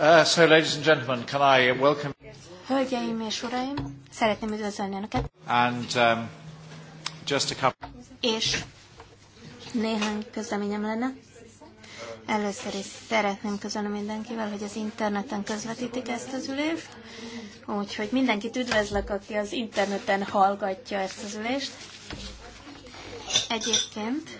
Uh, so, ladies and gentlemen, can I welcome... Hölgyeim és uraim, szeretném üdvözölni Önöket. And um, just a couple... És néhány közleményem lenne. Először is szeretném közölni mindenkivel, hogy az interneten közvetítik ezt az ülést, úgyhogy mindenkit üdvözlök, aki az interneten hallgatja ezt az ülést. Egyébként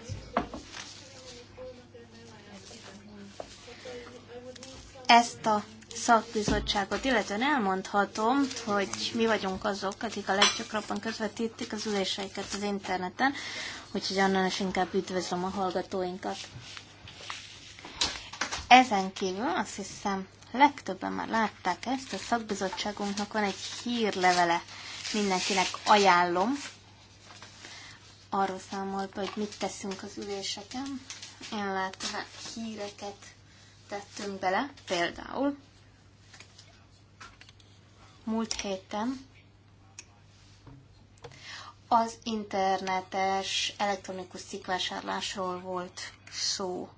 ezt a szakbizottságot, illetően elmondhatom, hogy mi vagyunk azok, akik a leggyakrabban közvetítik az üléseiket az interneten, úgyhogy annál is inkább üdvözlöm a hallgatóinkat. Ezen kívül azt hiszem, legtöbben már látták ezt, a szakbizottságunknak van egy hírlevele, mindenkinek ajánlom. Arról számol be, hogy mit teszünk az üléseken. Én látom híreket tettünk bele, például múlt héten az internetes elektronikus cikkvásárlásról volt szó.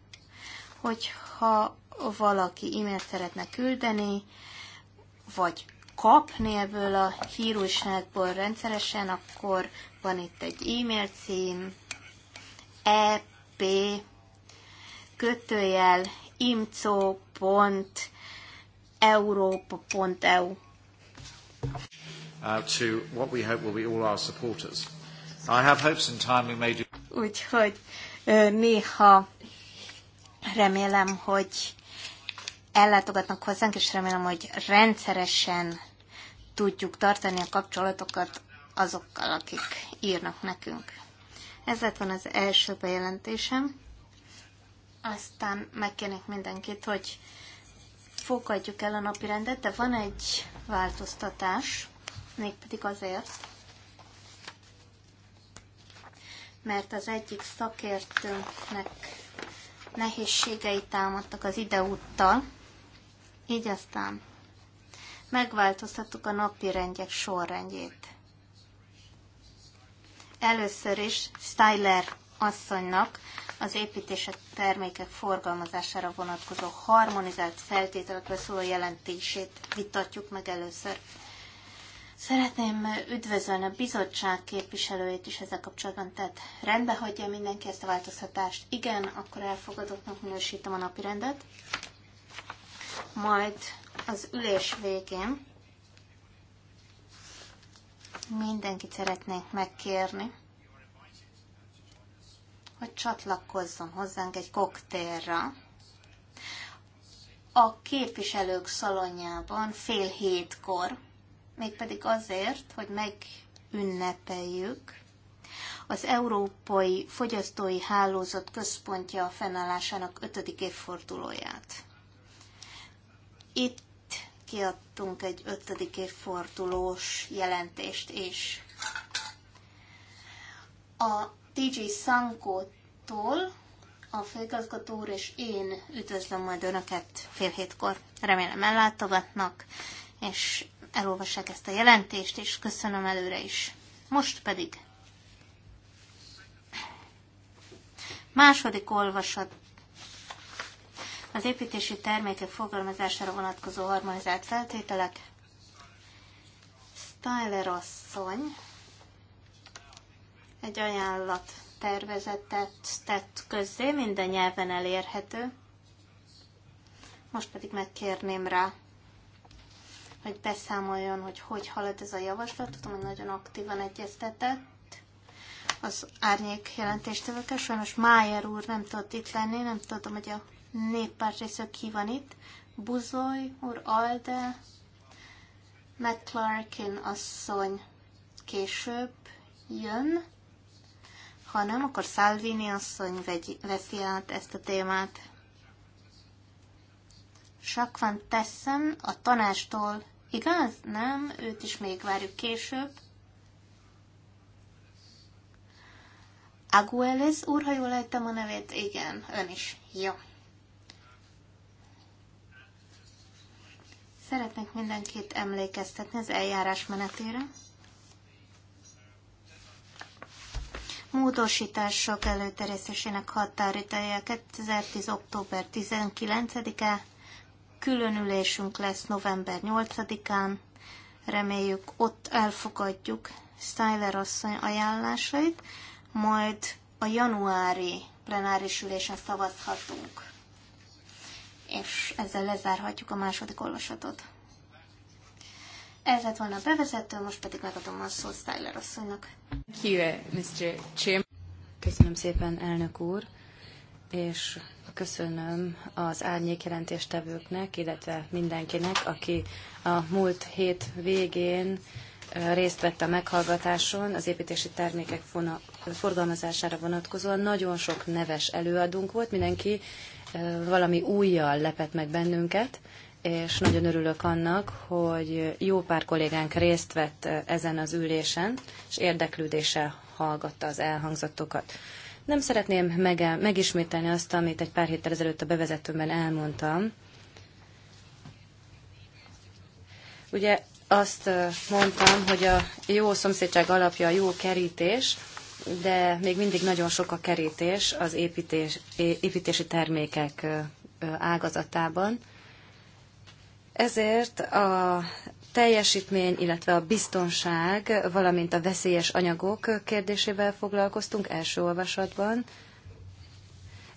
Hogyha valaki e-mailt szeretne küldeni, vagy kapni ebből a hírújságból rendszeresen, akkor van itt egy e-mail cím, ep kötőjel imco.europa.eu. Uh, to what we hope will be all our supporters. I have hopes in time we may do... Úgyhogy néha remélem, hogy ellátogatnak hozzánk, és remélem, hogy rendszeresen tudjuk tartani a kapcsolatokat azokkal, akik írnak nekünk. Ez lett van az első bejelentésem. Aztán megkérnék mindenkit, hogy fogadjuk el a napi rendet, de van egy változtatás, mégpedig azért, mert az egyik szakértőnknek nehézségei támadtak az ideúttal, így aztán megváltoztattuk a napi rendjek sorrendjét. Először is Styler asszonynak az építések termékek forgalmazására vonatkozó harmonizált feltételekre szóló jelentését vitatjuk meg először. Szeretném üdvözölni a bizottság képviselőjét is ezzel kapcsolatban, tehát rendbe hagyja mindenki ezt a változtatást. Igen, akkor elfogadottnak minősítem a napi rendet. Majd az ülés végén mindenkit szeretnék megkérni, hogy csatlakozzon hozzánk egy koktélra. A képviselők szalonjában fél hétkor, mégpedig azért, hogy megünnepeljük az Európai Fogyasztói Hálózat Központja fennállásának 5. évfordulóját. Itt kiadtunk egy 5. évfordulós jelentést is. A DJ Sankótól, a főigazgató úr és én üdvözlöm majd Önöket fél hétkor. Remélem ellátogatnak, és elolvassák ezt a jelentést, és köszönöm előre is. Most pedig második olvasat az építési termékek fogalmazására vonatkozó harmonizált feltételek. Styler asszony, egy ajánlat tervezetet tett közzé, minden nyelven elérhető. Most pedig megkérném rá, hogy beszámoljon, hogy hogy halad ez a javaslat. Tudom, hogy nagyon aktívan egyeztetett az árnyék jelentéstevőkkel. Sajnos Májer úr nem tudott itt lenni, nem tudom, hogy a néppárt részről ki van itt. Buzoly úr, Alde, Clarkin asszony később jön ha nem, akkor Salvini asszony veszi át ezt a témát. Jacques van Tessen a tanástól. Igaz? Nem, őt is még várjuk később. Aguelez úr, ha jól a nevét, igen, ön is. Jó. Szeretnék mindenkit emlékeztetni az eljárás menetére. módosítások előterjesztésének határideje 2010. október 19-e, különülésünk lesz november 8-án, reméljük ott elfogadjuk Styler asszony ajánlásait, majd a januári plenáris ülésen szavazhatunk, és ezzel lezárhatjuk a második olvasatot. Ez lett volna a bevezető, most pedig megadom a szót Styler asszonynak. Uh, köszönöm szépen, elnök úr, és köszönöm az árnyék jelentéstevőknek, illetve mindenkinek, aki a múlt hét végén uh, részt vett a meghallgatáson az építési termékek forgalmazására vonatkozóan. Nagyon sok neves előadunk volt, mindenki uh, valami újjal lepett meg bennünket és nagyon örülök annak, hogy jó pár kollégánk részt vett eh, ezen az ülésen, és érdeklődéssel hallgatta az elhangzottokat. Nem szeretném meg, megismételni azt, amit egy pár héttel ezelőtt a bevezetőben elmondtam. Ugye azt eh, mondtam, hogy a jó szomszédság alapja a jó kerítés, de még mindig nagyon sok a kerítés az építés, építési termékek eh, ágazatában. Ezért a teljesítmény, illetve a biztonság, valamint a veszélyes anyagok kérdésével foglalkoztunk első olvasatban,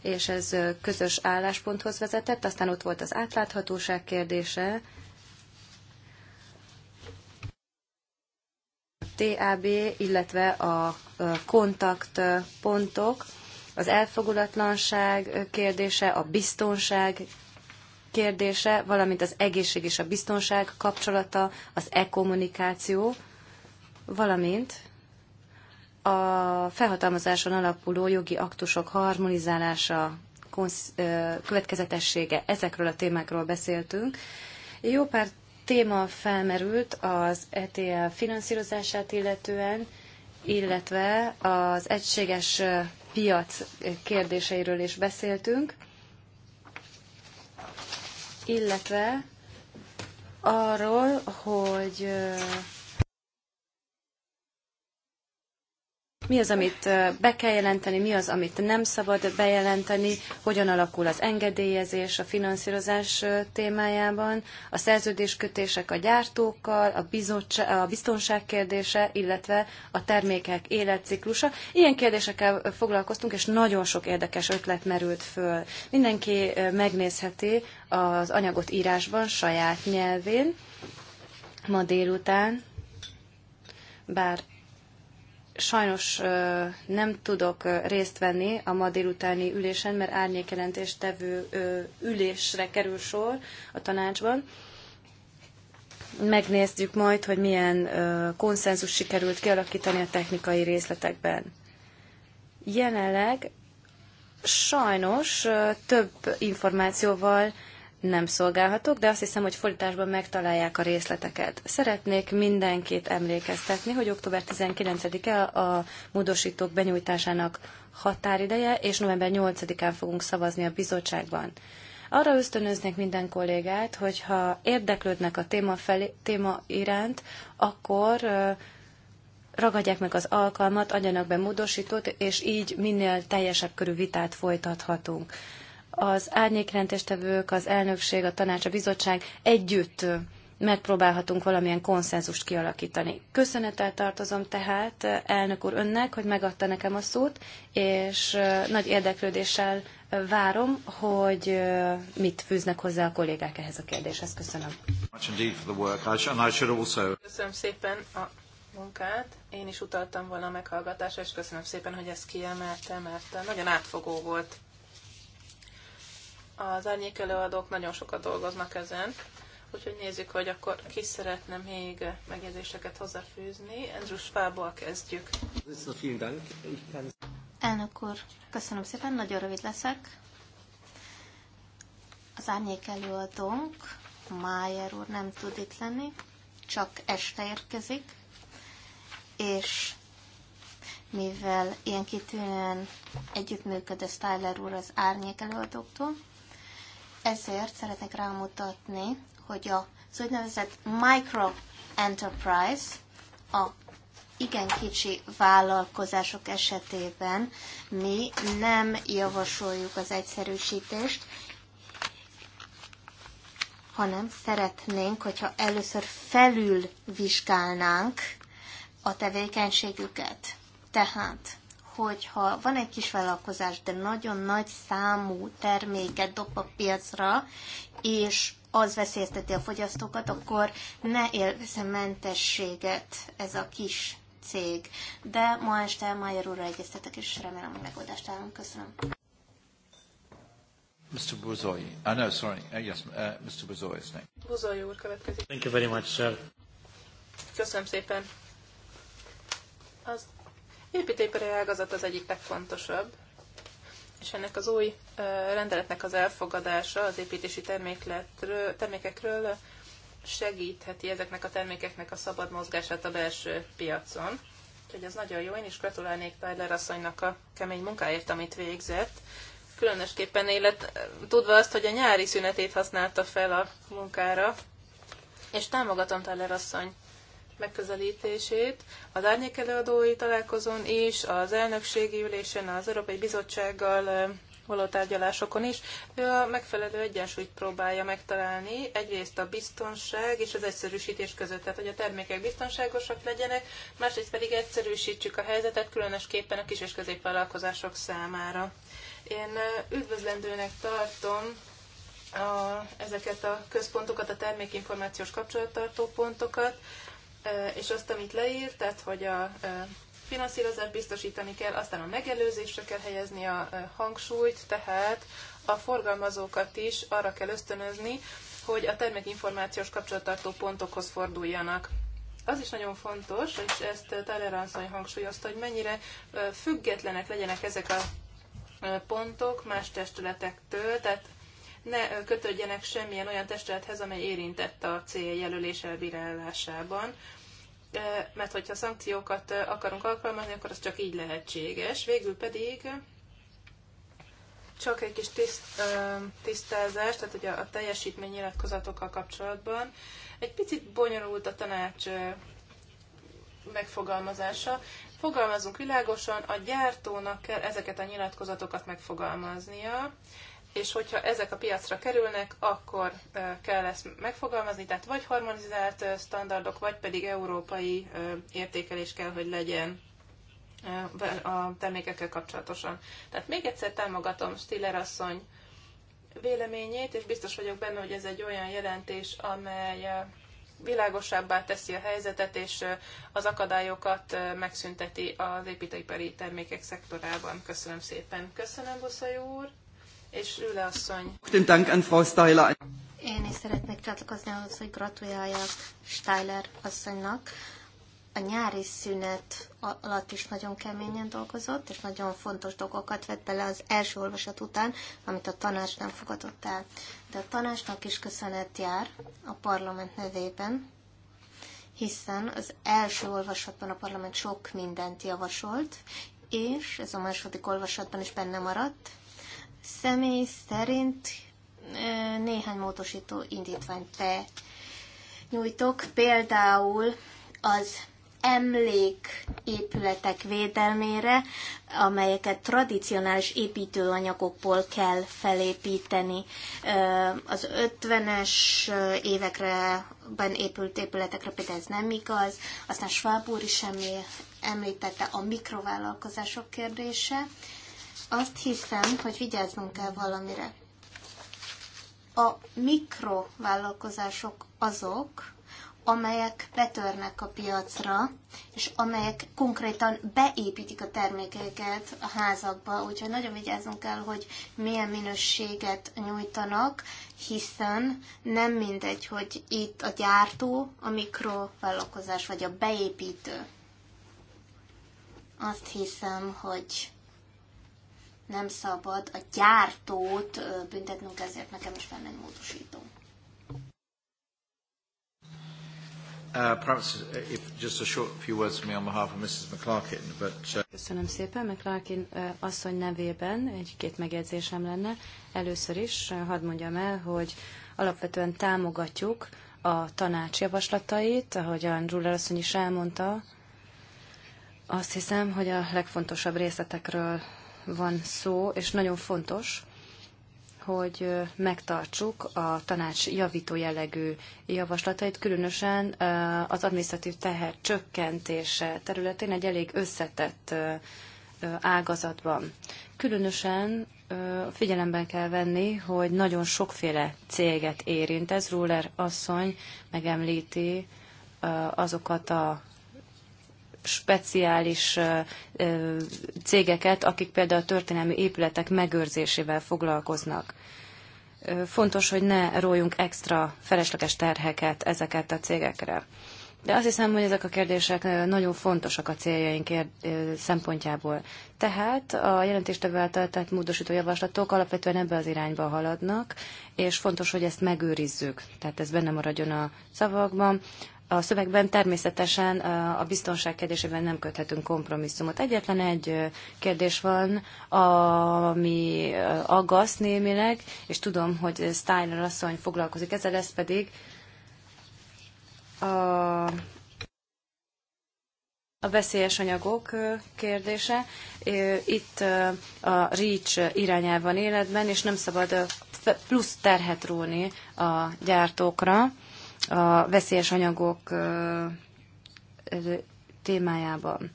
és ez közös állásponthoz vezetett. Aztán ott volt az átláthatóság kérdése, TAB, illetve a kontaktpontok, az elfogulatlanság kérdése, a biztonság kérdése, valamint az egészség és a biztonság kapcsolata, az e-kommunikáció, valamint a felhatalmazáson alapuló jogi aktusok harmonizálása, következetessége, ezekről a témákról beszéltünk. Jó pár téma felmerült az ETL finanszírozását illetően, illetve az egységes piac kérdéseiről is beszéltünk illetve arról, hogy mi az, amit be kell jelenteni, mi az, amit nem szabad bejelenteni, hogyan alakul az engedélyezés a finanszírozás témájában, a szerződéskötések a gyártókkal, a, a biztonság kérdése, illetve a termékek életciklusa. Ilyen kérdésekkel foglalkoztunk, és nagyon sok érdekes ötlet merült föl. Mindenki megnézheti az anyagot írásban, saját nyelvén, ma délután, bár Sajnos nem tudok részt venni a ma délutáni ülésen, mert árnyékjelentéstevő ülésre kerül sor a tanácsban. Megnézzük majd, hogy milyen konszenzus sikerült kialakítani a technikai részletekben. Jelenleg sajnos több információval nem szolgálhatok, de azt hiszem, hogy fordításban megtalálják a részleteket. Szeretnék mindenkit emlékeztetni, hogy október 19-e a módosítók benyújtásának határideje, és november 8-án fogunk szavazni a bizottságban. Arra ösztönöznék minden kollégát, hogy ha érdeklődnek a téma, felé, téma iránt, akkor ragadják meg az alkalmat, adjanak be módosítót, és így minél teljesebb körű vitát folytathatunk az árnyékrendestevők, az elnökség, a tanács, a bizottság együtt megpróbálhatunk valamilyen konszenzust kialakítani. Köszönettel tartozom tehát elnök úr önnek, hogy megadta nekem a szót, és nagy érdeklődéssel várom, hogy mit fűznek hozzá a kollégák ehhez a kérdéshez. Köszönöm. Köszönöm szépen a munkát. Én is utaltam volna a meghallgatásra, és köszönöm szépen, hogy ezt kiemelte, mert nagyon átfogó volt az árnyék előadók nagyon sokat dolgoznak ezen, úgyhogy nézzük, hogy akkor ki szeretne még megjegyzéseket hozzáfűzni. Andrew Schwabból kezdjük. Elnök úr, köszönöm szépen, nagyon rövid leszek. Az árnyék előadónk, Májer úr nem tud itt lenni, csak este érkezik, és mivel ilyen kitűnően együttműködő Styler úr az árnyék előadóktól, ezért szeretnék rámutatni, hogy az úgynevezett micro enterprise, a igen kicsi vállalkozások esetében mi nem javasoljuk az egyszerűsítést, hanem szeretnénk, hogyha először felülvizsgálnánk a tevékenységüket. Tehát hogyha van egy kis vállalkozás, de nagyon nagy számú terméket dob a piacra, és az veszélyezteti a fogyasztókat, akkor ne élvezze mentességet ez a kis cég. De ma este Májer úrra egyeztetek, és remélem, hogy megoldást állunk. Köszönöm. Mr. Buzoy. Ah, no, sorry. Uh, yes, uh, Mr. Buzoy is next. Buzoy úr következik. Thank you very much, sir. Köszönöm szépen. Az építőipari ágazat az egyik legfontosabb, és ennek az új rendeletnek az elfogadása az építési termékekről segítheti ezeknek a termékeknek a szabad mozgását a belső piacon. Úgyhogy ez nagyon jó, én is gratulálnék Tyler asszonynak a kemény munkáért, amit végzett. Különösképpen élet, tudva azt, hogy a nyári szünetét használta fel a munkára, és támogatom Tyler asszony megközelítését az árnyékelőadói találkozón is, az elnökségi ülésen, az Európai Bizottsággal való tárgyalásokon is. Ő a megfelelő egyensúlyt próbálja megtalálni, egyrészt a biztonság és az egyszerűsítés között, tehát hogy a termékek biztonságosak legyenek, másrészt pedig egyszerűsítsük a helyzetet, különösképpen a kis és középvállalkozások számára. Én üdvözlendőnek tartom a, ezeket a központokat, a termékinformációs kapcsolattartó pontokat, és azt, amit leír, tehát hogy a finanszírozást biztosítani kell, aztán a megelőzésre kell helyezni a hangsúlyt, tehát a forgalmazókat is arra kell ösztönözni, hogy a termékinformációs kapcsolattartó pontokhoz forduljanak. Az is nagyon fontos, és ezt Teller asszony hangsúlyozta, hogy mennyire függetlenek legyenek ezek a pontok más testületektől, tehát ne kötődjenek semmilyen olyan testülethez, amely érintett a cél jelölés elbírálásában, mert hogyha szankciókat akarunk alkalmazni, akkor az csak így lehetséges. Végül pedig csak egy kis tiszt, tisztázás, tehát ugye a teljesítménynyilatkozatokkal kapcsolatban. Egy picit bonyolult a tanács megfogalmazása. Fogalmazunk világosan, a gyártónak kell ezeket a nyilatkozatokat megfogalmaznia, és hogyha ezek a piacra kerülnek, akkor kell ezt megfogalmazni, tehát vagy harmonizált standardok, vagy pedig európai értékelés kell, hogy legyen a termékekkel kapcsolatosan. Tehát még egyszer támogatom Stiller asszony véleményét, és biztos vagyok benne, hogy ez egy olyan jelentés, amely világosabbá teszi a helyzetet, és az akadályokat megszünteti az építőipari termékek szektorában. Köszönöm szépen. Köszönöm, Boszai úr! és Rüle asszony. Én is szeretnék csatlakozni ahhoz, hogy gratuláljak Steiler asszonynak. A nyári szünet alatt is nagyon keményen dolgozott, és nagyon fontos dolgokat vett bele az első olvasat után, amit a tanács nem fogadott el. De a tanácsnak is köszönet jár a parlament nevében, hiszen az első olvasatban a parlament sok mindent javasolt, és ez a második olvasatban is benne maradt, személy szerint néhány módosító indítványt te nyújtok, például az emléképületek védelmére, amelyeket tradicionális építőanyagokból kell felépíteni. Az 50-es évekre ben épült épületekre például ez nem igaz. Aztán Schwab úr is említette a mikrovállalkozások kérdése. Azt hiszem, hogy vigyáznunk kell valamire. A mikrovállalkozások azok, amelyek betörnek a piacra, és amelyek konkrétan beépítik a termékeket a házakba. Úgyhogy nagyon vigyázzunk kell, hogy milyen minőséget nyújtanak, hiszen nem mindegy, hogy itt a gyártó, a mikrovállalkozás vagy a beépítő. Azt hiszem, hogy nem szabad a gyártót büntetnünk, ezért nekem is lenne egy módosító. Uh, uh, a uh, Köszönöm szépen, McLarkin asszony nevében egy-két megjegyzésem lenne. Először is hadd mondjam el, hogy alapvetően támogatjuk a tanács javaslatait, a Ruller asszony is elmondta, azt hiszem, hogy a legfontosabb részletekről van szó, és nagyon fontos, hogy megtartsuk a tanács javító jellegű javaslatait, különösen az adminisztratív teher csökkentése területén egy elég összetett ágazatban. Különösen figyelemben kell venni, hogy nagyon sokféle céget érint. Ez Ruler asszony megemlíti azokat a speciális cégeket, akik például a történelmi épületek megőrzésével foglalkoznak. Fontos, hogy ne rójunk extra felesleges terheket ezeket a cégekre. De azt hiszem, hogy ezek a kérdések nagyon fontosak a céljaink szempontjából. Tehát a jelentéstevő által tett módosító javaslatok alapvetően ebbe az irányba haladnak, és fontos, hogy ezt megőrizzük. Tehát ez benne maradjon a szavakban a szövegben természetesen a biztonság kérdésében nem köthetünk kompromisszumot. Egyetlen egy kérdés van, ami aggaszt némileg, és tudom, hogy Steiner asszony foglalkozik ezzel, ez pedig a, a veszélyes anyagok kérdése. Itt a REACH irányában életben, és nem szabad plusz terhet róni a gyártókra a veszélyes anyagok témájában.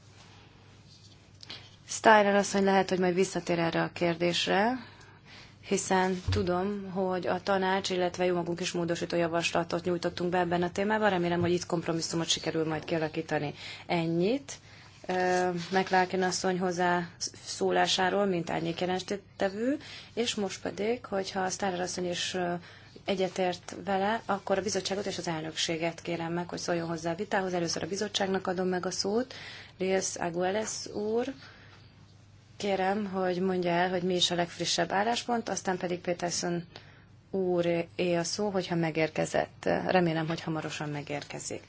azt mondja, lehet, hogy majd visszatér erre a kérdésre, hiszen tudom, hogy a tanács, illetve jó magunk is módosító javaslatot nyújtottunk be ebben a témában. Remélem, hogy itt kompromisszumot sikerül majd kialakítani. Ennyit. Meglákin asszony hozzá szólásáról, mint árnyékjelentétevő, és most pedig, hogyha a Sztárral asszony is egyetért vele, akkor a bizottságot és az elnökséget kérem meg, hogy szóljon hozzá a vitához. Először a bizottságnak adom meg a szót. Rész Agueles úr, kérem, hogy mondja el, hogy mi is a legfrissebb álláspont, aztán pedig Peterson úr é a szó, hogyha megérkezett. Remélem, hogy hamarosan megérkezik.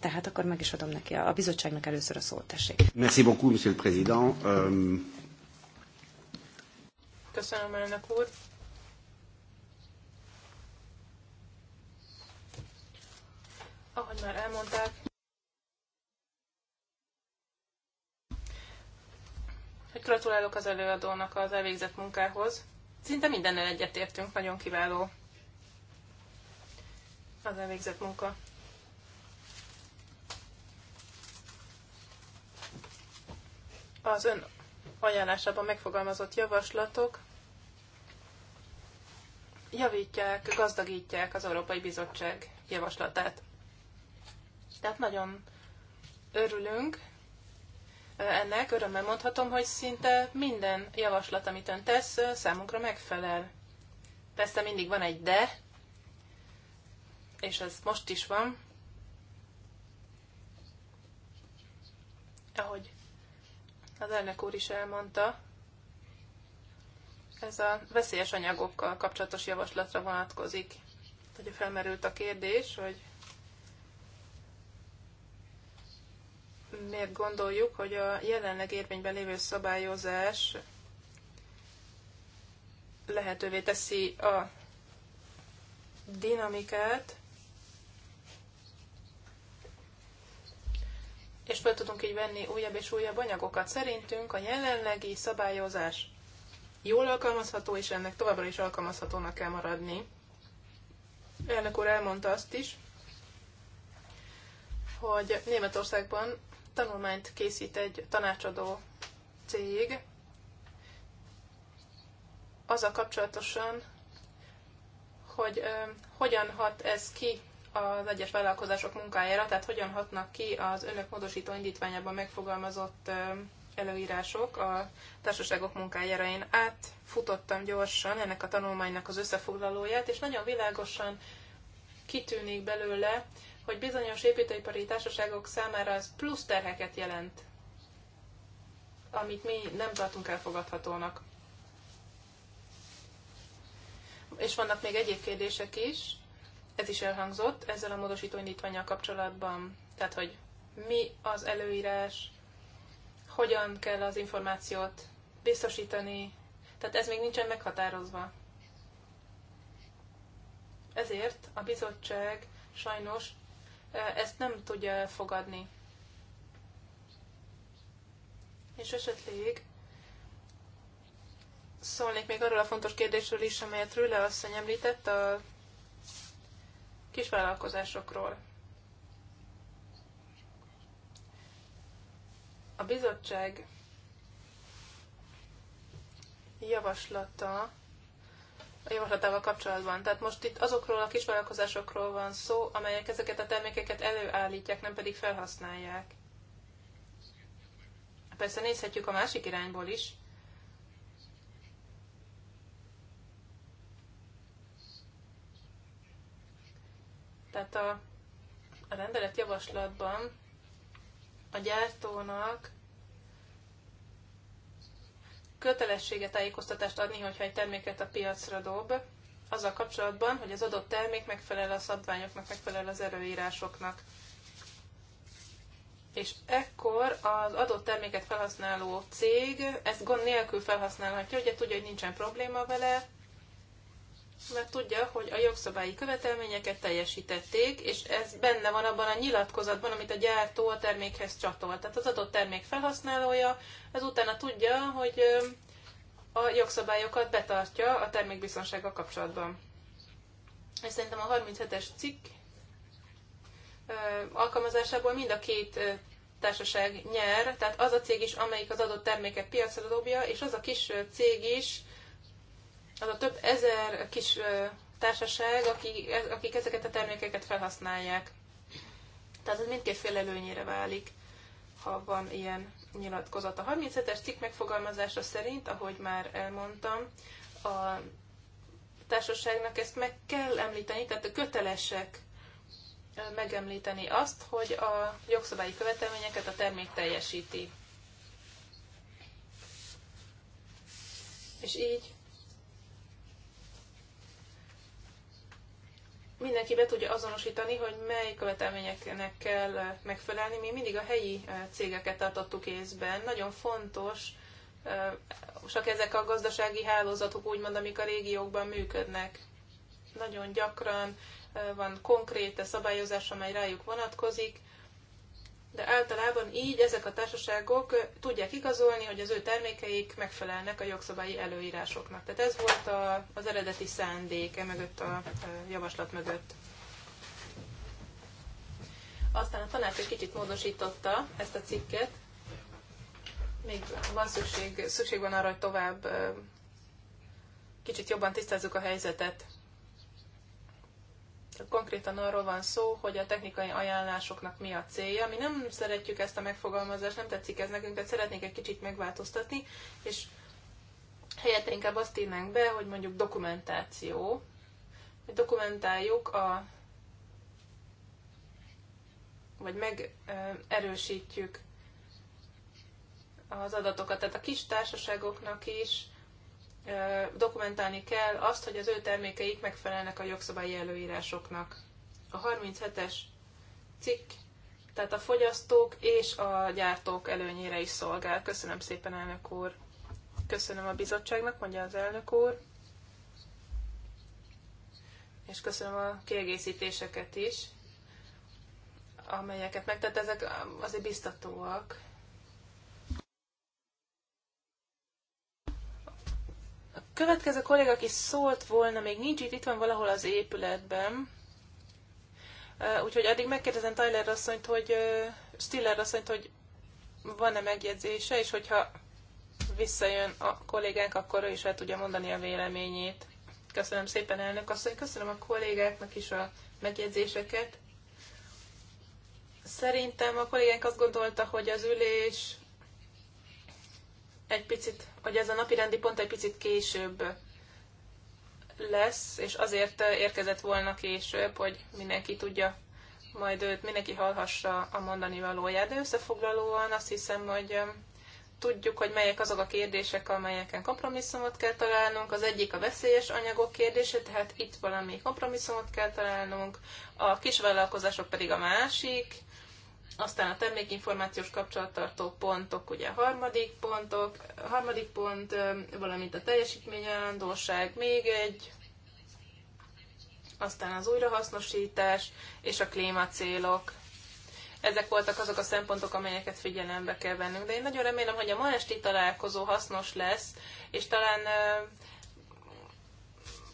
Tehát akkor meg is adom neki a, a bizottságnak először a szót, tessék. Merci beaucoup, monsieur le président. Um... Köszönöm, elnök úr. ahogy már elmondták, hogy gratulálok az előadónak az elvégzett munkához. Szinte mindennel egyetértünk, nagyon kiváló az elvégzett munka. Az ön ajánlásában megfogalmazott javaslatok javítják, gazdagítják az Európai Bizottság javaslatát. Tehát nagyon örülünk ennek, örömmel mondhatom, hogy szinte minden javaslat, amit ön tesz, számunkra megfelel. Persze mindig van egy de, és ez most is van, ahogy az elnök úr is elmondta, ez a veszélyes anyagokkal kapcsolatos javaslatra vonatkozik. Hogy felmerült a kérdés, hogy miért gondoljuk, hogy a jelenleg érvényben lévő szabályozás lehetővé teszi a dinamikát, és fel tudunk így venni újabb és újabb anyagokat. Szerintünk a jelenlegi szabályozás jól alkalmazható, és ennek továbbra is alkalmazhatónak kell maradni. Elnök úr elmondta azt is, hogy Németországban tanulmányt készít egy tanácsadó cég, az a kapcsolatosan, hogy ö, hogyan hat ez ki az egyes vállalkozások munkájára, tehát hogyan hatnak ki az önök módosító indítványában megfogalmazott ö, előírások a társaságok munkájára. Én átfutottam gyorsan ennek a tanulmánynak az összefoglalóját, és nagyon világosan kitűnik belőle, hogy bizonyos építőipari társaságok számára ez plusz terheket jelent, amit mi nem tartunk elfogadhatónak. És vannak még egyéb kérdések is, ez is elhangzott ezzel a módosító indítványjal kapcsolatban. Tehát, hogy mi az előírás, hogyan kell az információt biztosítani, tehát ez még nincsen meghatározva. Ezért a bizottság sajnos ezt nem tudja elfogadni. És esetleg szólnék még arról a fontos kérdésről is, amelyet Rüle asszony említett a kisvállalkozásokról. A bizottság javaslata a javaslatával kapcsolatban. Tehát most itt azokról a kisvállalkozásokról van szó, amelyek ezeket a termékeket előállítják, nem pedig felhasználják. Persze nézhetjük a másik irányból is. Tehát a, a rendelet javaslatban a gyártónak kötelessége tájékoztatást adni, hogyha egy terméket a piacra dob, azzal kapcsolatban, hogy az adott termék megfelel a szabványoknak, megfelel az erőírásoknak. És ekkor az adott terméket felhasználó cég ezt gond nélkül felhasználhatja, ugye tudja, hogy nincsen probléma vele, mert tudja, hogy a jogszabályi követelményeket teljesítették, és ez benne van abban a nyilatkozatban, amit a gyártó a termékhez csatolt. Tehát az adott termék felhasználója, az utána tudja, hogy a jogszabályokat betartja a termékbiztonsággal kapcsolatban. És szerintem a 37-es cikk alkalmazásából mind a két társaság nyer, tehát az a cég is, amelyik az adott terméket piacra dobja, és az a kis cég is, az a több ezer kis társaság, akik, akik ezeket a termékeket felhasználják. Tehát ez mindkét fél előnyére válik, ha van ilyen nyilatkozat. A 37-es cikk megfogalmazása szerint, ahogy már elmondtam, a társaságnak ezt meg kell említeni, tehát a kötelesek megemlíteni azt, hogy a jogszabályi követelményeket a termék teljesíti. És így mindenki be tudja azonosítani, hogy mely követelményeknek kell eh, megfelelni. Mi mindig a helyi eh, cégeket tartottuk észben. Nagyon fontos, eh, csak ezek a gazdasági hálózatok úgymond, amik a régiókban működnek. Nagyon gyakran van konkrét szabályozás, amely rájuk vonatkozik, de általában így ezek a társaságok tudják igazolni, hogy az ő termékeik megfelelnek a jogszabályi előírásoknak. Tehát ez volt a, az eredeti szándéke mögött a javaslat mögött. Aztán a tanács egy kicsit módosította ezt a cikket. Még van szükség, szükség van arra, hogy tovább kicsit jobban tisztázzuk a helyzetet konkrétan arról van szó, hogy a technikai ajánlásoknak mi a célja. Mi nem szeretjük ezt a megfogalmazást, nem tetszik ez nekünk, de szeretnénk egy kicsit megváltoztatni, és helyette inkább azt írnánk be, hogy mondjuk dokumentáció, hogy dokumentáljuk a vagy megerősítjük az adatokat. Tehát a kis társaságoknak is dokumentálni kell azt, hogy az ő termékeik megfelelnek a jogszabályi előírásoknak. A 37-es cikk, tehát a fogyasztók és a gyártók előnyére is szolgál. Köszönöm szépen, elnök úr. Köszönöm a bizottságnak, mondja az elnök úr. És köszönöm a kiegészítéseket is, amelyeket megtett. Ezek azért biztatóak A következő kolléga, aki szólt volna, még nincs itt, itt van valahol az épületben. Úgyhogy addig megkérdezem Tyler asszonyt, hogy Stiller asszonyt, hogy van-e megjegyzése, és hogyha visszajön a kollégánk, akkor ő is el tudja mondani a véleményét. Köszönöm szépen, elnök asszony, köszönöm a kollégáknak is a megjegyzéseket. Szerintem a kollégánk azt gondolta, hogy az ülés egy picit, hogy ez a napi rendi pont egy picit később lesz, és azért érkezett volna később, hogy mindenki tudja, majd őt mindenki hallhassa a mondani valóját. De összefoglalóan azt hiszem, hogy um, tudjuk, hogy melyek azok a kérdések, amelyeken kompromisszumot kell találnunk. Az egyik a veszélyes anyagok kérdése, tehát itt valami kompromisszumot kell találnunk, a kisvállalkozások pedig a másik, aztán a termékinformációs kapcsolattartó pontok, ugye a harmadik, pontok, a harmadik pont, valamint a teljesítményállandóság, még egy, aztán az újrahasznosítás és a klímacélok. Ezek voltak azok a szempontok, amelyeket figyelembe kell vennünk. De én nagyon remélem, hogy a ma esti találkozó hasznos lesz, és talán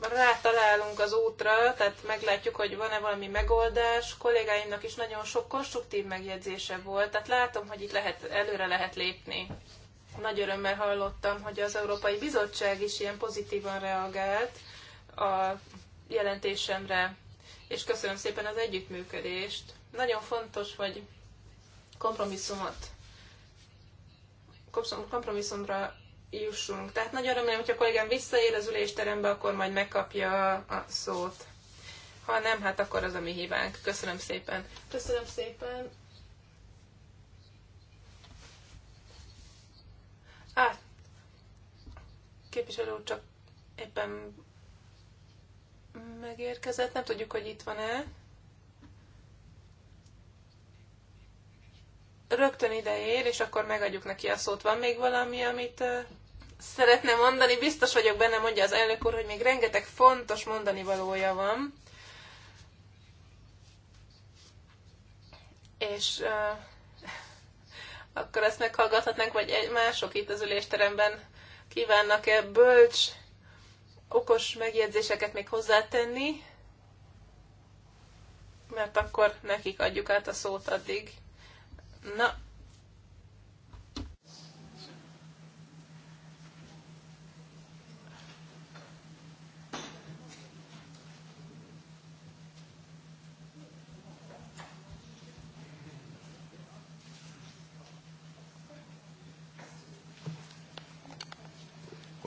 rátalálunk az útra, tehát meglátjuk, hogy van-e valami megoldás. Kollégáimnak is nagyon sok konstruktív megjegyzése volt, tehát látom, hogy itt lehet, előre lehet lépni. Nagy örömmel hallottam, hogy az Európai Bizottság is ilyen pozitívan reagált a jelentésemre, és köszönöm szépen az együttműködést. Nagyon fontos, hogy kompromisszumot kompromisszumra jussunk. Tehát nagyon remélem, hogyha a kollégám visszaér az ülésterembe, akkor majd megkapja a szót. Ha nem, hát akkor az a mi hibánk. Köszönöm szépen. Köszönöm szépen. Á, képviselő csak éppen megérkezett, nem tudjuk, hogy itt van-e. Rögtön ide ér, és akkor megadjuk neki a szót. Van még valami, amit szeretne mondani, biztos vagyok benne, mondja az elnök úr, hogy még rengeteg fontos mondani valója van. És uh, akkor ezt meghallgathatnánk, vagy mások itt az ülésteremben kívánnak-e bölcs, okos megjegyzéseket még hozzátenni, mert akkor nekik adjuk át a szót addig. Na,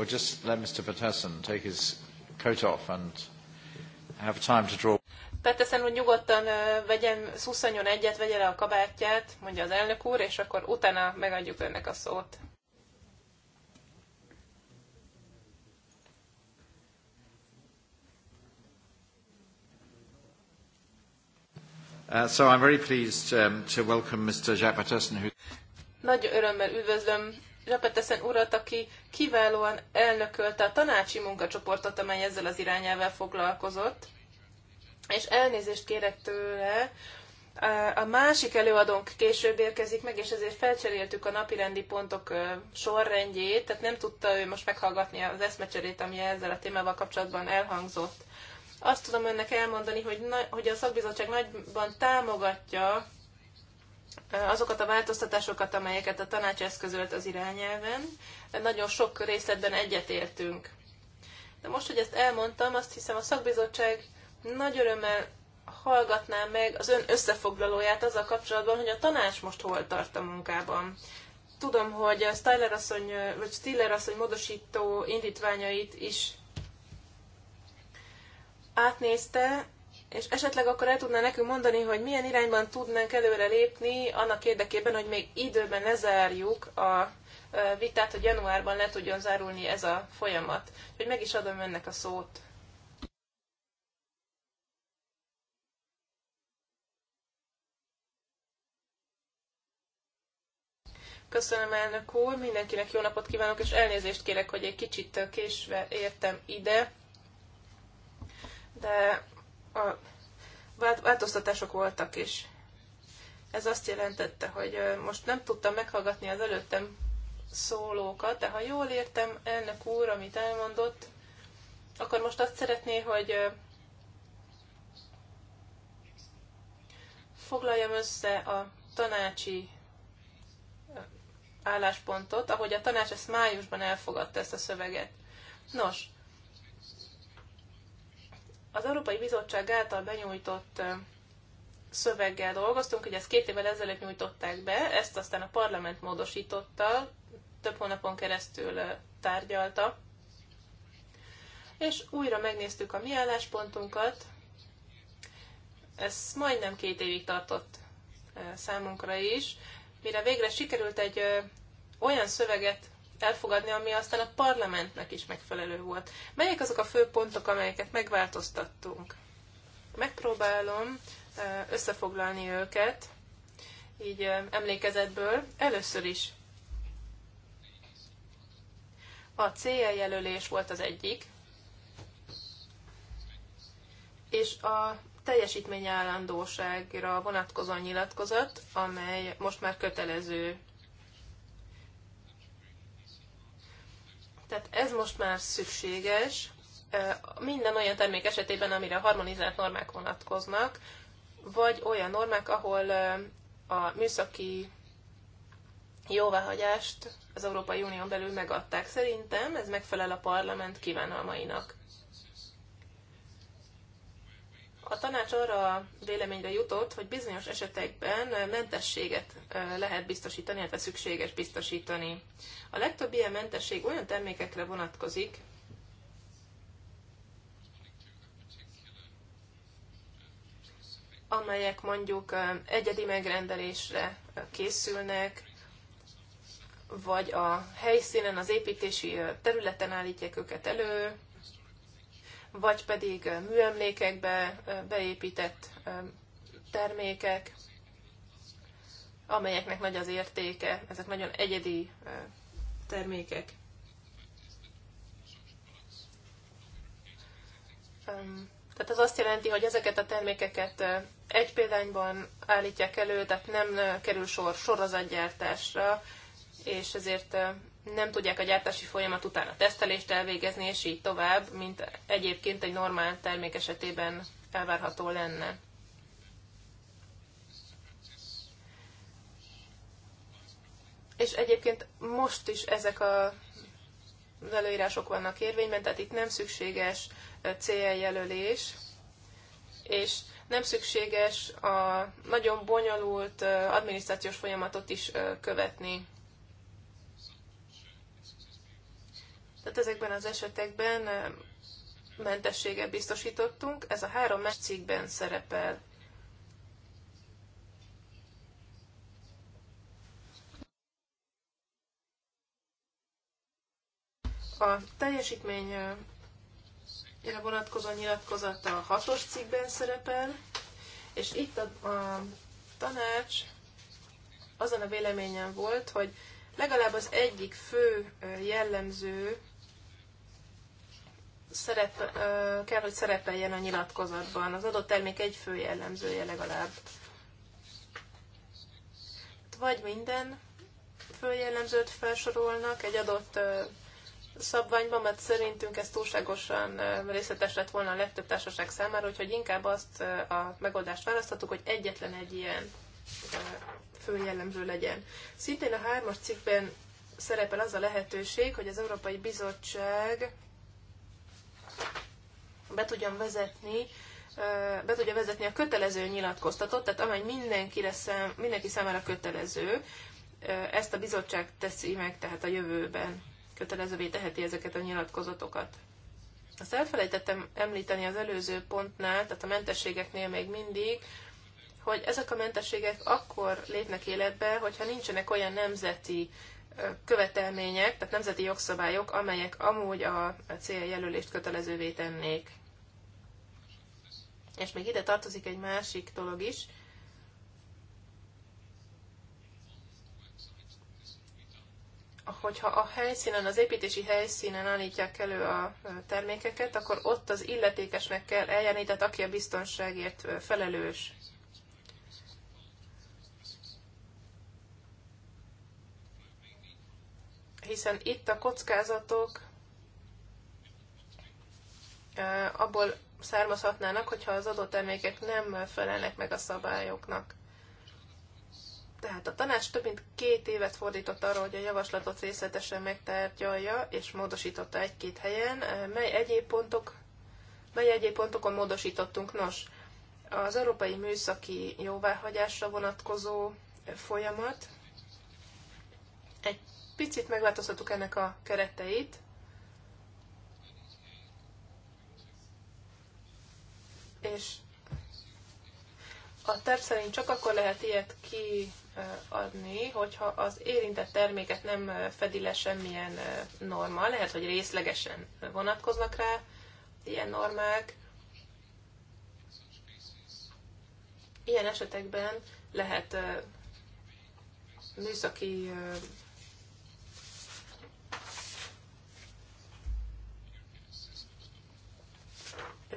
We'll just let Mr. Patterson take his coat off and have time to draw. Patterson hogy nyugodtan vegyen, szuszanyon egyet, vegye le a kabátját, mondja az elnök úr, és akkor utána megadjuk önnek a szót. Uh, so I'm very pleased um, to welcome Mr. Jacques Patterson, who... Nagy örömmel üdvözlöm Repeteszen urat, aki kiválóan elnökölte a tanácsi munkacsoportot, amely ezzel az irányelvel foglalkozott, és elnézést kérek tőle, a másik előadónk később érkezik meg, és ezért felcseréltük a rendi pontok sorrendjét, tehát nem tudta ő most meghallgatni az eszmecserét, ami ezzel a témával kapcsolatban elhangzott. Azt tudom önnek elmondani, hogy, na, hogy a szakbizottság nagyban támogatja azokat a változtatásokat, amelyeket a tanács eszközölt az irányelven. Nagyon sok részletben egyetértünk. De most, hogy ezt elmondtam, azt hiszem a szakbizottság nagy örömmel hallgatná meg az ön összefoglalóját azzal kapcsolatban, hogy a tanács most hol tart a munkában. Tudom, hogy Stiller asszony, vagy Stiller asszony módosító indítványait is átnézte, és esetleg akkor el tudná nekünk mondani, hogy milyen irányban tudnánk előre lépni annak érdekében, hogy még időben lezárjuk a vitát, hogy januárban le tudjon zárulni ez a folyamat. Hogy meg is adom ennek a szót. Köszönöm, elnök úr, mindenkinek jó napot kívánok, és elnézést kérek, hogy egy kicsit késve értem ide, de a változtatások voltak is. Ez azt jelentette, hogy most nem tudtam meghallgatni az előttem szólókat, de ha jól értem elnök úr, amit elmondott, akkor most azt szeretné, hogy foglaljam össze a tanácsi álláspontot, ahogy a tanács ezt májusban elfogadta ezt a szöveget. Nos, az Európai Bizottság által benyújtott szöveggel dolgoztunk, hogy ezt két évvel ezelőtt nyújtották be, ezt aztán a parlament módosította, több hónapon keresztül tárgyalta, és újra megnéztük a mi álláspontunkat. Ez majdnem két évig tartott számunkra is, mire végre sikerült egy olyan szöveget elfogadni, ami aztán a parlamentnek is megfelelő volt. Melyek azok a fő pontok, amelyeket megváltoztattunk? Megpróbálom összefoglalni őket, így emlékezetből. Először is a céljelölés volt az egyik, és a teljesítményállandóságra vonatkozó nyilatkozat, amely most már kötelező Tehát ez most már szükséges minden olyan termék esetében, amire harmonizált normák vonatkoznak, vagy olyan normák, ahol a műszaki jóváhagyást az Európai Unión belül megadták. Szerintem ez megfelel a parlament kívánalmainak. A tanács arra a véleményre jutott, hogy bizonyos esetekben mentességet lehet biztosítani, illetve szükséges biztosítani. A legtöbb ilyen mentesség olyan termékekre vonatkozik, amelyek mondjuk egyedi megrendelésre készülnek, vagy a helyszínen, az építési területen állítják őket elő, vagy pedig műemlékekbe beépített termékek, amelyeknek nagy az értéke, ezek nagyon egyedi termékek. Tehát az azt jelenti, hogy ezeket a termékeket egy példányban állítják elő, tehát nem kerül sor sorozatgyártásra, és ezért nem tudják a gyártási folyamat után a tesztelést elvégezni, és így tovább, mint egyébként egy normál termék esetében elvárható lenne. És egyébként most is ezek a, az előírások vannak érvényben, tehát itt nem szükséges céljelölés, jelölés, és nem szükséges a nagyon bonyolult adminisztrációs folyamatot is követni Tehát ezekben az esetekben mentességet biztosítottunk, ez a három más cikkben szerepel. A teljesítményre vonatkozó nyilatkozat a hatos cikkben szerepel, és itt a, a tanács azon a véleményen volt, hogy legalább az egyik fő jellemző szerep, kell, hogy szerepeljen a nyilatkozatban. Az adott termék egy fő jellemzője legalább. Hát vagy minden fő jellemzőt felsorolnak egy adott szabványban, mert szerintünk ez túlságosan részletes lett volna a legtöbb társaság számára, úgyhogy inkább azt a megoldást választottuk, hogy egyetlen egy ilyen fő jellemző legyen. Szintén a hármas cikkben szerepel az a lehetőség, hogy az Európai Bizottság be tudjam vezetni, be tudja vezetni a kötelező nyilatkoztatót, tehát amely mindenkire szem, mindenki számára kötelező, ezt a bizottság teszi meg, tehát a jövőben kötelezővé teheti ezeket a nyilatkozatokat. Azt elfelejtettem említeni az előző pontnál, tehát a mentességeknél még mindig, hogy ezek a mentességek akkor lépnek életbe, hogyha nincsenek olyan nemzeti követelmények, tehát nemzeti jogszabályok, amelyek amúgy a céljelölést kötelezővé tennék. És még ide tartozik egy másik dolog is. Hogyha a helyszínen, az építési helyszínen állítják elő a termékeket, akkor ott az illetékesnek kell eljárni, tehát aki a biztonságért felelős. hiszen itt a kockázatok abból származhatnának, hogyha az adott termékek nem felelnek meg a szabályoknak. Tehát a tanács több mint két évet fordított arra, hogy a javaslatot részletesen megtárgyalja, és módosította egy-két helyen, mely egyéb, pontok, mely egyéb pontokon módosítottunk. Nos, az európai műszaki jóváhagyásra vonatkozó folyamat egy picit megváltoztattuk ennek a kereteit. És a terv szerint csak akkor lehet ilyet kiadni, hogyha az érintett terméket nem fedi le semmilyen norma. Lehet, hogy részlegesen vonatkoznak rá ilyen normák. Ilyen esetekben lehet műszaki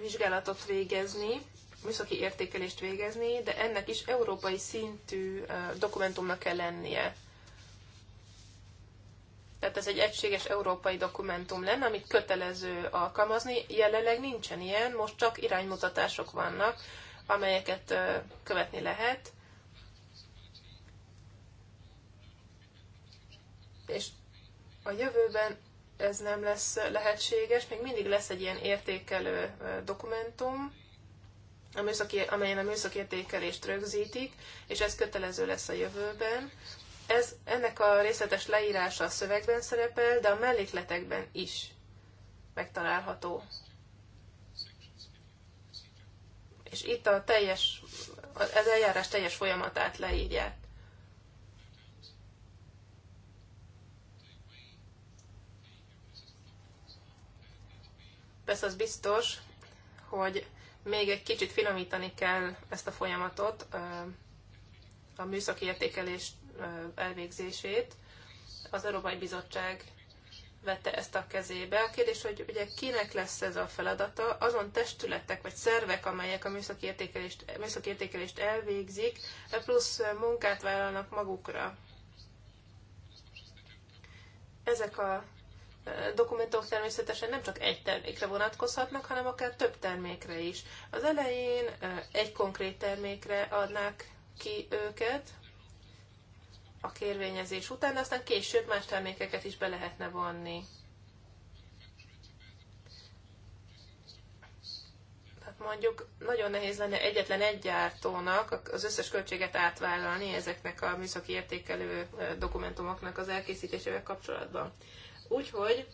vizsgálatot végezni, műszaki értékelést végezni, de ennek is európai szintű dokumentumnak kell lennie. Tehát ez egy egységes európai dokumentum lenne, amit kötelező alkalmazni. Jelenleg nincsen ilyen, most csak iránymutatások vannak, amelyeket követni lehet. És a jövőben ez nem lesz lehetséges. Még mindig lesz egy ilyen értékelő dokumentum, a műszaki, amelyen a műszaki értékelést rögzítik, és ez kötelező lesz a jövőben. Ez, ennek a részletes leírása a szövegben szerepel, de a mellékletekben is megtalálható. És itt a teljes, az eljárás teljes folyamatát leírják. Persze az biztos, hogy még egy kicsit finomítani kell ezt a folyamatot, a műszaki értékelés elvégzését. Az Európai Bizottság vette ezt a kezébe. A kérdés, hogy ugye kinek lesz ez a feladata, azon testületek vagy szervek, amelyek a műszaki értékelést, műszaki értékelést elvégzik, e plusz munkát vállalnak magukra. Ezek a dokumentumok természetesen nem csak egy termékre vonatkozhatnak, hanem akár több termékre is. Az elején egy konkrét termékre adnák ki őket a kérvényezés után, de aztán később más termékeket is be lehetne vonni. Tehát mondjuk nagyon nehéz lenne egyetlen egy gyártónak az összes költséget átvállalni ezeknek a műszaki értékelő dokumentumoknak az elkészítésével kapcsolatban. Úgyhogy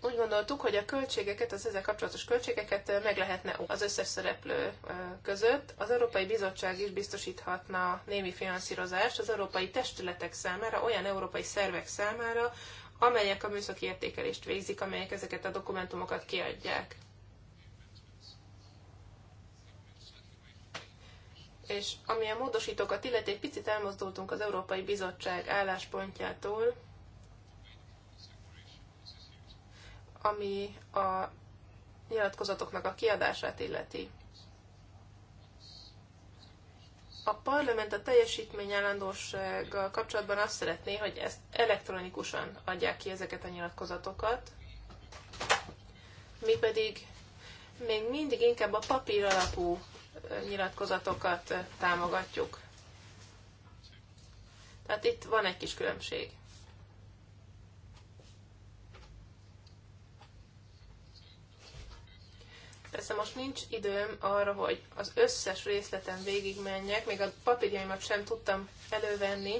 úgy gondoltuk, hogy a költségeket, az ezzel kapcsolatos költségeket meg lehetne az összes szereplő között. Az Európai Bizottság is biztosíthatna némi finanszírozást az európai testületek számára, olyan európai szervek számára, amelyek a műszaki értékelést végzik, amelyek ezeket a dokumentumokat kiadják. És ami a módosítókat illeti, egy picit elmozdultunk az Európai Bizottság álláspontjától, ami a nyilatkozatoknak a kiadását illeti. A parlament a teljesítmény állandósággal kapcsolatban azt szeretné, hogy ezt elektronikusan adják ki ezeket a nyilatkozatokat, mi pedig még mindig inkább a papír alapú nyilatkozatokat támogatjuk. Tehát itt van egy kis különbség. Persze most nincs időm arra, hogy az összes részleten végigmenjek, még a papírjaimat sem tudtam elővenni,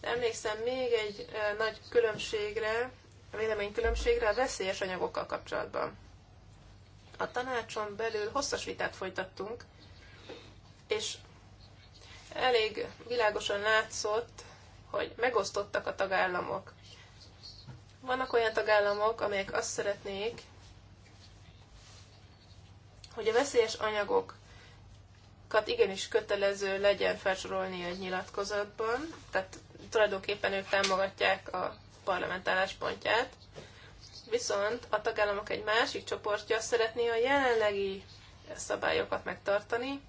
de emlékszem még egy nagy különbségre, a véleménykülönbségre a veszélyes anyagokkal kapcsolatban. A tanácson belül hosszas vitát folytattunk, és elég világosan látszott, hogy megosztottak a tagállamok. Vannak olyan tagállamok, amelyek azt szeretnék, hogy a veszélyes anyagok igenis kötelező legyen felsorolni egy nyilatkozatban, tehát tulajdonképpen ők támogatják a parlament álláspontját, viszont a tagállamok egy másik csoportja szeretné a jelenlegi szabályokat megtartani,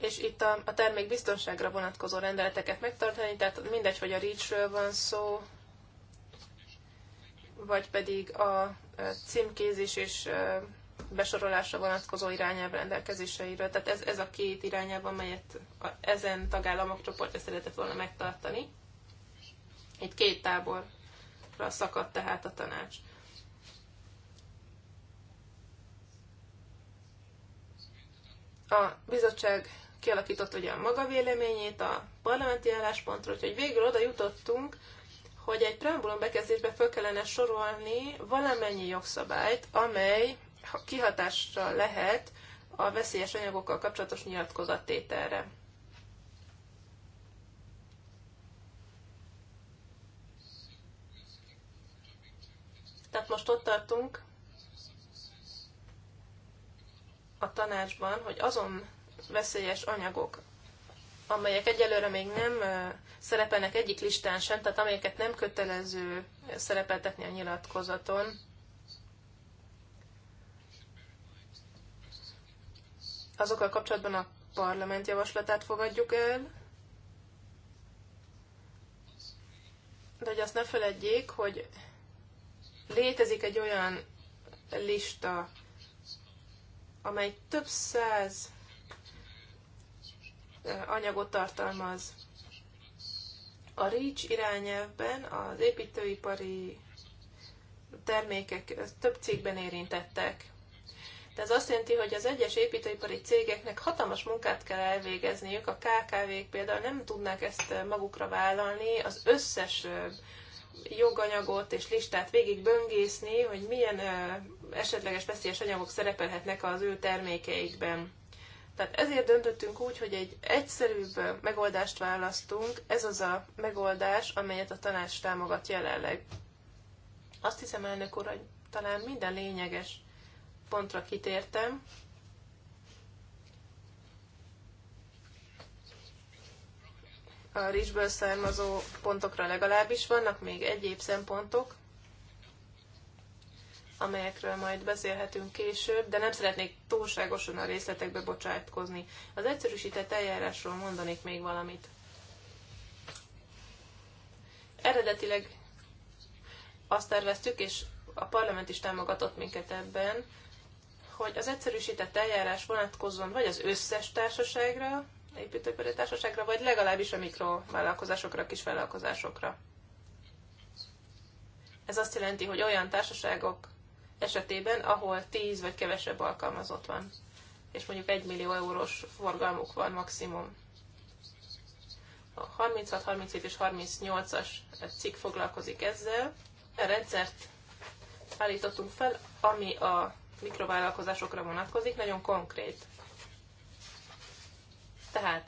és itt a, a termék biztonságra vonatkozó rendeleteket megtartani, tehát mindegy, hogy a reach van szó, vagy pedig a címkézés és besorolásra vonatkozó irányelv rendelkezéseiről. Tehát ez, ez a két irányelv, amelyet a, ezen tagállamok csoportja szeretett volna megtartani. Itt két táborra szakadt tehát a tanács. A bizottság kialakított ugye a maga véleményét a parlamenti álláspontról, hogy végül oda jutottunk, hogy egy preambulum bekezdésbe föl kellene sorolni valamennyi jogszabályt, amely kihatásra lehet a veszélyes anyagokkal kapcsolatos nyilatkozattételre. Tehát most ott tartunk a tanácsban, hogy azon veszélyes anyagok, amelyek egyelőre még nem szerepelnek egyik listán sem, tehát amelyeket nem kötelező szerepeltetni a nyilatkozaton. Azokkal kapcsolatban a parlament javaslatát fogadjuk el, de hogy azt ne feledjék, hogy létezik egy olyan lista, amely több száz anyagot tartalmaz. A REACH irányelvben az építőipari termékek több cégben érintettek. De ez azt jelenti, hogy az egyes építőipari cégeknek hatalmas munkát kell elvégezniük, a KKV-k például nem tudnák ezt magukra vállalni, az összes joganyagot és listát végig böngészni, hogy milyen esetleges veszélyes anyagok szerepelhetnek az ő termékeikben. Tehát ezért döntöttünk úgy, hogy egy egyszerűbb megoldást választunk, ez az a megoldás, amelyet a tanács támogat jelenleg. Azt hiszem, elnök úr, hogy talán minden lényeges pontra kitértem. A rizsből származó pontokra legalábbis vannak még egyéb szempontok, amelyekről majd beszélhetünk később, de nem szeretnék túlságosan a részletekbe bocsátkozni. Az egyszerűsített eljárásról mondanék még valamit. Eredetileg azt terveztük, és a parlament is támogatott minket ebben, hogy az egyszerűsített eljárás vonatkozzon vagy az összes társaságra, építőipari társaságra, vagy legalábbis a mikrovállalkozásokra, kisvállalkozásokra. Ez azt jelenti, hogy olyan társaságok, esetében, ahol 10 vagy kevesebb alkalmazott van, és mondjuk 1 millió eurós forgalmuk van maximum. A 36, 37 és 38-as cikk foglalkozik ezzel. A e rendszert állítottunk fel, ami a mikrovállalkozásokra vonatkozik, nagyon konkrét. Tehát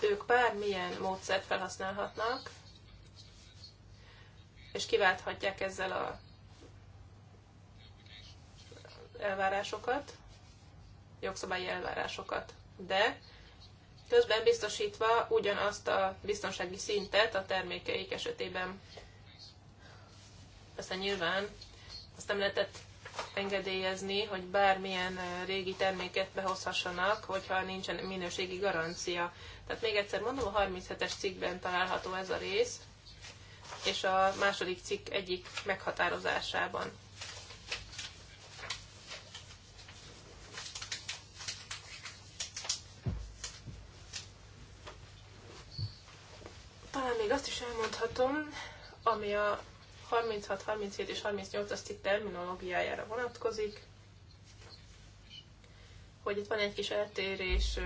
ők bármilyen módszert felhasználhatnak, és kiválthatják ezzel a elvárásokat, jogszabályi elvárásokat, de közben biztosítva ugyanazt a biztonsági szintet a termékeik esetében. Persze nyilván azt nem lehetett engedélyezni, hogy bármilyen régi terméket behozhassanak, hogyha nincsen minőségi garancia. Tehát még egyszer mondom, a 37-es cikkben található ez a rész, és a második cikk egyik meghatározásában. Talán még azt is elmondhatom, ami a 36, 37 és 38-as terminológiájára vonatkozik, hogy itt van egy kis eltérés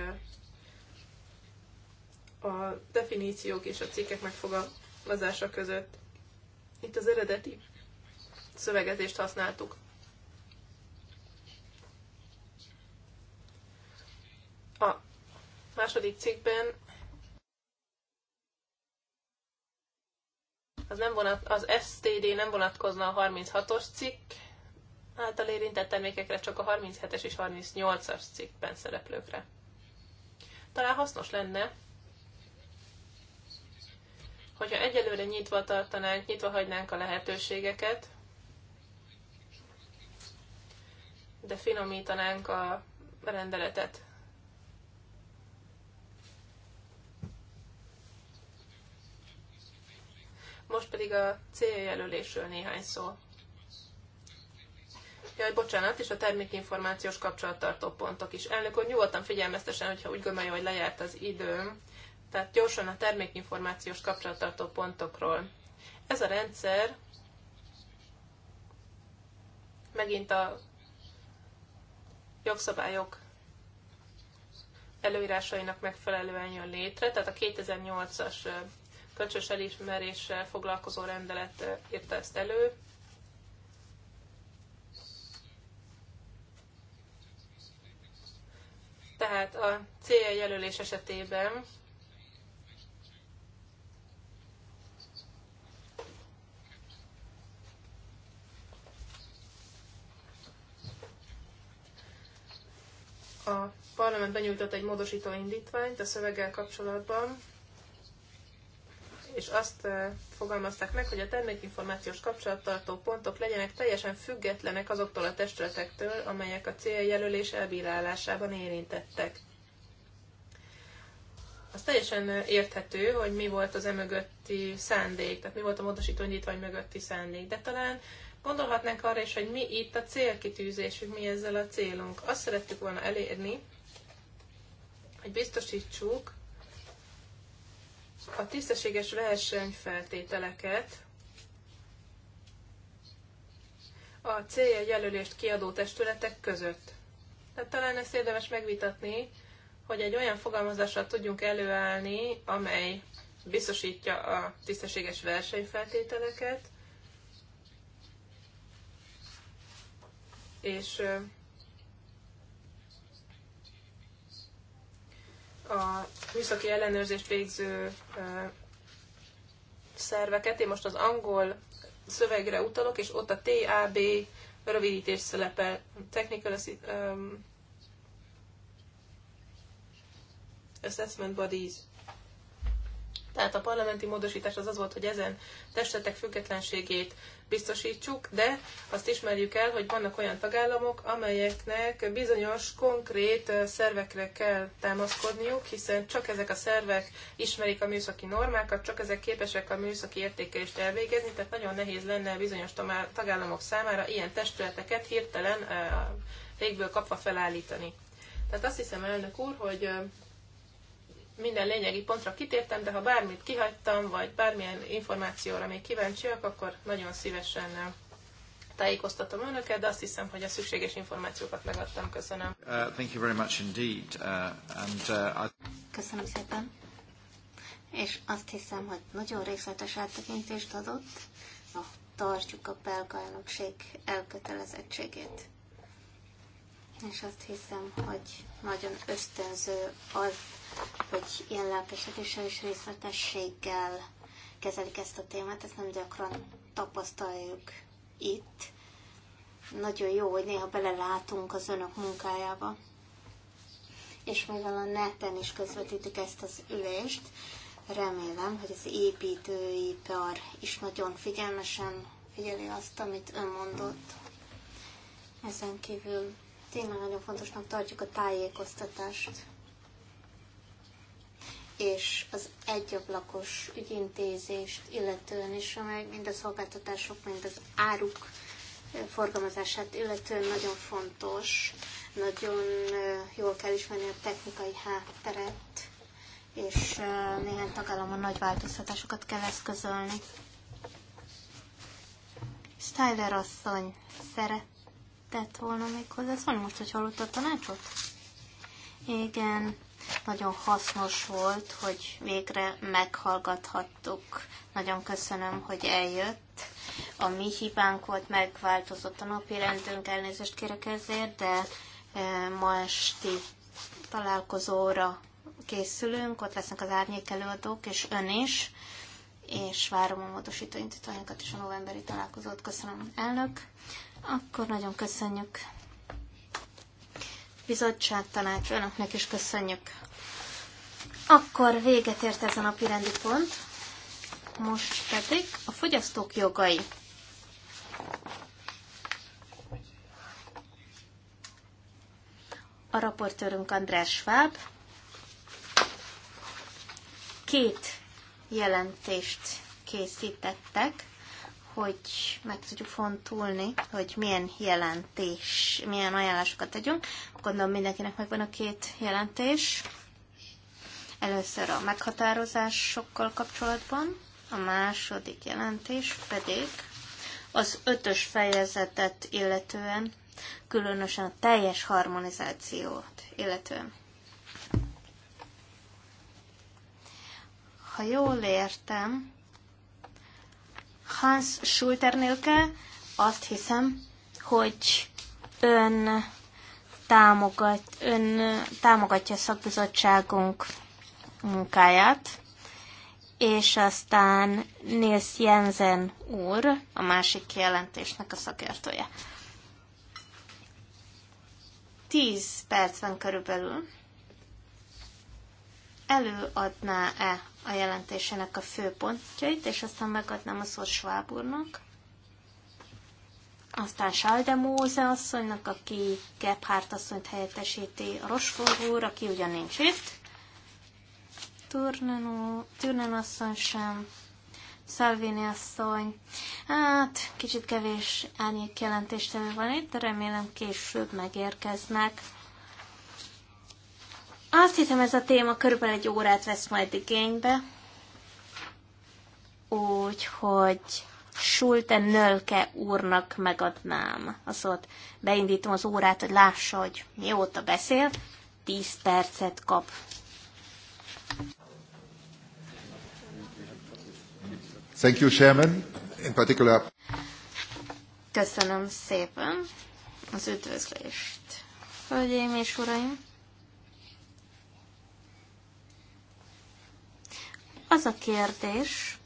a definíciók és a cikkek megfogalmazása között. Itt az eredeti szövegezést használtuk. A második cikkben az, nem vonat, az STD nem vonatkozna a 36-os cikk által érintett termékekre, csak a 37-es és 38-as cikkben szereplőkre. Talán hasznos lenne, hogyha egyelőre nyitva tartanánk, nyitva hagynánk a lehetőségeket, de finomítanánk a rendeletet. Most pedig a céljelölésről néhány szó. Jaj, bocsánat, és a termékinformációs kapcsolattartó pontok is. Elnök úr, nyugodtan figyelmeztesen, hogyha úgy gondolja, hogy lejárt az időm. Tehát gyorsan a termékinformációs kapcsolattartó pontokról. Ez a rendszer megint a jogszabályok előírásainak megfelelően jön létre, tehát a 2008-as kölcsös elismeréssel foglalkozó rendelet írta ezt elő. Tehát a jelölés esetében a parlament benyújtott egy módosító indítványt a szöveggel kapcsolatban, és azt fogalmazták meg, hogy a termékinformációs kapcsolattartó pontok legyenek teljesen függetlenek azoktól a testületektől, amelyek a céljelölés elbírálásában érintettek. Az teljesen érthető, hogy mi volt az emögötti szándék, tehát mi volt a módosító indítvány mögötti szándék, de talán gondolhatnánk arra is, hogy mi itt a célkitűzésünk, mi ezzel a célunk. Azt szerettük volna elérni, hogy biztosítsuk, a tisztességes versenyfeltételeket a célja jelölést kiadó testületek között. Tehát talán ezt érdemes megvitatni, hogy egy olyan fogalmazással tudjunk előállni, amely biztosítja a tisztességes versenyfeltételeket, és a műszaki ellenőrzést végző szerveket. Én most az angol szövegre utalok, és ott a TAB rövidítés szerepel. Technical Assessment Bodies. Tehát a parlamenti módosítás az az volt, hogy ezen testetek függetlenségét biztosítsuk, de azt ismerjük el, hogy vannak olyan tagállamok, amelyeknek bizonyos konkrét szervekre kell támaszkodniuk, hiszen csak ezek a szervek ismerik a műszaki normákat, csak ezek képesek a műszaki értékelést elvégezni, tehát nagyon nehéz lenne bizonyos tagállamok számára ilyen testületeket hirtelen régből kapva felállítani. Tehát azt hiszem, elnök úr, hogy minden lényegi pontra kitértem, de ha bármit kihagytam, vagy bármilyen információra még kíváncsiak, akkor nagyon szívesen tájékoztatom önöket, de azt hiszem, hogy a szükséges információkat megadtam. Köszönöm. Uh, thank you very much indeed. Uh, and, uh, I... Köszönöm szépen. És azt hiszem, hogy nagyon részletes áttekintést adott. Na, tartjuk a belga elnökség elkötelezettségét. És azt hiszem, hogy nagyon ösztönző az hogy ilyen lelkesedéssel és részletességgel kezelik ezt a témát, ezt nem gyakran tapasztaljuk itt. Nagyon jó, hogy néha belelátunk az önök munkájába. És mivel a neten is közvetítik ezt az ülést, remélem, hogy az építőipar is nagyon figyelmesen figyeli azt, amit ön mondott. Ezen kívül tényleg nagyon fontosnak tartjuk a tájékoztatást és az egyablakos ügyintézést illetően is, amely mind a szolgáltatások, mind az áruk eh, forgalmazását illetően nagyon fontos, nagyon eh, jól kell ismerni a technikai hátteret, és eh, néhány tagállamon nagy változtatásokat kell eszközölni. Styler asszony szeretett volna még hozzászólni most, hogy hallott a tanácsot? Igen, nagyon hasznos volt, hogy végre meghallgathattuk. Nagyon köszönöm, hogy eljött. A mi hibánk volt, megváltozott a napi rendünk, elnézést kérek ezért, de e, ma esti találkozóra készülünk, ott lesznek az árnyék előadók, és ön is, és várom a módosító indítványokat és a novemberi találkozót. Köszönöm, elnök. Akkor nagyon köszönjük bizottság tanács, önöknek is köszönjük. Akkor véget ért ez a napi rendi pont. Most pedig a fogyasztók jogai. A raportőrünk András Schwab két jelentést készítettek hogy meg tudjuk fontulni, hogy milyen jelentés, milyen ajánlásokat tegyünk. Gondolom mindenkinek megvan a két jelentés. Először a meghatározásokkal kapcsolatban, a második jelentés pedig az ötös fejezetet illetően, különösen a teljes harmonizációt illetően. Ha jól értem, Hans Schulter nélke azt hiszem, hogy ön támogat, ön támogatja a szakbizottságunk munkáját, és aztán Nils Jensen úr, a másik kijelentésnek a szakértője. Tíz perc van körülbelül, előadná-e a jelentésének a főpontjait, és aztán megadnám a szót Schwab úrnak. Aztán Móze asszonynak, aki Gebhardt asszonyt helyettesíti, a Rosfor úr, aki ugyan nincs itt, Turnen asszony sem, Salvini asszony. Hát, kicsit kevés árnyék jelentéstevő van itt, de remélem később megérkeznek. Azt hiszem, ez a téma körülbelül egy órát vesz majd igénybe, úgyhogy Sulte Nölke úrnak megadnám a szót. Beindítom az órát, hogy lássa, hogy mióta beszél. Tíz percet kap. Thank you, Chairman. In particular... Köszönöm szépen az üdvözlést, hölgyeim és uraim. Az a kérdés,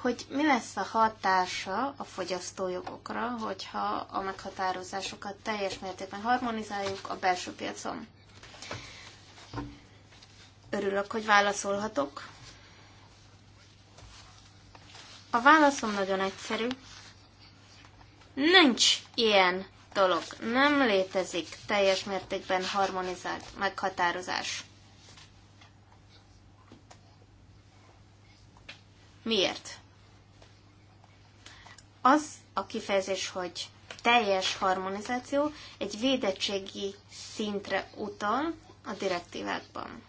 hogy mi lesz a hatása a fogyasztójogokra, hogyha a meghatározásokat teljes mértékben harmonizáljuk a belső piacon. Örülök, hogy válaszolhatok. A válaszom nagyon egyszerű. Nincs ilyen dolog. Nem létezik teljes mértékben harmonizált meghatározás. Miért? Az a kifejezés, hogy teljes harmonizáció egy védettségi szintre utal a direktívákban.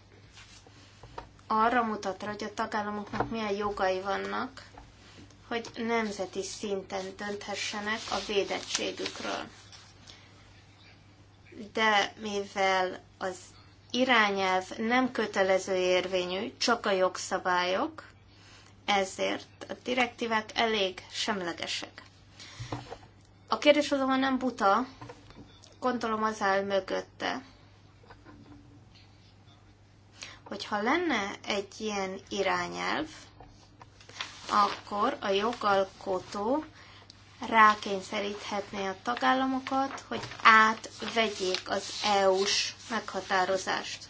Arra mutat hogy a tagállamoknak milyen jogai vannak, hogy nemzeti szinten dönthessenek a védettségükről. De mivel az irányelv nem kötelező érvényű, csak a jogszabályok, ezért a direktívák elég semlegesek. A kérdés azonban nem buta, gondolom az áll mögötte, hogyha lenne egy ilyen irányelv, akkor a jogalkotó rákényszeríthetné a tagállamokat, hogy átvegyék az EU-s meghatározást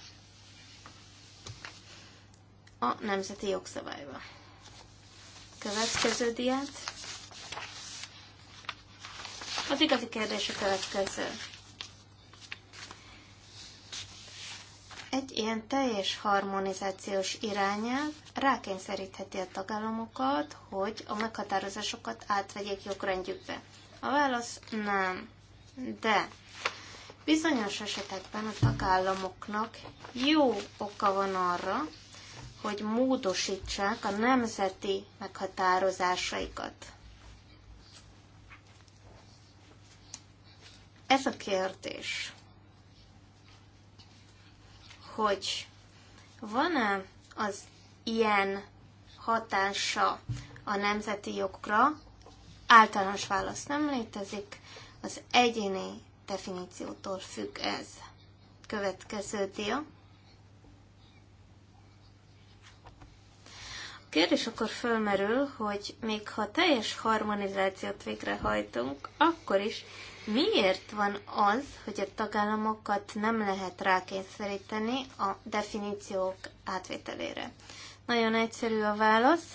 a nemzeti jogszabályba. Következő diát. Az igazi kérdés a következő. Egy ilyen teljes harmonizációs irányelv rákényszerítheti a tagállamokat, hogy a meghatározásokat átvegyék jogrendjükbe. A válasz nem. De bizonyos esetekben a tagállamoknak jó oka van arra, hogy módosítsák a nemzeti meghatározásaikat. Ez a kérdés, hogy van-e az ilyen hatása a nemzeti jogra, általános válasz nem létezik, az egyéni definíciótól függ ez. Következő dia. kérdés akkor fölmerül, hogy még ha teljes harmonizációt végrehajtunk, akkor is miért van az, hogy a tagállamokat nem lehet rákényszeríteni a definíciók átvételére? Nagyon egyszerű a válasz.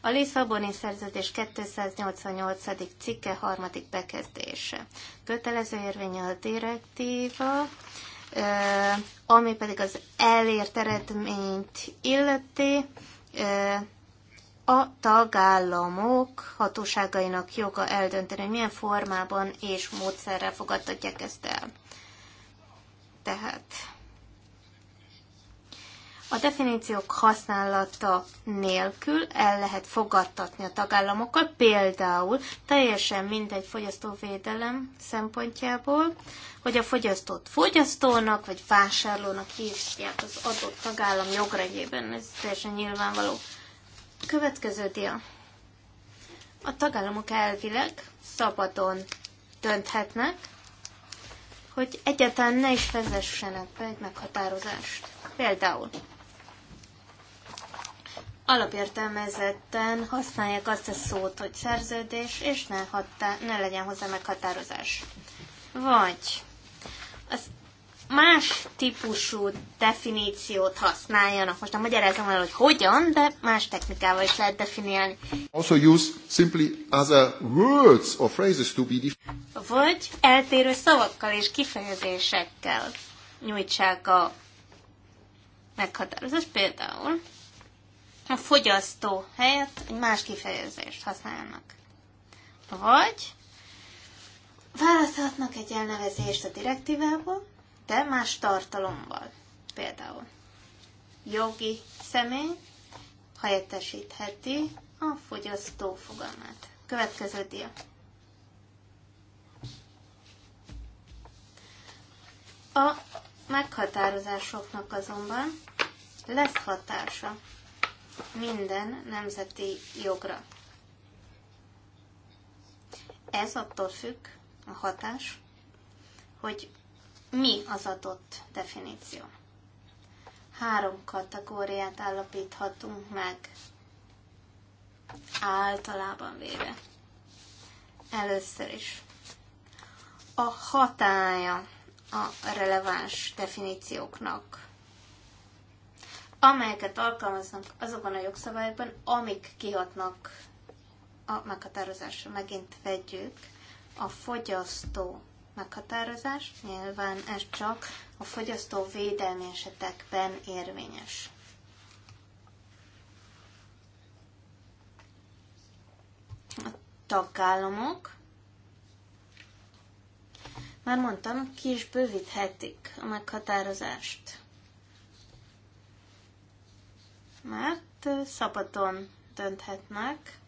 A Lisszaboni szerződés 288. cikke harmadik bekezdése. Kötelező érvényű a direktíva, ami pedig az elért eredményt illeti, a tagállamok hatóságainak joga eldönteni, hogy milyen formában és módszerrel fogadtatják ezt el. Tehát a definíciók használata nélkül el lehet fogadtatni a tagállamokkal, például teljesen mindegy fogyasztóvédelem szempontjából, hogy a fogyasztót fogyasztónak vagy vásárlónak hívják az adott tagállam jogrendjében, ez teljesen nyilvánvaló. Következő dia. A tagállamok elvileg szabadon dönthetnek, hogy egyáltalán ne is vezessenek be egy meghatározást. Például alapértelmezetten használják azt a szót, hogy szerződés, és ne, hatá, ne legyen hozzá meghatározás. Vagy az más típusú definíciót használjanak. Most nem magyarázom el, hogy hogyan, de más technikával is lehet definiálni. Also use simply other words or phrases to be Vagy eltérő szavakkal és kifejezésekkel nyújtsák a meghatározás. Például a fogyasztó helyett egy más kifejezést használnak. Vagy választhatnak egy elnevezést a direktívából, de más tartalommal. Például jogi személy helyettesítheti a fogyasztó fogalmát. Következő dia. A meghatározásoknak azonban lesz hatása minden nemzeti jogra. Ez attól függ a hatás, hogy mi az adott definíció. Három kategóriát állapíthatunk meg általában véve. Először is a hatája a releváns definícióknak amelyeket alkalmaznak azokon a jogszabályokban, amik kihatnak a meghatározásra. Megint vegyük a fogyasztó meghatározás, nyilván ez csak a fogyasztó védelmi esetekben érvényes. A tagállamok, már mondtam, ki is bővíthetik a meghatározást mert szabadon dönthetnek.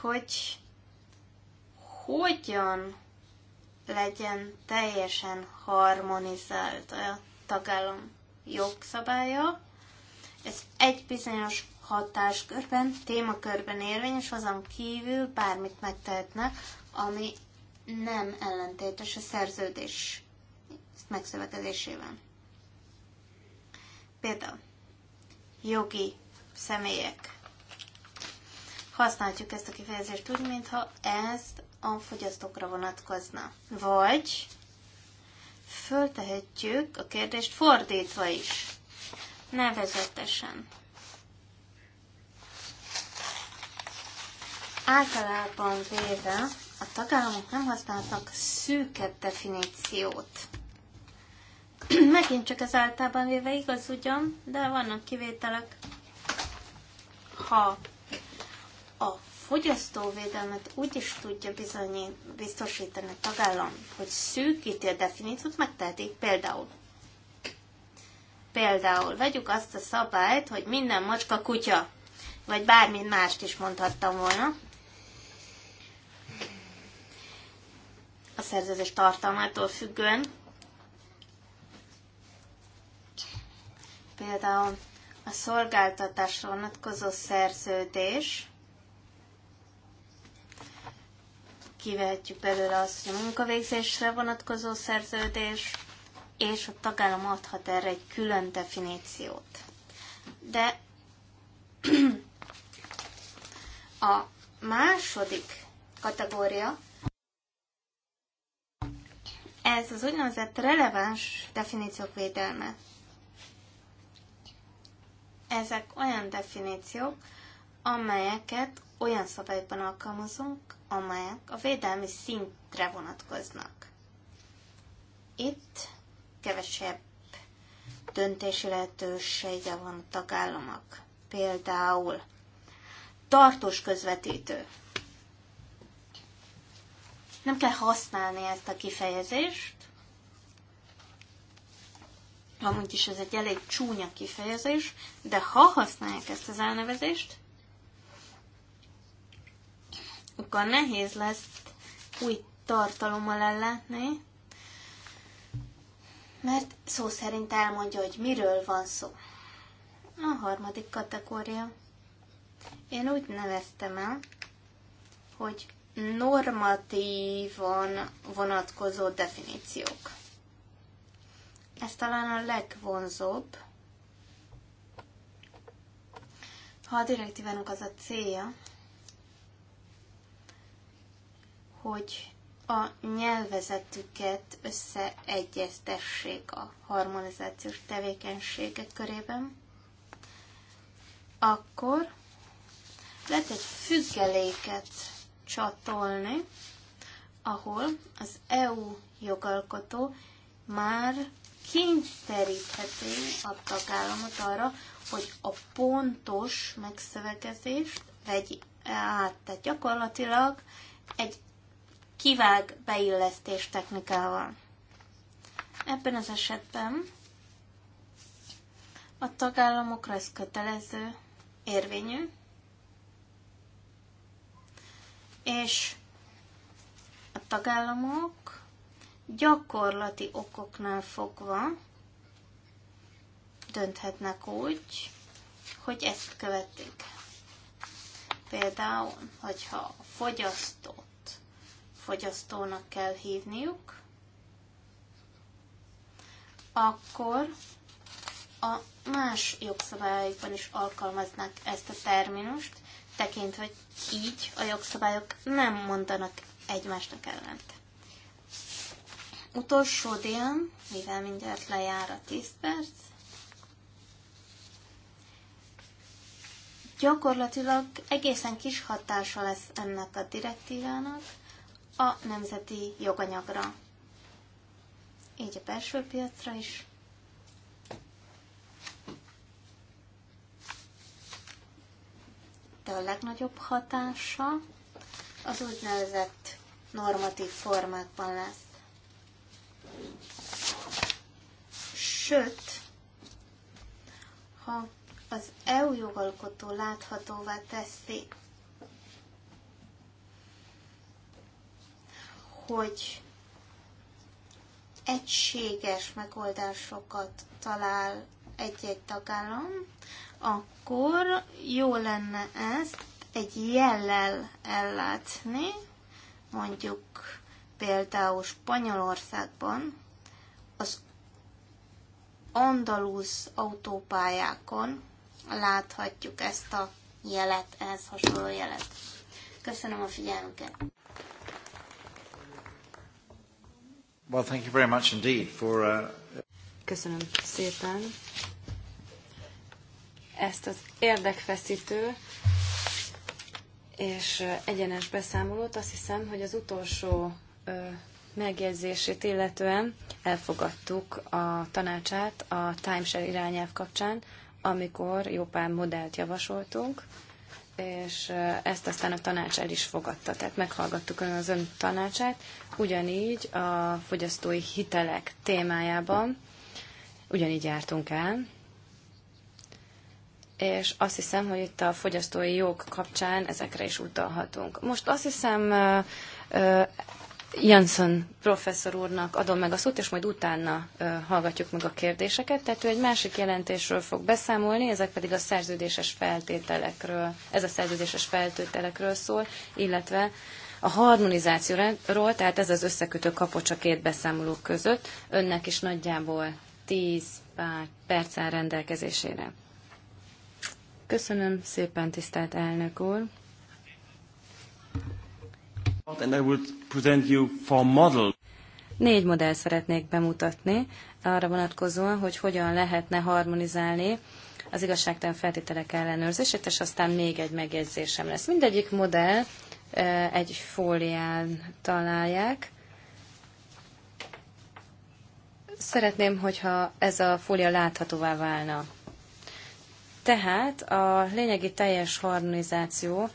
hogy hogyan legyen teljesen harmonizált a tagállam jogszabálya. Ez egy bizonyos hatáskörben, témakörben érvényes, azon kívül bármit megtehetnek, ami nem ellentétes a szerződés megszövetelésével. Például jogi személyek. Használjuk ezt a kifejezést úgy, mintha ez a fogyasztókra vonatkozna. Vagy föltehetjük a kérdést fordítva is. Nevezetesen. Általában véve a tagállamok nem használnak szűkebb definíciót. Megint csak az általában véve igaz ugyan, de vannak kivételek. Ha a fogyasztóvédelmet úgy is tudja bizonyi, biztosítani a tagállam, hogy szűkíti a definíciót, megtehetik például. Például vegyük azt a szabályt, hogy minden macska kutya, vagy bármi mást is mondhattam volna. A szerződés tartalmától függően, Például a szolgáltatásra vonatkozó szerződés, kivehetjük belőle azt, hogy a munkavégzésre vonatkozó szerződés, és a tagállam adhat erre egy külön definíciót. De a második kategória, ez az úgynevezett releváns definíciók védelme. Ezek olyan definíciók, amelyeket olyan szabályban alkalmazunk, amelyek a védelmi szintre vonatkoznak. Itt kevesebb döntési lehetősége van a tagállamok. Például tartós közvetítő. Nem kell használni ezt a kifejezést, amúgy is ez egy elég csúnya kifejezés, de ha használják ezt az elnevezést, akkor nehéz lesz új tartalommal ellátni, mert szó szerint elmondja, hogy miről van szó. A harmadik kategória. Én úgy neveztem el, hogy normatívan vonatkozó definíciók. Ez talán a legvonzóbb. Ha a direktívának az a célja, hogy a nyelvezetüket összeegyeztessék a harmonizációs tevékenységek körében, akkor lehet egy függeléket csatolni, ahol az EU jogalkotó már kényszerítheti a tagállamot arra, hogy a pontos megszövegezést vegy át. Tehát gyakorlatilag egy kivág beillesztés technikával. Ebben az esetben a tagállamokra ez kötelező, érvényű, és a tagállamok gyakorlati okoknál fogva dönthetnek úgy, hogy ezt követik. Például, hogyha a fogyasztót fogyasztónak kell hívniuk, akkor a más jogszabályokban is alkalmaznak ezt a terminust, tekintve, hogy így a jogszabályok nem mondanak egymásnak ellent utolsó délem, mivel mindjárt lejár a 10 perc, gyakorlatilag egészen kis hatása lesz ennek a direktívának a nemzeti joganyagra. Így a belső piacra is. De a legnagyobb hatása az úgynevezett normatív formákban lesz. Sőt, ha az EU jogalkotó láthatóvá teszi, hogy egységes megoldásokat talál egy-egy tagállam, akkor jó lenne ezt egy jellel ellátni, mondjuk Például Spanyolországban az andalusz autópályákon láthatjuk ezt a jelet, ehhez hasonló jelet. Köszönöm a figyelmüket! Well, thank you very much indeed for, uh... Köszönöm szépen ezt az érdekfeszítő és egyenes beszámolót. Azt hiszem, hogy az utolsó megjegyzését illetően elfogadtuk a tanácsát a timeshare irányelv kapcsán, amikor jó pár modellt javasoltunk, és ezt aztán a tanács el is fogadta, tehát meghallgattuk az ön tanácsát, ugyanígy a fogyasztói hitelek témájában ugyanígy jártunk el, és azt hiszem, hogy itt a fogyasztói jog kapcsán ezekre is utalhatunk. Most azt hiszem, Jansson professzor úrnak adom meg a szót, és majd utána hallgatjuk meg a kérdéseket. Tehát ő egy másik jelentésről fog beszámolni, ezek pedig a szerződéses feltételekről, ez a szerződéses feltételekről szól, illetve a harmonizációról, tehát ez az összekötő kapocs a két beszámoló között, önnek is nagyjából 10 pár perc áll rendelkezésére. Köszönöm szépen, tisztelt elnök úr! Négy modell szeretnék bemutatni, arra vonatkozóan, hogy hogyan lehetne harmonizálni az igazságtalan feltételek ellenőrzését, és aztán még egy megjegyzésem lesz. Mindegyik modell egy fólián találják. Szeretném, hogyha ez a fólia láthatóvá válna. Tehát a lényegi teljes harmonizáció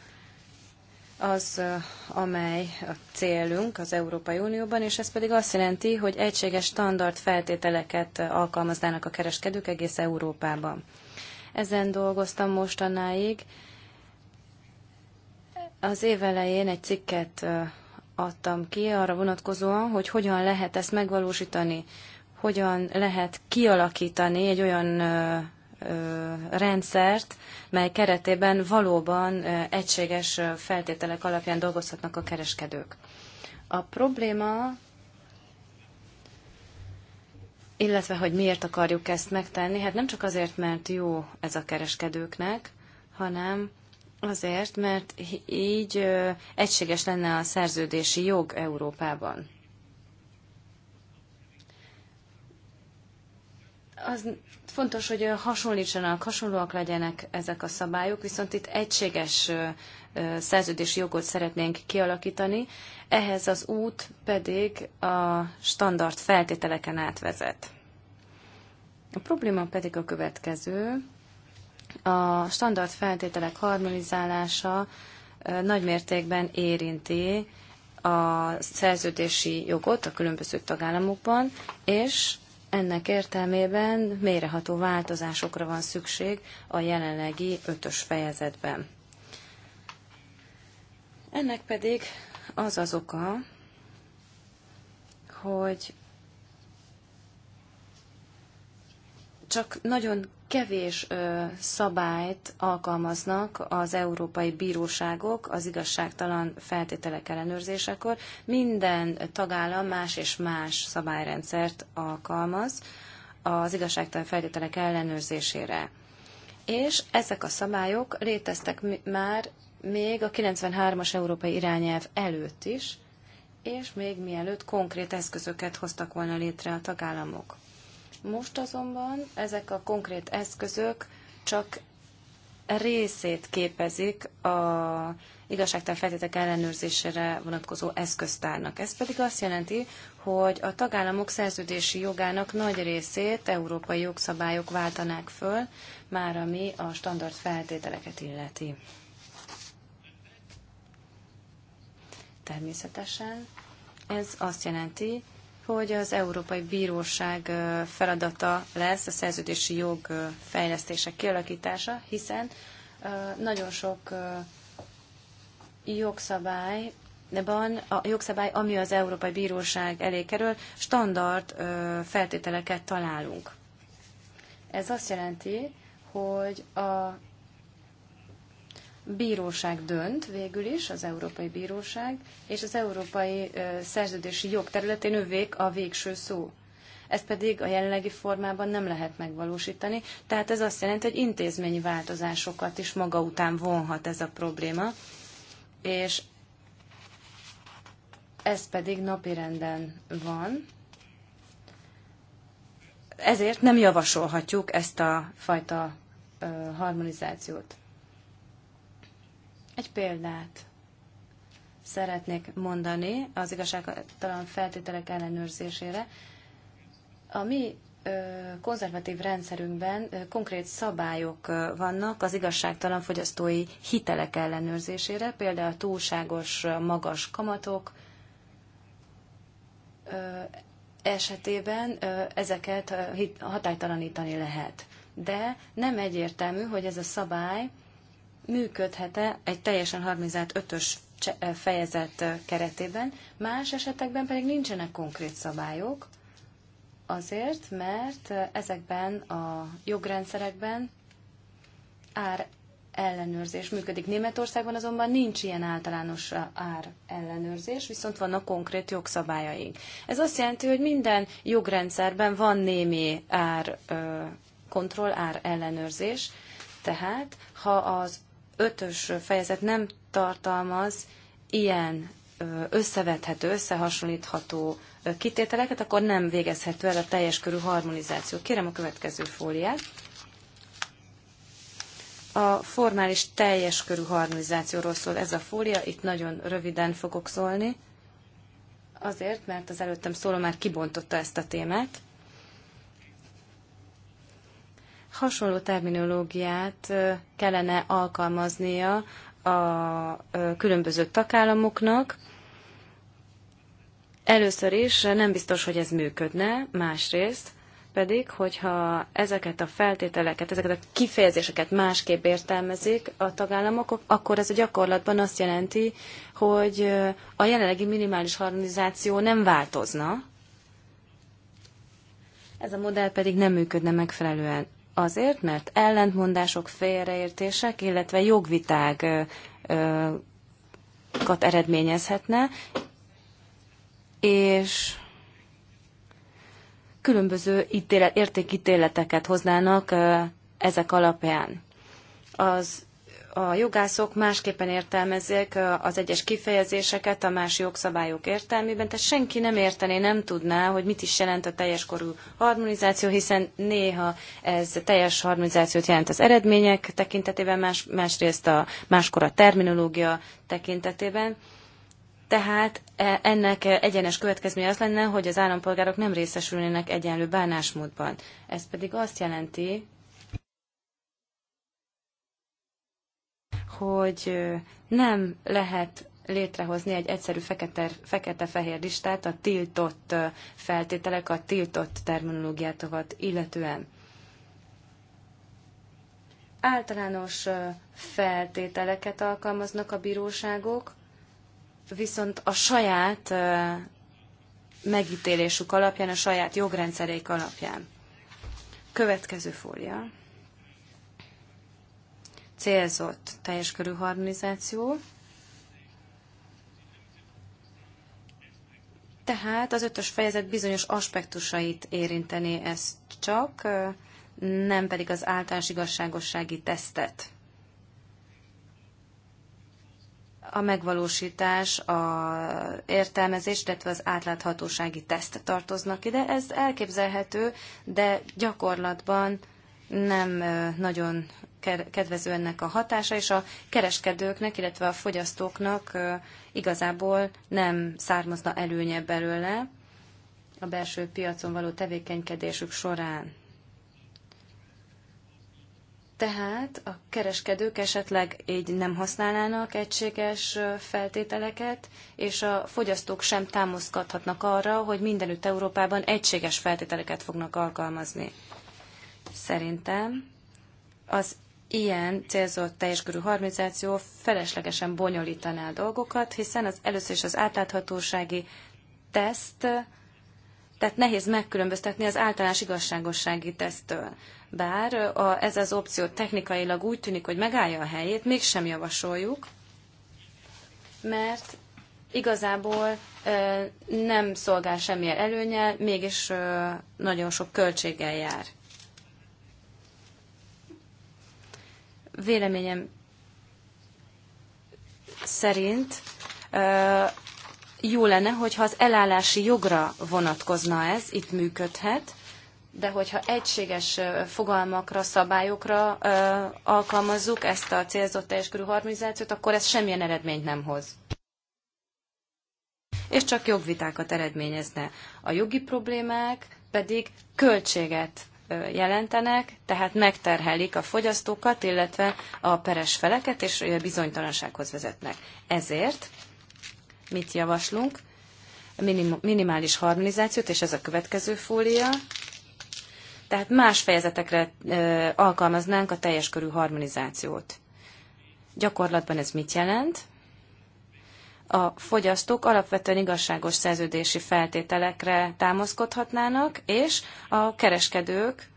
az, amely a célunk az Európai Unióban, és ez pedig azt jelenti, hogy egységes standard feltételeket alkalmaznának a kereskedők egész Európában. Ezen dolgoztam mostanáig. Az év elején egy cikket adtam ki arra vonatkozóan, hogy hogyan lehet ezt megvalósítani, hogyan lehet kialakítani egy olyan rendszert, mely keretében valóban egységes feltételek alapján dolgozhatnak a kereskedők. A probléma, illetve hogy miért akarjuk ezt megtenni, hát nem csak azért, mert jó ez a kereskedőknek, hanem azért, mert így egységes lenne a szerződési jog Európában. az fontos, hogy hasonlítsanak, hasonlóak legyenek ezek a szabályok, viszont itt egységes szerződési jogot szeretnénk kialakítani, ehhez az út pedig a standard feltételeken átvezet. A probléma pedig a következő. A standard feltételek harmonizálása nagymértékben érinti a szerződési jogot a különböző tagállamokban, és ennek értelmében méreható változásokra van szükség a jelenlegi ötös fejezetben. Ennek pedig az az oka, hogy csak nagyon kevés ö, szabályt alkalmaznak az európai bíróságok az igazságtalan feltételek ellenőrzésekor. Minden tagállam más és más szabályrendszert alkalmaz az igazságtalan feltételek ellenőrzésére. És ezek a szabályok léteztek már még a 93-as európai irányelv előtt is, és még mielőtt konkrét eszközöket hoztak volna létre a tagállamok. Most azonban ezek a konkrét eszközök csak részét képezik a igazságtalan feltétek ellenőrzésére vonatkozó eszköztárnak. Ez pedig azt jelenti, hogy a tagállamok szerződési jogának nagy részét európai jogszabályok váltanák föl, már ami a standard feltételeket illeti. Természetesen ez azt jelenti, hogy az Európai Bíróság feladata lesz a szerződési jog fejlesztése kialakítása, hiszen nagyon sok jogszabály ban a jogszabály, ami az Európai Bíróság elé kerül, standard feltételeket találunk. Ez azt jelenti, hogy a bíróság dönt végül is, az Európai Bíróság, és az Európai Szerződési Jog területén ővék a végső szó. Ezt pedig a jelenlegi formában nem lehet megvalósítani, tehát ez azt jelenti, hogy intézményi változásokat is maga után vonhat ez a probléma, és ez pedig napirenden van. Ezért nem javasolhatjuk ezt a fajta harmonizációt. Egy példát szeretnék mondani az igazságtalan feltételek ellenőrzésére. A mi konzervatív rendszerünkben konkrét szabályok vannak az igazságtalan fogyasztói hitelek ellenőrzésére, például túlságos magas kamatok esetében ezeket hatálytalanítani lehet. De nem egyértelmű, hogy ez a szabály működhet-e egy teljesen harmonizált ötös eh, fejezet eh, keretében, más esetekben pedig nincsenek konkrét szabályok, azért, mert eh, ezekben a jogrendszerekben ár ellenőrzés működik. Németországban azonban nincs ilyen általános ár ellenőrzés, viszont vannak konkrét jogszabályaink. Ez azt jelenti, hogy minden jogrendszerben van némi ár kontroll, ár ellenőrzés, tehát ha az ötös fejezet nem tartalmaz ilyen összevethető, összehasonlítható kitételeket, akkor nem végezhető el a teljes körű harmonizáció. Kérem a következő fóliát. A formális teljes körű harmonizációról szól ez a fólia, itt nagyon röviden fogok szólni, azért, mert az előttem szóló már kibontotta ezt a témát. hasonló terminológiát kellene alkalmaznia a különböző tagállamoknak. Először is nem biztos, hogy ez működne, másrészt pedig, hogyha ezeket a feltételeket, ezeket a kifejezéseket másképp értelmezik a tagállamok, akkor ez a gyakorlatban azt jelenti, hogy a jelenlegi minimális harmonizáció nem változna, ez a modell pedig nem működne megfelelően. Azért, mert ellentmondások, félreértések, illetve jogvitákat eredményezhetne, és különböző ítélet, értékítéleteket hoznának ezek alapján. Az a jogászok másképpen értelmezik az egyes kifejezéseket a más jogszabályok értelmében, tehát senki nem értené, nem tudná, hogy mit is jelent a teljes korú harmonizáció, hiszen néha ez teljes harmonizációt jelent az eredmények tekintetében, más, másrészt a máskor a terminológia tekintetében. Tehát e, ennek egyenes következménye az lenne, hogy az állampolgárok nem részesülnének egyenlő bánásmódban. Ez pedig azt jelenti, hogy nem lehet létrehozni egy egyszerű fekete-fehér listát a tiltott feltételek, a tiltott terminológiátokat illetően. Általános feltételeket alkalmaznak a bíróságok, viszont a saját megítélésük alapján, a saját jogrendszerék alapján. Következő fólia célzott teljes körű harmonizáció. Tehát az ötös fejezet bizonyos aspektusait érinteni ezt csak, nem pedig az általános igazságossági tesztet. A megvalósítás, a értelmezés, illetve az átláthatósági teszt tartoznak ide. Ez elképzelhető, de gyakorlatban nem nagyon kedvező ennek a hatása, és a kereskedőknek, illetve a fogyasztóknak igazából nem származna előnye belőle a belső piacon való tevékenykedésük során. Tehát a kereskedők esetleg így nem használnának egységes feltételeket, és a fogyasztók sem támaszkodhatnak arra, hogy mindenütt Európában egységes feltételeket fognak alkalmazni. Szerintem az ilyen célzott teljes körű harmonizáció feleslegesen bonyolítaná a dolgokat, hiszen az először is az átláthatósági teszt, tehát nehéz megkülönböztetni az általános igazságossági tesztől. Bár a, ez az opció technikailag úgy tűnik, hogy megállja a helyét, mégsem javasoljuk, mert igazából ö, nem szolgál semmilyen előnye, mégis ö, nagyon sok költséggel jár. Véleményem szerint jó lenne, hogyha az elállási jogra vonatkozna ez, itt működhet, de hogyha egységes fogalmakra, szabályokra alkalmazzuk ezt a célzott teljes körű harmonizációt, akkor ez semmilyen eredményt nem hoz. És csak jogvitákat eredményezne. A jogi problémák pedig költséget jelentenek, tehát megterhelik a fogyasztókat, illetve a peres feleket, és bizonytalansághoz vezetnek. Ezért mit javaslunk? Minim, minimális harmonizációt, és ez a következő fólia. Tehát más fejezetekre alkalmaznánk a teljes körű harmonizációt. Gyakorlatban ez mit jelent? a fogyasztók alapvetően igazságos szerződési feltételekre támaszkodhatnának, és a kereskedők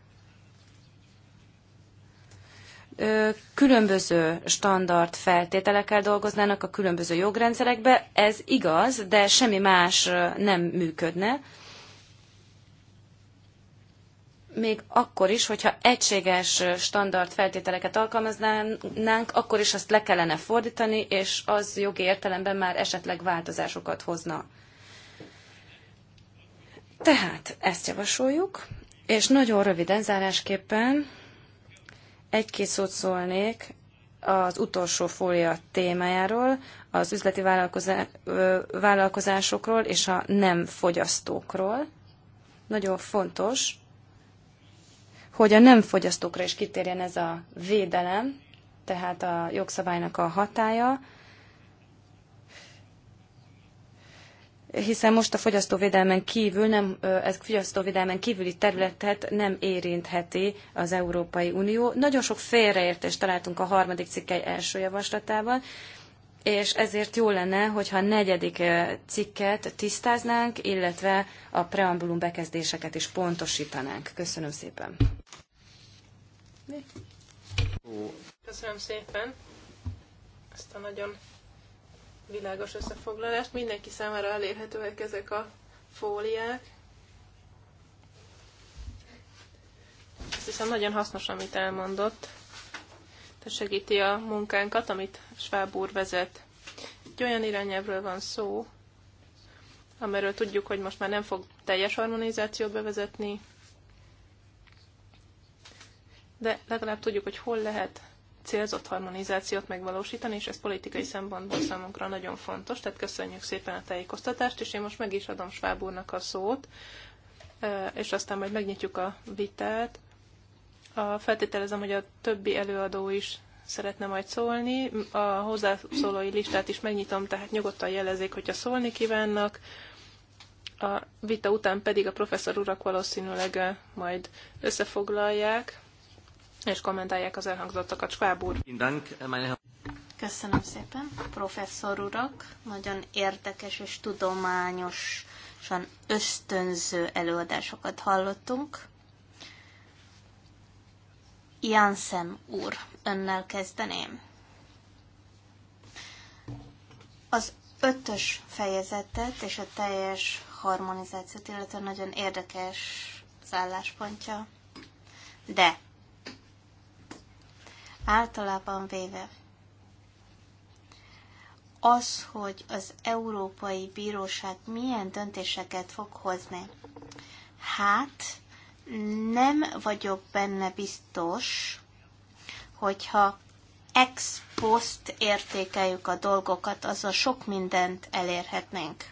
különböző standard feltételekkel dolgoznának a különböző jogrendszerekbe. Ez igaz, de semmi más nem működne még akkor is, hogyha egységes standard feltételeket alkalmaznánk, akkor is azt le kellene fordítani, és az jogi értelemben már esetleg változásokat hozna. Tehát ezt javasoljuk, és nagyon röviden zárásképpen egy-két szót szólnék az utolsó fólia témájáról, az üzleti vállalkozásokról és a nem fogyasztókról. Nagyon fontos, hogy a nem fogyasztókra is kitérjen ez a védelem, tehát a jogszabálynak a hatája, hiszen most a fogyasztóvédelmen kívül nem, ez fogyasztóvédelmen kívüli területet nem érintheti az Európai Unió. Nagyon sok félreértést találtunk a harmadik cikkely első javaslatában, és ezért jó lenne, hogyha a negyedik cikket tisztáznánk, illetve a preambulum bekezdéseket is pontosítanánk. Köszönöm szépen. Mi? Köszönöm szépen ezt a nagyon világos összefoglalást. Mindenki számára elérhetőek ezek a fóliák. Ez hiszem nagyon hasznos, amit elmondott. Te segíti a munkánkat, amit Sváb úr vezet. Egy olyan irányelvről van szó, amiről tudjuk, hogy most már nem fog teljes harmonizációt bevezetni, de legalább tudjuk, hogy hol lehet célzott harmonizációt megvalósítani, és ez politikai szempontból számunkra nagyon fontos, tehát köszönjük szépen a tájékoztatást, és én most meg is adom Schwab úrnak a szót, és aztán majd megnyitjuk a vitát. A feltételezem, hogy a többi előadó is szeretne majd szólni. A hozzászólói listát is megnyitom, tehát nyugodtan jelezzék, hogyha szólni kívánnak. A vita után pedig a professzor urak valószínűleg majd összefoglalják és kommentálják az elhangzottakat. Schwab úr. Köszönöm szépen, professzor urak. Nagyon érdekes és tudományosan ösztönző előadásokat hallottunk. Janssen úr, önnel kezdeném. Az ötös fejezetet és a teljes harmonizációt, illetve nagyon érdekes az álláspontja. De általában véve az, hogy az Európai Bíróság milyen döntéseket fog hozni. Hát, nem vagyok benne biztos, hogyha ex post értékeljük a dolgokat, azzal sok mindent elérhetnénk.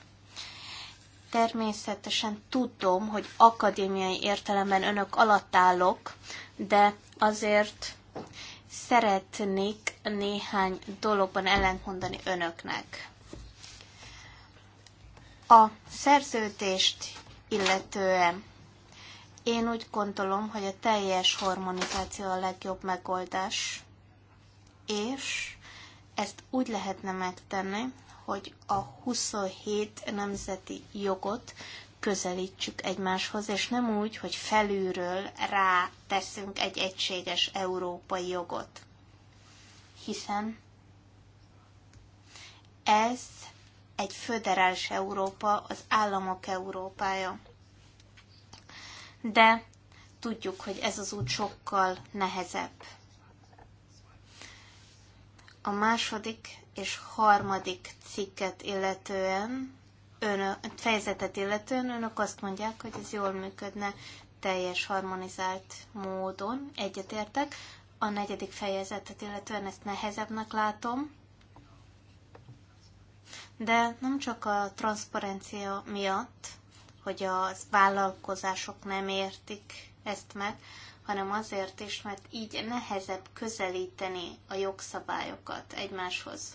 Természetesen tudom, hogy akadémiai értelemben önök alatt állok, de azért szeretnék néhány dologban ellentmondani önöknek. A szerződést illetően én úgy gondolom, hogy a teljes harmonizáció a legjobb megoldás, és ezt úgy lehetne megtenni, hogy a 27 nemzeti jogot közelítsük egymáshoz, és nem úgy, hogy felülről rá teszünk egy egységes európai jogot. Hiszen ez egy föderális Európa, az államok Európája. De tudjuk, hogy ez az út sokkal nehezebb. A második és harmadik cikket illetően önök, fejezetet illetően önök azt mondják, hogy ez jól működne teljes harmonizált módon, egyetértek. A negyedik fejezetet illetően ezt nehezebbnek látom, de nem csak a transzparencia miatt, hogy a vállalkozások nem értik ezt meg, hanem azért is, mert így nehezebb közelíteni a jogszabályokat egymáshoz.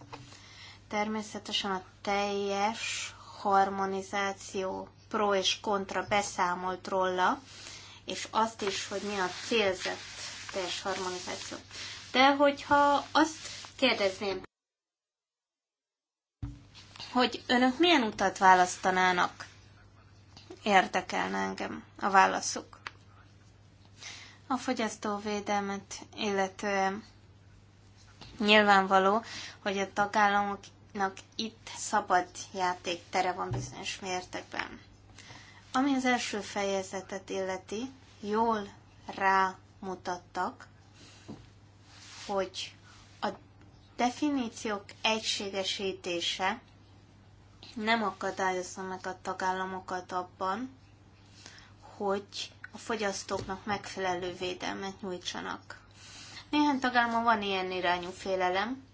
Természetesen a teljes harmonizáció pro és kontra beszámolt róla, és azt is, hogy mi a célzett teljes harmonizáció. De hogyha azt kérdezném, hogy önök milyen utat választanának, érdekelne engem a válaszuk. A fogyasztóvédelmet, illetően nyilvánvaló, hogy a tagállamok Nak itt szabad játéktere van bizonyos mértékben. Ami az első fejezetet illeti, jól rámutattak, hogy a definíciók egységesítése nem akadályozza meg a tagállamokat abban, hogy a fogyasztóknak megfelelő védelmet nyújtsanak. Néhány tagállamon van ilyen irányú félelem,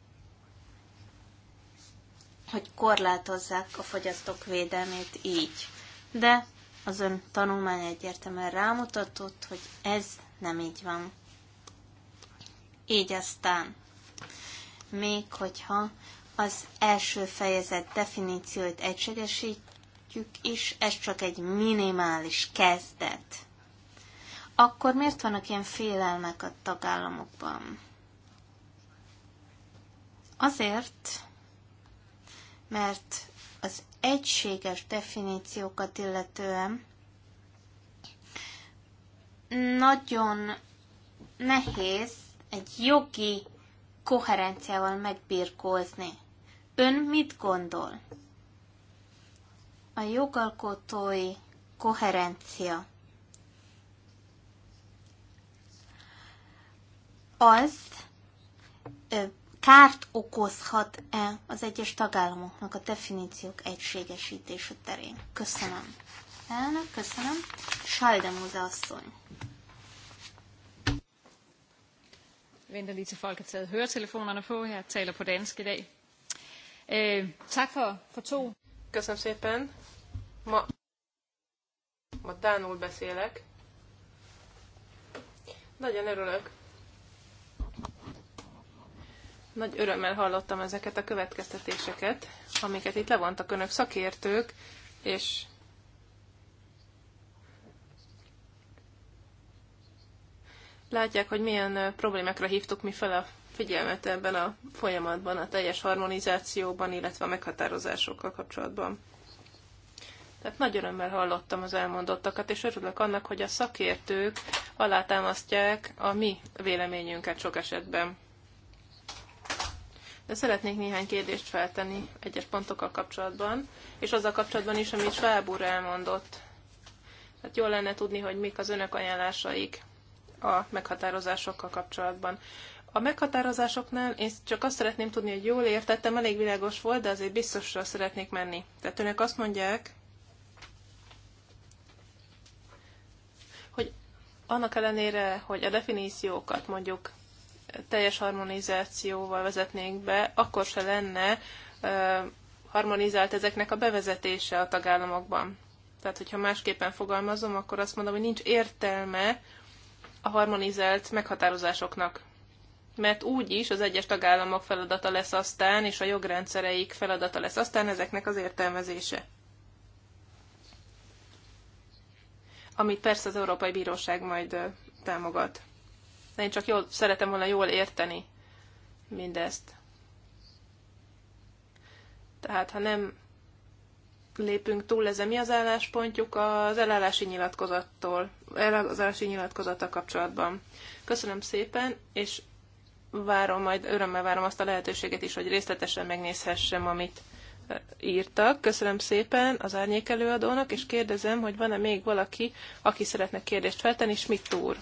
hogy korlátozzák a fogyasztók védelmét így. De az ön tanulmány egyértelműen rámutatott, hogy ez nem így van. Így aztán, még hogyha az első fejezet definícióit egységesítjük is, ez csak egy minimális kezdet. Akkor miért vannak ilyen félelmek a tagállamokban? Azért, mert az egységes definíciókat illetően nagyon nehéz egy jogi koherenciával megbirkózni. Ön mit gondol? A jogalkotói koherencia az kárt okozhat-e az egyes tagállamoknak a definíciók egységesítése terén. Köszönöm. Elnök, köszönöm. Sajdemúze asszony. venter lige til folk har taget høretelefonerne på. Jeg taler på dansk i dag. Øh, tak for, for to. Köszönöm szépen. Ma, ma Dánul beszélek. Nagyon örülök nagy örömmel hallottam ezeket a következtetéseket, amiket itt levontak önök szakértők, és látják, hogy milyen problémákra hívtuk mi fel a figyelmet ebben a folyamatban, a teljes harmonizációban, illetve a meghatározásokkal kapcsolatban. Tehát nagy örömmel hallottam az elmondottakat, és örülök annak, hogy a szakértők alátámasztják a mi véleményünket sok esetben. De szeretnék néhány kérdést feltenni egyes pontokkal kapcsolatban, és azzal kapcsolatban is, amit Schwab úr elmondott. Tehát jól lenne tudni, hogy mik az önök ajánlásaik a meghatározásokkal kapcsolatban. A meghatározásoknál én csak azt szeretném tudni, hogy jól értettem, elég világos volt, de azért biztosra szeretnék menni. Tehát önök azt mondják, hogy annak ellenére, hogy a definíciókat mondjuk teljes harmonizációval vezetnénk be, akkor se lenne harmonizált ezeknek a bevezetése a tagállamokban. Tehát, hogyha másképpen fogalmazom, akkor azt mondom, hogy nincs értelme a harmonizált meghatározásoknak. Mert úgy is az egyes tagállamok feladata lesz aztán, és a jogrendszereik feladata lesz aztán ezeknek az értelmezése. Amit persze az Európai Bíróság majd támogat de én csak jól, szeretem volna jól érteni mindezt. Tehát, ha nem lépünk túl ezen, mi az álláspontjuk az elállási nyilatkozattól, elállási nyilatkozata kapcsolatban. Köszönöm szépen, és várom, majd örömmel várom azt a lehetőséget is, hogy részletesen megnézhessem, amit eh, írtak. Köszönöm szépen az árnyék előadónak, és kérdezem, hogy van-e még valaki, aki szeretne kérdést feltenni, mit túr?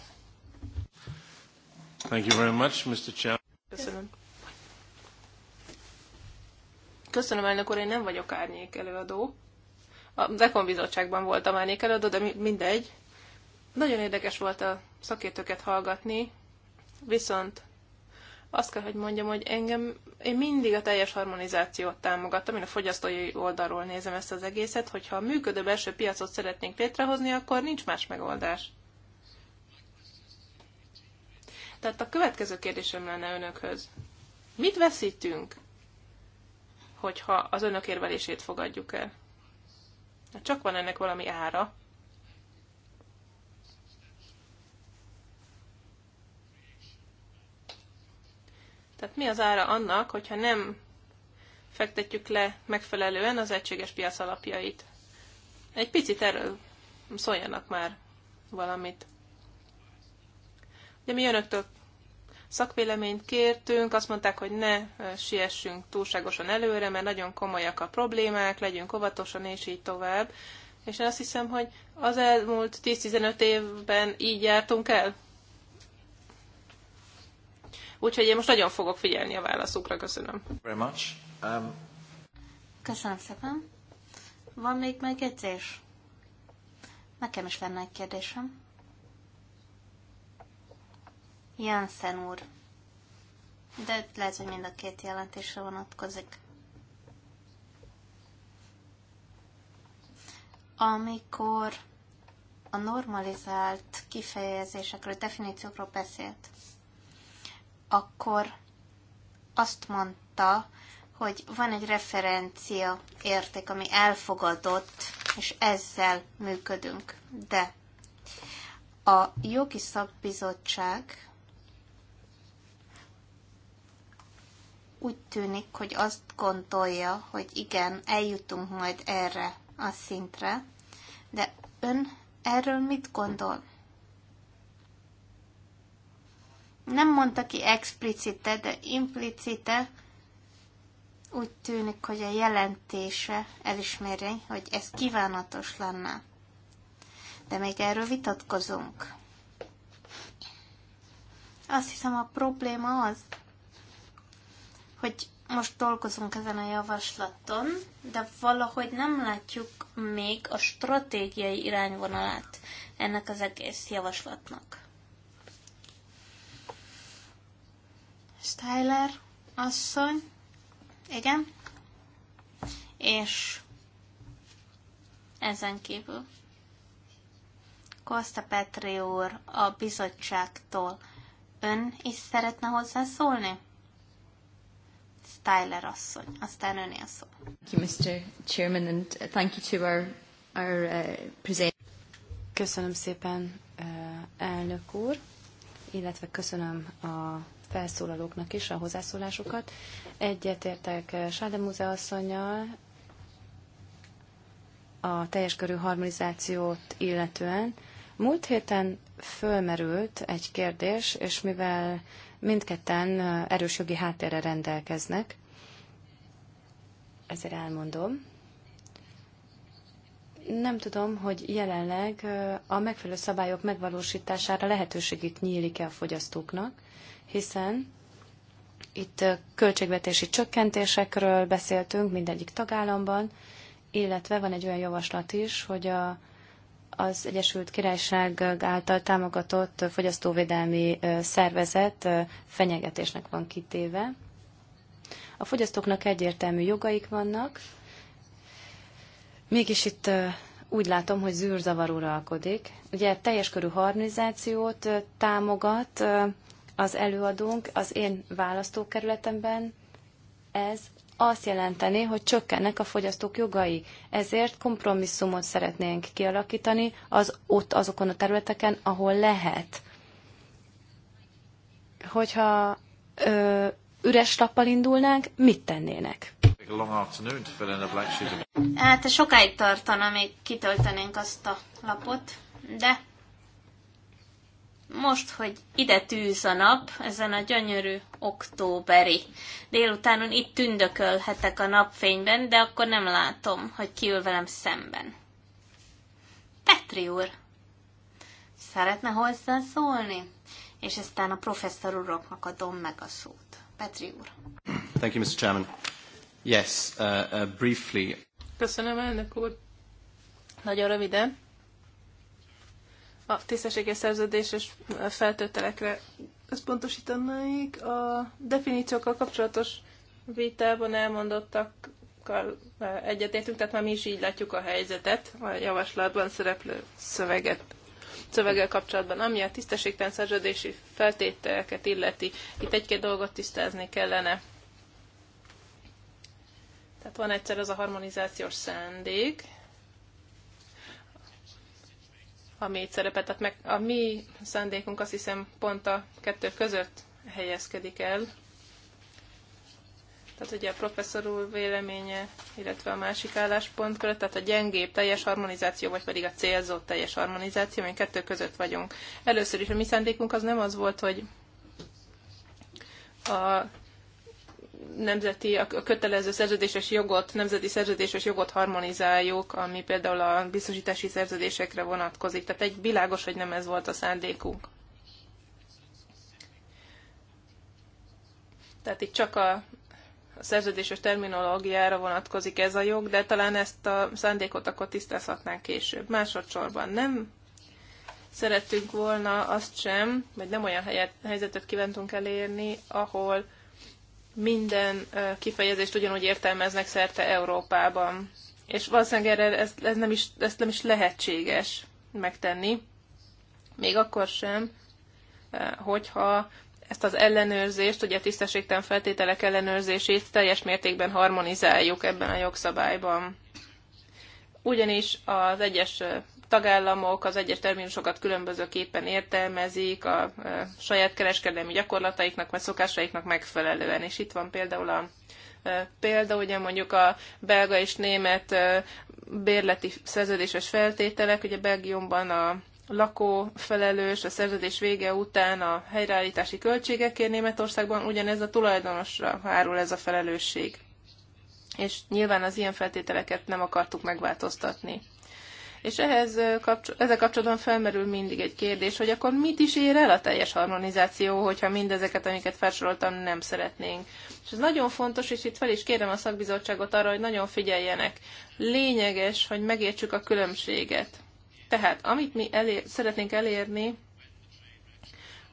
Thank you very much, Mr. Chair. Köszönöm. Köszönöm, elnök úr, én nem vagyok árnyék előadó. A Dekon bizottságban voltam árnyék előadó, de mindegy. Nagyon érdekes volt a szakértőket hallgatni, viszont azt kell, hogy mondjam, hogy engem, én mindig a teljes harmonizációt támogattam, én a fogyasztói oldalról nézem ezt az egészet, hogyha a működő belső piacot szeretnénk létrehozni, akkor nincs más megoldás. Tehát a következő kérdésem lenne önökhöz. Mit veszítünk, hogyha az önök érvelését fogadjuk el? Hát csak van ennek valami ára. Tehát mi az ára annak, hogyha nem fektetjük le megfelelően az egységes piac alapjait? Egy picit erről szóljanak már valamit. De mi önöktől szakvéleményt kértünk, azt mondták, hogy ne siessünk túlságosan előre, mert nagyon komolyak a problémák, legyünk óvatosan, és így tovább. És én azt hiszem, hogy az elmúlt 10-15 évben így jártunk el. Úgyhogy én most nagyon fogok figyelni a válaszukra. Köszönöm. Very much. Um... Köszönöm szépen. Van még megjegyzés? Nekem is lenne egy kérdésem. Jansen úr. De lehet, hogy mind a két jelentésre vonatkozik. Amikor a normalizált kifejezésekről, definíciókról beszélt, akkor azt mondta, hogy van egy referencia érték, ami elfogadott, és ezzel működünk. De a jogi szakbizottság úgy tűnik, hogy azt gondolja, hogy igen, eljutunk majd erre a szintre, de ön erről mit gondol? Nem mondta ki explicite, de implicite úgy tűnik, hogy a jelentése elismeri, hogy ez kívánatos lenne. De még erről vitatkozunk. Azt hiszem a probléma az, hogy most dolgozunk ezen a javaslaton, de valahogy nem látjuk még a stratégiai irányvonalát ennek az egész javaslatnak. Styler asszony, igen, és ezen kívül Kosta Petri úr a bizottságtól ön is szeretne hozzászólni? Styler asszony. Aztán öné szó. Thank you, Mr. Chairman, and uh, thank you to our, our uh, present. Köszönöm szépen, uh, elnök úr, illetve köszönöm a felszólalóknak is a hozzászólásokat. Egyetértek uh, Sádemúze asszonynal a teljes körű harmonizációt illetően. Múlt héten fölmerült egy kérdés, és mivel Mindketten erős jogi háttérre rendelkeznek, ezért elmondom. Nem tudom, hogy jelenleg a megfelelő szabályok megvalósítására lehetőségük nyílik-e a fogyasztóknak, hiszen itt költségvetési csökkentésekről beszéltünk mindegyik tagállamban, illetve van egy olyan javaslat is, hogy a az Egyesült Királyság által támogatott fogyasztóvédelmi szervezet fenyegetésnek van kitéve. A fogyasztóknak egyértelmű jogaik vannak, mégis itt úgy látom, hogy zűrzavar uralkodik. Ugye teljes körű harmonizációt támogat az előadónk az én választókerületemben, ez azt jelenteni, hogy csökkennek a fogyasztók jogai. Ezért kompromisszumot szeretnénk kialakítani az ott azokon a területeken, ahol lehet. Hogyha ö, üres lappal indulnánk, mit tennének? Hát sokáig tartana, még kitöltenénk azt a lapot, de most, hogy ide tűz a nap, ezen a gyönyörű októberi délutánon itt tündökölhetek a napfényben, de akkor nem látom, hogy ki ül velem szemben. Petri úr, szeretne hozzászólni? És aztán a professzor uroknak adom meg a szót. Petri úr. Thank you, Mr. Chairman. Yes, uh, uh, briefly. Köszönöm, elnök úr. Nagyon röviden a tisztességes szerződéses feltételekre pontosítanáik. A definíciókkal kapcsolatos vitában elmondottakkal egyetértünk, tehát már mi is így látjuk a helyzetet a javaslatban szereplő szöveget szöveggel kapcsolatban, ami a tisztességtelen szerződési feltételeket illeti. Itt egy-két dolgot tisztázni kellene. Tehát van egyszer az a harmonizációs szándék, a mi szerepet, tehát meg a mi szándékunk azt hiszem pont a kettő között helyezkedik el. Tehát ugye a professzor úr véleménye, illetve a másik álláspont között, tehát a gyengébb teljes harmonizáció, vagy pedig a célzott teljes harmonizáció, mi kettő között vagyunk. Először is a mi szándékunk az nem az volt, hogy a nemzeti, a kötelező szerződéses jogot, nemzeti szerződéses jogot harmonizáljuk, ami például a biztosítási szerződésekre vonatkozik. Tehát egy világos, hogy nem ez volt a szándékunk. Tehát itt csak a szerződéses terminológiára vonatkozik ez a jog, de talán ezt a szándékot akkor tisztázhatnánk később. Másodszorban nem szerettünk volna azt sem, vagy nem olyan helyet, helyzetet kívántunk elérni, ahol minden kifejezést ugyanúgy értelmeznek szerte Európában. És valószínűleg erre ez, ez nem is, ezt nem is lehetséges megtenni, még akkor sem, hogyha ezt az ellenőrzést, ugye a tisztességtelen feltételek ellenőrzését teljes mértékben harmonizáljuk ebben a jogszabályban. Ugyanis az egyes tagállamok az egyes terminusokat különbözőképpen értelmezik a saját kereskedelmi gyakorlataiknak vagy szokásaiknak megfelelően. És itt van például a példa, ugye mondjuk a belga és német bérleti szerződéses feltételek, ugye Belgiumban a lakó felelős a szerződés vége után a helyreállítási költségekért Németországban, ugyanez a tulajdonosra hárul ez a felelősség. És nyilván az ilyen feltételeket nem akartuk megváltoztatni. És ehhez kapcsol- ezzel kapcsolatban felmerül mindig egy kérdés, hogy akkor mit is ér el a teljes harmonizáció, hogyha mindezeket, amiket felsoroltam, nem szeretnénk. És ez nagyon fontos, és itt fel is kérem a szakbizottságot arra, hogy nagyon figyeljenek. Lényeges, hogy megértsük a különbséget. Tehát, amit mi elér- szeretnénk elérni,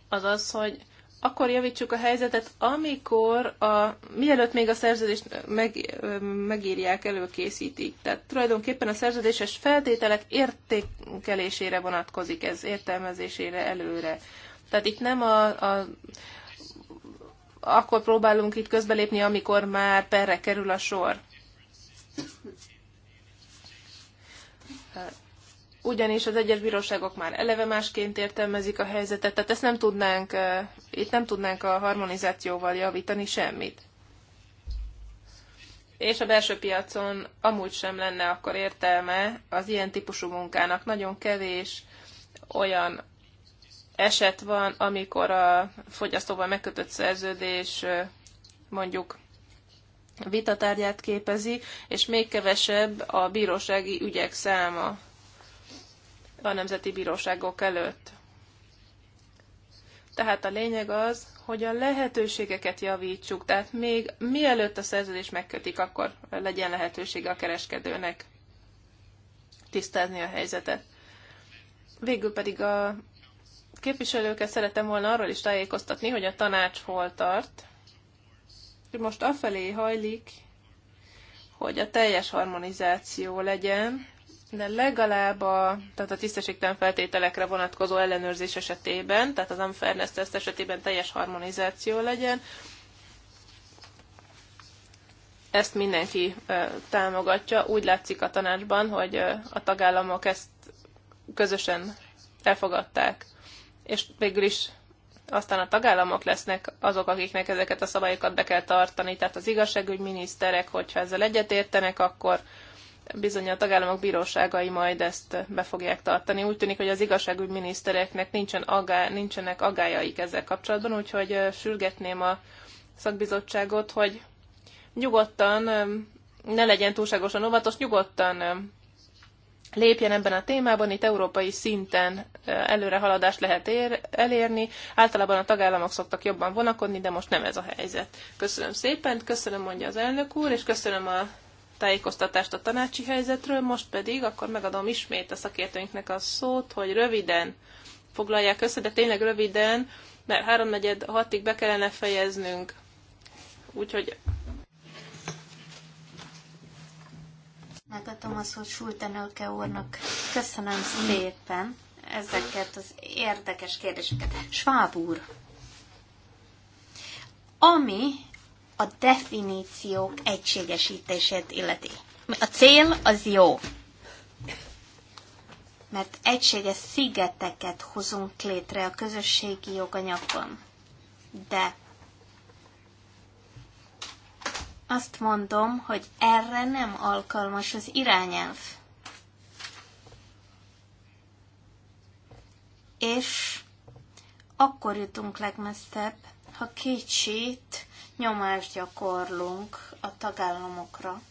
az az, hogy akkor javítsuk a helyzetet, amikor a, mielőtt még a szerződést meg, megírják, előkészítik. Tehát tulajdonképpen a szerződéses feltételek értékelésére vonatkozik ez, értelmezésére előre. Tehát itt nem a, a akkor próbálunk itt közbelépni, amikor már perre kerül a sor ugyanis az egyes bíróságok már eleve másként értelmezik a helyzetet, tehát ezt nem tudnánk, itt nem tudnánk a harmonizációval javítani semmit. És a belső piacon amúgy sem lenne akkor értelme az ilyen típusú munkának. Nagyon kevés olyan eset van, amikor a fogyasztóval megkötött szerződés mondjuk vitatárgyát képezi, és még kevesebb a bírósági ügyek száma a nemzeti bíróságok előtt. Tehát a lényeg az, hogy a lehetőségeket javítsuk, tehát még mielőtt a szerződés megkötik, akkor legyen lehetősége a kereskedőnek tisztázni a helyzetet. Végül pedig a képviselőket szeretem volna arról is tájékoztatni, hogy a tanács hol tart. Most afelé hajlik, hogy a teljes harmonizáció legyen, de legalább a, tehát a tisztességtelen feltételekre vonatkozó ellenőrzés esetében, tehát az unfairness test esetében teljes harmonizáció legyen. Ezt mindenki támogatja. Úgy látszik a tanácsban, hogy a tagállamok ezt közösen elfogadták. És végül is aztán a tagállamok lesznek azok, akiknek ezeket a szabályokat be kell tartani, tehát az igazságügyminiszterek, hogyha ezzel egyetértenek, akkor bizony a tagállamok bíróságai majd ezt be fogják tartani. Úgy tűnik, hogy az minisztereknek nincsen agá, nincsenek agájaik ezzel kapcsolatban, úgyhogy sürgetném a szakbizottságot, hogy nyugodtan, ne legyen túlságosan óvatos, nyugodtan lépjen ebben a témában, itt európai szinten előrehaladást lehet ér, elérni. Általában a tagállamok szoktak jobban vonakodni, de most nem ez a helyzet. Köszönöm szépen, köszönöm mondja az elnök úr, és köszönöm a tájékoztatást a tanácsi helyzetről, most pedig akkor megadom ismét a szakértőinknek a szót, hogy röviden foglalják össze, de tényleg röviden, mert háromnegyed hatig be kellene fejeznünk. Úgyhogy... Megadom a szót Sultenölke úrnak. Köszönöm szépen ezeket az érdekes kérdéseket. Schwab úr, ami a definíciók egységesítését illeti. A cél az jó, mert egységes szigeteket hozunk létre a közösségi joganyagban. De azt mondom, hogy erre nem alkalmas az irányelv. És akkor jutunk legmesszebb, ha kicsit nyomást gyakorlunk a tagállamokra,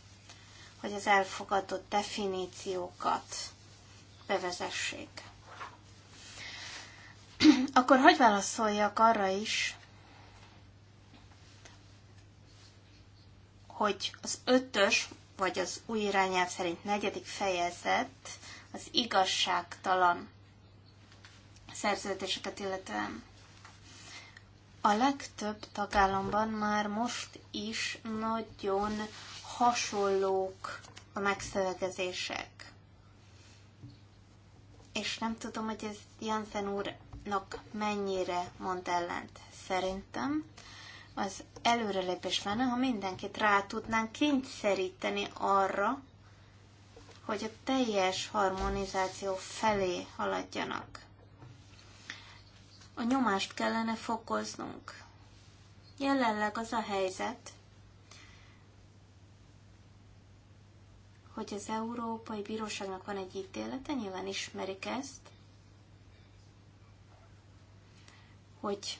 hogy az elfogadott definíciókat bevezessék. Akkor hogy válaszoljak arra is, hogy az ötös, vagy az új irányelv szerint negyedik fejezet az igazságtalan szerződéseket illetően. A legtöbb tagállamban már most is nagyon hasonlók a megszövegezések. És nem tudom, hogy ez Jansen úrnak mennyire mond ellent. Szerintem az előrelépés lenne, ha mindenkit rá tudnánk kényszeríteni arra, hogy a teljes harmonizáció felé haladjanak a nyomást kellene fokoznunk. Jelenleg az a helyzet, hogy az Európai Bíróságnak van egy ítélete, nyilván ismerik ezt, hogy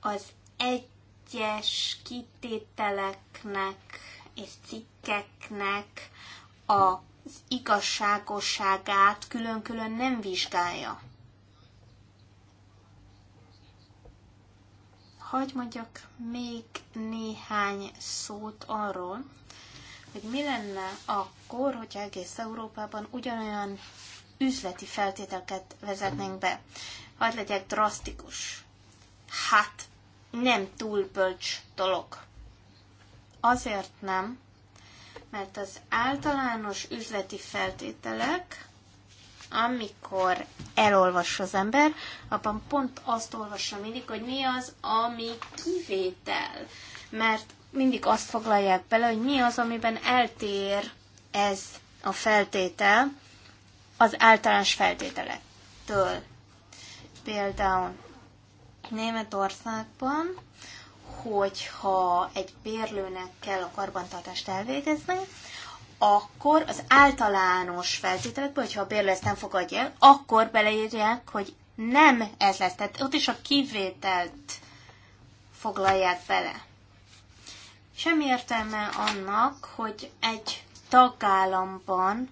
az egyes kitételeknek és cikkeknek az igazságosságát külön-külön nem vizsgálja. hagyd mondjak még néhány szót arról, hogy mi lenne akkor, hogy egész Európában ugyanolyan üzleti feltételeket vezetnénk be. Hadd legyek drasztikus. Hát, nem túl bölcs dolog. Azért nem, mert az általános üzleti feltételek amikor elolvas az ember, abban pont azt olvassa mindig, hogy mi az, ami kivétel. Mert mindig azt foglalják bele, hogy mi az, amiben eltér ez a feltétel az általános feltételektől. Például Németországban, hogyha egy bérlőnek kell a karbantartást elvégezni, akkor az általános feltételek, hogyha a bérlő ezt nem fogadja el, akkor beleírják, hogy nem ez lesz. Tehát ott is a kivételt foglalják bele. Semmi értelme annak, hogy egy tagállamban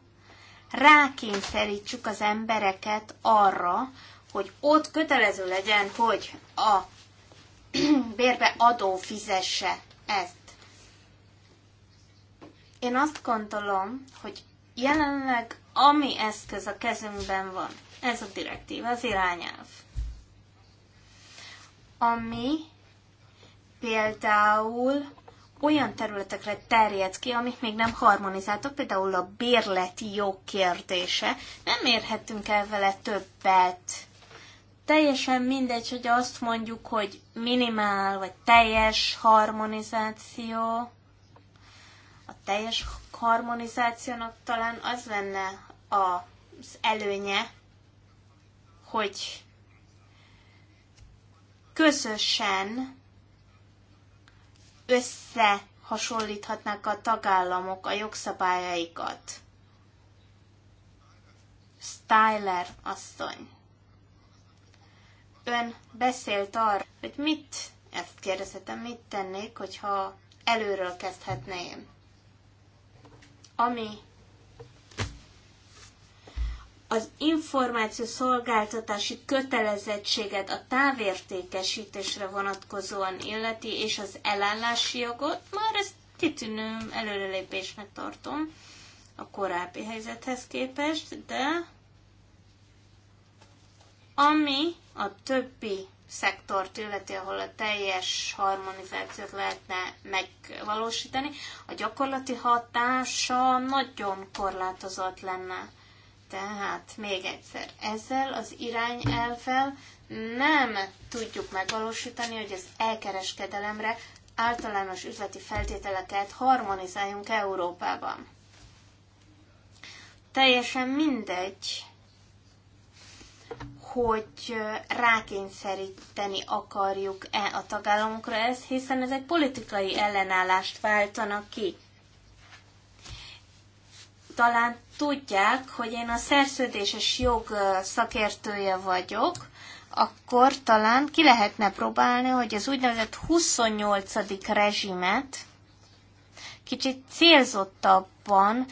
rákényszerítsük az embereket arra, hogy ott kötelező legyen, hogy a bérbe adó fizesse ezt. Én azt gondolom, hogy jelenleg ami eszköz a kezünkben van, ez a direktív, az irányelv. Ami például olyan területekre terjed ki, amik még nem harmonizáltak, például a bérleti jog kérdése. Nem érhetünk el vele többet. Teljesen mindegy, hogy azt mondjuk, hogy minimál vagy teljes harmonizáció. A teljes harmonizációnak talán az lenne az előnye, hogy közösen összehasonlíthatnák a tagállamok a jogszabályaikat. Styler asszony. Ön beszélt arra, hogy mit, ezt kérdezhetem, mit tennék, hogyha előről kezdhetném ami az információ szolgáltatási kötelezettséget a távértékesítésre vonatkozóan illeti, és az elállási jogot, már ezt kitűnő előrelépésnek tartom a korábbi helyzethez képest, de ami a többi szektort illeti, ahol a teljes harmonizációt lehetne megvalósítani, a gyakorlati hatása nagyon korlátozott lenne. Tehát még egyszer, ezzel az irányelvvel nem tudjuk megvalósítani, hogy az elkereskedelemre általános üzleti feltételeket harmonizáljunk Európában. Teljesen mindegy, hogy rákényszeríteni akarjuk-e a tagállamokra ezt, hiszen ezek politikai ellenállást váltanak ki. Talán tudják, hogy én a szerződéses jog szakértője vagyok, akkor talán ki lehetne próbálni, hogy az úgynevezett 28. rezsimet kicsit célzottabban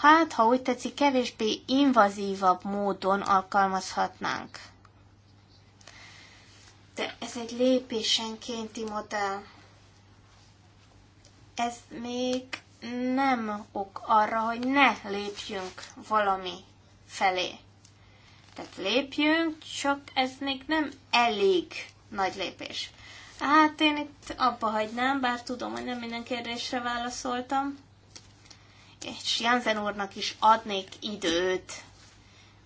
hát ha úgy tetszik, kevésbé invazívabb módon alkalmazhatnánk. De ez egy lépésenkénti modell. Ez még nem ok arra, hogy ne lépjünk valami felé. Tehát lépjünk, csak ez még nem elég nagy lépés. Hát én itt abba hagynám, bár tudom, hogy nem minden kérdésre válaszoltam és Janzen úrnak is adnék időt.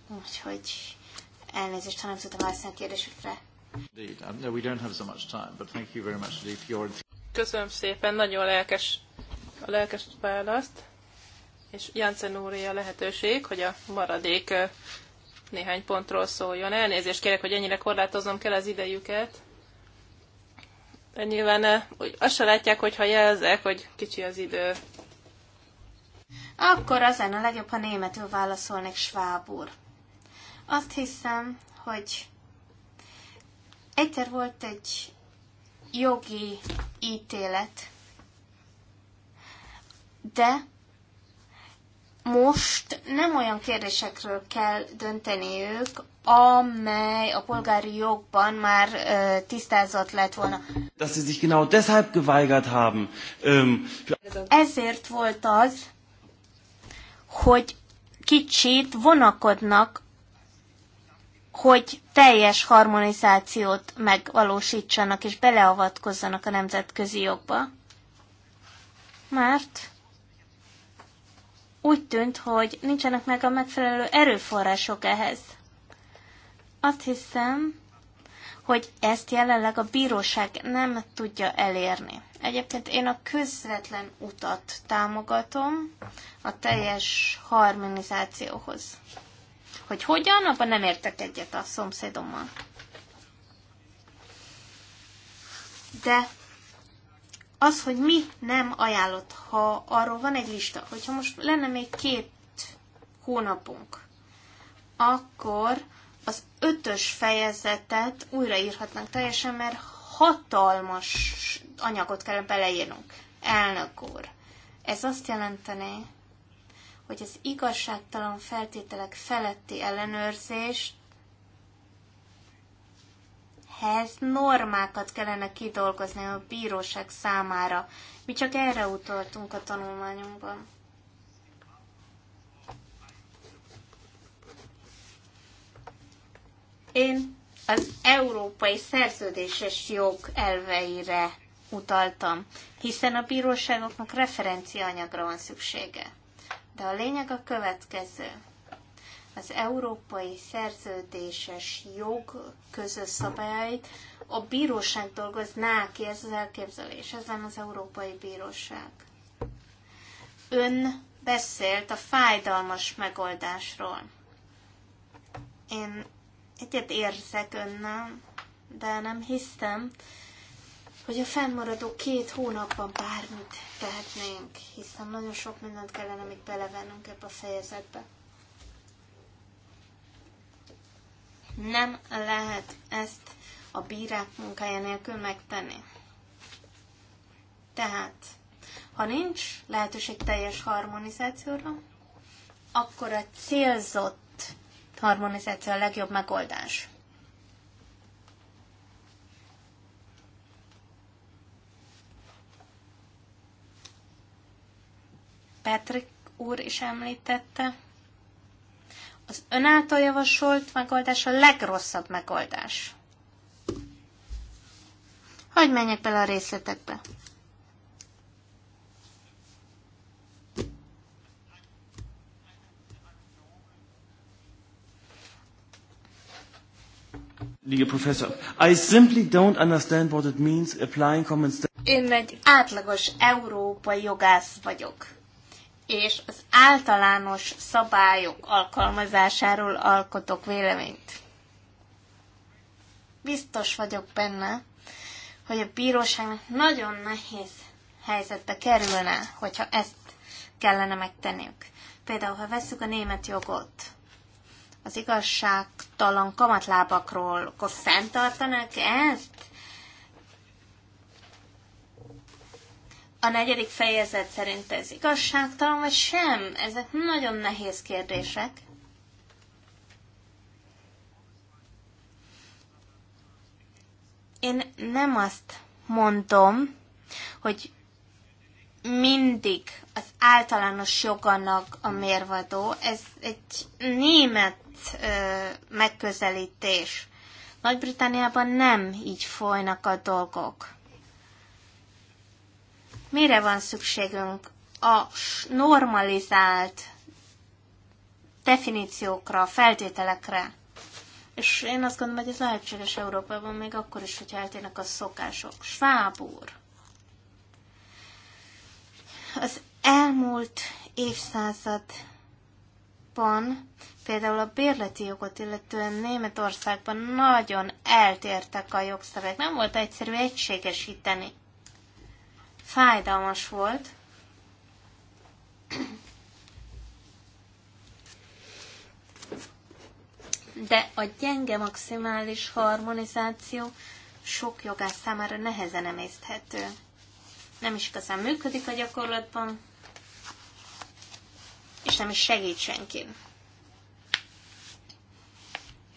Úgyhogy elnézést, ha nem tudtam válaszolni a kérdésükre. Um, Köszönöm szépen, nagyon lelkes a lelkes választ, és Jansen úr a lehetőség, hogy a maradék néhány pontról szóljon. Elnézést kérek, hogy ennyire korlátoznom kell az idejüket. De nyilván hogy azt se látják, hogyha jelzek, hogy kicsi az idő. Akkor az lenne a legjobb, ha németül válaszolnék Schwab úr. Azt hiszem, hogy egyszer volt egy jogi ítélet, de most nem olyan kérdésekről kell dönteniük, amely a polgári jogban már uh, tisztázott lett volna. Dass sie sich genau deshalb geweigert haben. Ähm, Ezért volt az, hogy kicsit vonakodnak, hogy teljes harmonizációt megvalósítsanak és beleavatkozzanak a nemzetközi jogba. Mert úgy tűnt, hogy nincsenek meg a megfelelő erőforrások ehhez. Azt hiszem, hogy ezt jelenleg a bíróság nem tudja elérni. Egyébként én a közvetlen utat támogatom a teljes harmonizációhoz. Hogy hogyan, abban nem értek egyet a szomszédommal. De az, hogy mi nem ajánlott, ha arról van egy lista, hogyha most lenne még két hónapunk, akkor az ötös fejezetet újraírhatnánk teljesen, mert hatalmas anyagot kell beleírnunk. Elnök úr, ez azt jelenteni, hogy az igazságtalan feltételek feletti ellenőrzést ehhez normákat kellene kidolgozni a bíróság számára. Mi csak erre utaltunk a tanulmányunkban. Én az európai szerződéses jog elveire utaltam, hiszen a bíróságoknak referenciaanyagra van szüksége. De a lényeg a következő. Az európai szerződéses jog közös szabályait a bíróság dolgozná ki, ez az elképzelés, ez nem az Európai Bíróság. Ön beszélt a fájdalmas megoldásról. Én Egyet érzek önnel, de nem hiszem, hogy a fennmaradó két hónapban bármit tehetnénk, hiszen nagyon sok mindent kellene még belevennünk ebbe a fejezetbe. Nem lehet ezt a bírák munkája nélkül megtenni. Tehát, ha nincs lehetőség teljes harmonizációra, akkor a célzott harmonizáció a legjobb megoldás. Patrick úr is említette, az ön által javasolt megoldás a legrosszabb megoldás. Hogy menjek bele a részletekbe? Dear Professor, I simply don't understand what it means applying common standards. Én egy átlagos európai jogász vagyok, és az általános szabályok alkalmazásáról alkotok véleményt. Biztos vagyok benne, hogy a bíróságnak nagyon nehéz helyzetbe kerülne, hogyha ezt kellene megtenniük. Például, ha veszük a német jogot, az igazság talan kamatlábakról, akkor fenntartanak ezt? A negyedik fejezet szerint ez igazságtalan, vagy sem? Ezek nagyon nehéz kérdések. Én nem azt mondom, hogy mindig az általános joganak a mérvadó. Ez egy német megközelítés. Nagy-Britanniában nem így folynak a dolgok. Mire van szükségünk? A normalizált definíciókra, feltételekre. És én azt gondolom, hogy ez lehetséges Európában, még akkor is, hogyha eltérnek a szokások. Svábúr. Az elmúlt évszázad Európában például a bérleti jogot illetően Németországban nagyon eltértek a jogszabályok. Nem volt egyszerű egységesíteni. Fájdalmas volt. De a gyenge maximális harmonizáció sok jogász számára nehezen emészthető. Nem is igazán működik a gyakorlatban és nem is segít senkin.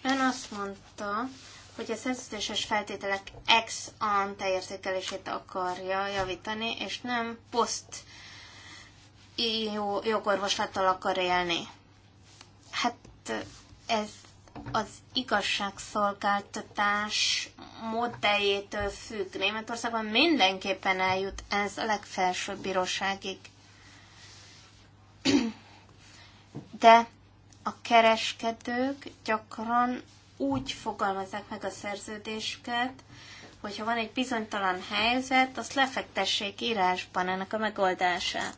Ön azt mondta, hogy a szerződéses feltételek ex ante értékelését akarja javítani, és nem post jogorvoslattal akar élni. Hát ez az igazságszolgáltatás modelljétől függ. Németországban mindenképpen eljut ez a legfelsőbb bíróságig de a kereskedők gyakran úgy fogalmazzák meg a szerződésket, hogyha van egy bizonytalan helyzet, azt lefektessék írásban ennek a megoldását.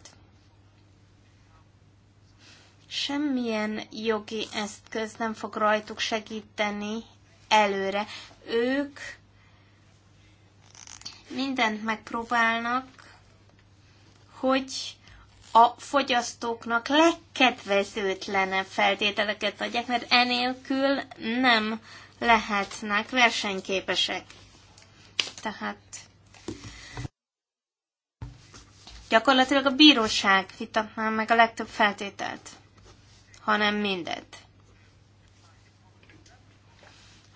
Semmilyen jogi eszköz nem fog rajtuk segíteni előre. Ők mindent megpróbálnak, hogy a fogyasztóknak legkedvezőtlenebb feltételeket adják, mert enélkül nem lehetnek versenyképesek. Tehát gyakorlatilag a bíróság vitatná meg a legtöbb feltételt, hanem mindet.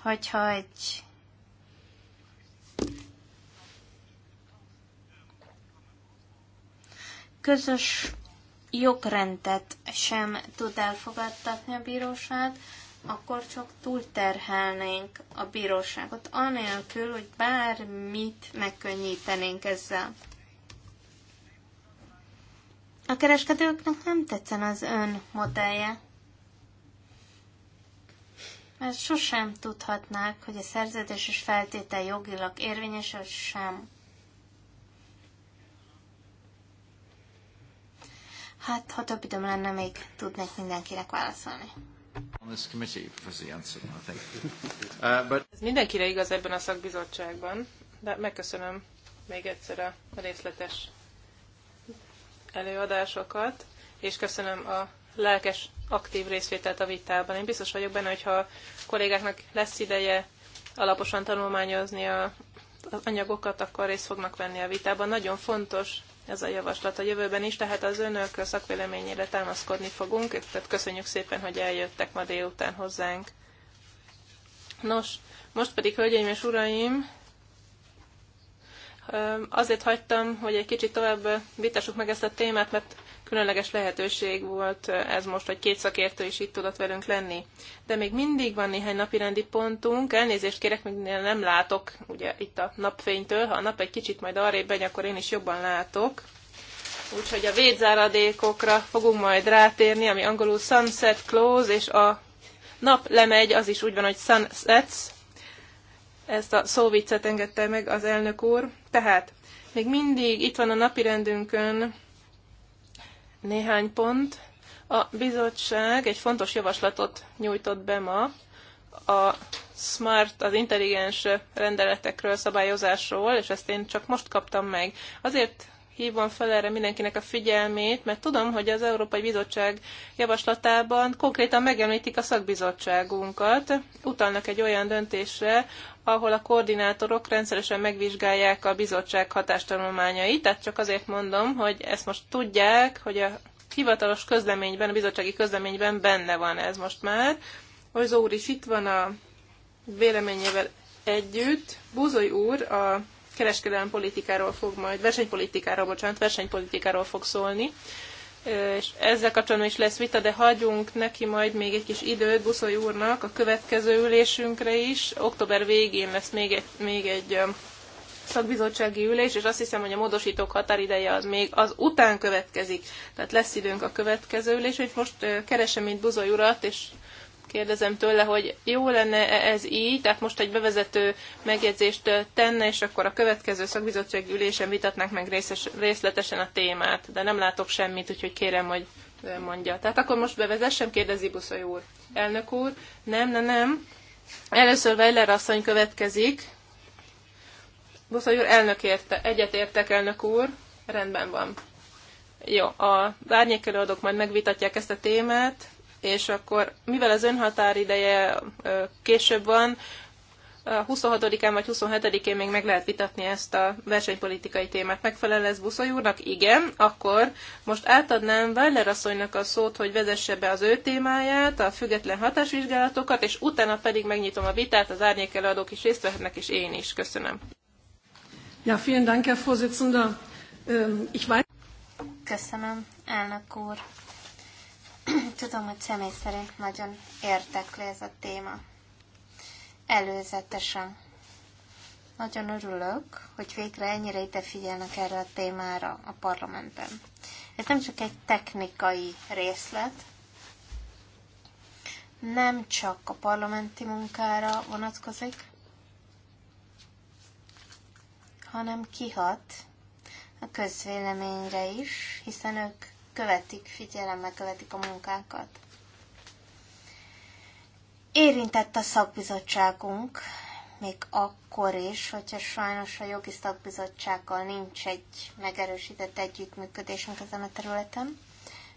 Hogyha egy közös jogrendet sem tud elfogadtatni a bíróság, akkor csak túlterhelnénk a bíróságot, anélkül, hogy bármit megkönnyítenénk ezzel. A kereskedőknek nem tetszen az ön modellje, mert sosem tudhatnák, hogy a szerződéses feltétel jogilag érvényes, vagy sem. Hát, ha több időm lenne, még tudnék mindenkinek válaszolni. Uh, Ez mindenkire igaz ebben a szakbizottságban, de megköszönöm még egyszer a részletes előadásokat, és köszönöm a lelkes, aktív részvételt a vitában. Én biztos vagyok benne, hogyha a kollégáknak lesz ideje alaposan tanulmányozni a, az anyagokat, akkor részt fognak venni a vitában. Nagyon fontos ez a javaslat a jövőben is, tehát az önök szakvéleményére támaszkodni fogunk, tehát köszönjük szépen, hogy eljöttek ma délután hozzánk. Nos, most pedig, hölgyeim és uraim, azért hagytam, hogy egy kicsit tovább vitassuk meg ezt a témát, mert Különleges lehetőség volt ez most, hogy két szakértő is itt tudott velünk lenni. De még mindig van néhány napirendi pontunk. Elnézést kérek, még nem látok ugye itt a napfénytől. Ha a nap egy kicsit majd arrébb megy, akkor én is jobban látok. Úgyhogy a védzáradékokra fogunk majd rátérni, ami angolul sunset close, és a nap lemegy, az is úgy van, hogy sunsets. Ezt a szóviccet engedte meg az elnök úr. Tehát még mindig itt van a napirendünkön néhány pont. A bizottság egy fontos javaslatot nyújtott be ma a smart, az intelligens rendeletekről, szabályozásról, és ezt én csak most kaptam meg. Azért hívom fel erre mindenkinek a figyelmét, mert tudom, hogy az Európai Bizottság javaslatában konkrétan megemlítik a szakbizottságunkat, utalnak egy olyan döntésre, ahol a koordinátorok rendszeresen megvizsgálják a bizottság hatástanulmányait, tehát csak azért mondom, hogy ezt most tudják, hogy a hivatalos közleményben, a bizottsági közleményben benne van ez most már. Az úr is itt van a véleményével együtt. Búzoly úr, a kereskedelmi politikáról fog majd, versenypolitikáról, bocsánat, versenypolitikáról fog szólni és ezzel kapcsolatban is lesz vita, de hagyunk neki majd még egy kis időt Buszoly úrnak a következő ülésünkre is. Október végén lesz még egy, még egy szakbizottsági ülés, és azt hiszem, hogy a módosítók határideje az még az után következik. Tehát lesz időnk a következő ülés, hogy most keresem itt Buzoly urat, és kérdezem tőle, hogy jó lenne ez így, tehát most egy bevezető megjegyzést tenne, és akkor a következő szakbizottsági ülésen vitatnánk meg részes, részletesen a témát, de nem látok semmit, úgyhogy kérem, hogy mondja. Tehát akkor most bevezessem, kérdezi Buszai úr. Elnök úr, nem, nem, nem. Először Weiler asszony következik. Buszai úr, elnök érte, egyet értek, elnök úr. Rendben van. Jó, a árnyékelőadók majd megvitatják ezt a témát, és akkor mivel az önhatárideje később van, 26-án vagy 27-én még meg lehet vitatni ezt a versenypolitikai témát. Megfelel ez Buszoly úrnak? Igen. Akkor most átadnám Weiler asszonynak a szót, hogy vezesse be az ő témáját, a független hatásvizsgálatokat, és utána pedig megnyitom a vitát, az árnyék előadók is részt vehetnek, és én is. Köszönöm. Ja, vielen Dank, Herr Vorsitzender. Ähm, ich weiß... Köszönöm, elnök úr. Tudom, hogy személy szerint nagyon érdekli ez a téma. Előzetesen. Nagyon örülök, hogy végre ennyire ide figyelnek erre a témára a parlamentben. Ez nem csak egy technikai részlet, nem csak a parlamenti munkára vonatkozik, hanem kihat a közvéleményre is, hiszen ők követik, figyelemmel követik a munkánkat. Érintett a szakbizottságunk, még akkor is, hogyha sajnos a jogi szakbizottsággal nincs egy megerősített együttműködésünk ezen a területen,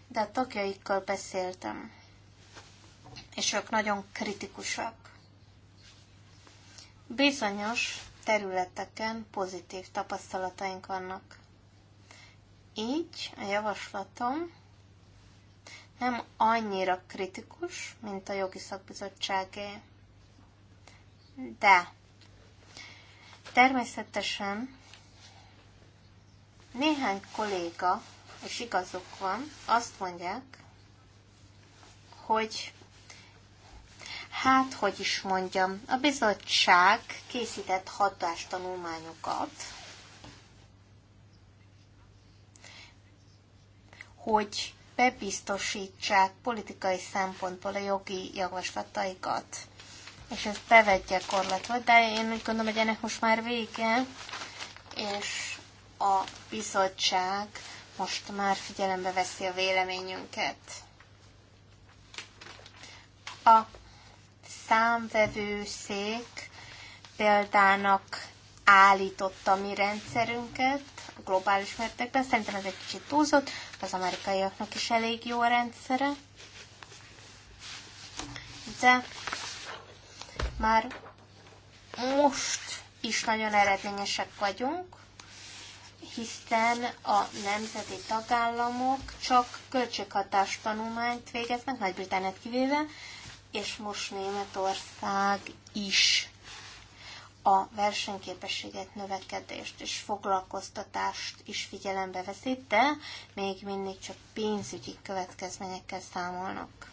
de a tagjaikkal beszéltem, és ők nagyon kritikusak. Bizonyos területeken pozitív tapasztalataink vannak. Így a javaslatom nem annyira kritikus, mint a jogi szakbizottságé. De természetesen néhány kolléga, és igazuk van, azt mondják, hogy hát, hogy is mondjam, a bizottság készített hatástanulmányokat, hogy bebiztosítsák politikai szempontból a jogi javaslataikat. És ez bevett gyakorlatot, de én úgy gondolom, hogy ennek most már vége, és a bizottság most már figyelembe veszi a véleményünket. A számvevőszék példának állította mi rendszerünket, globális mértékben. Szerintem ez egy kicsit túlzott, az amerikaiaknak is elég jó a rendszere. De már most is nagyon eredményesek vagyunk, hiszen a nemzeti tagállamok csak költséghatás tanulmányt végeznek, Nagy-Britániát kivéve, és most Németország is a versenyképességet, növekedést és foglalkoztatást is figyelembe veszik, de még mindig csak pénzügyi következményekkel számolnak.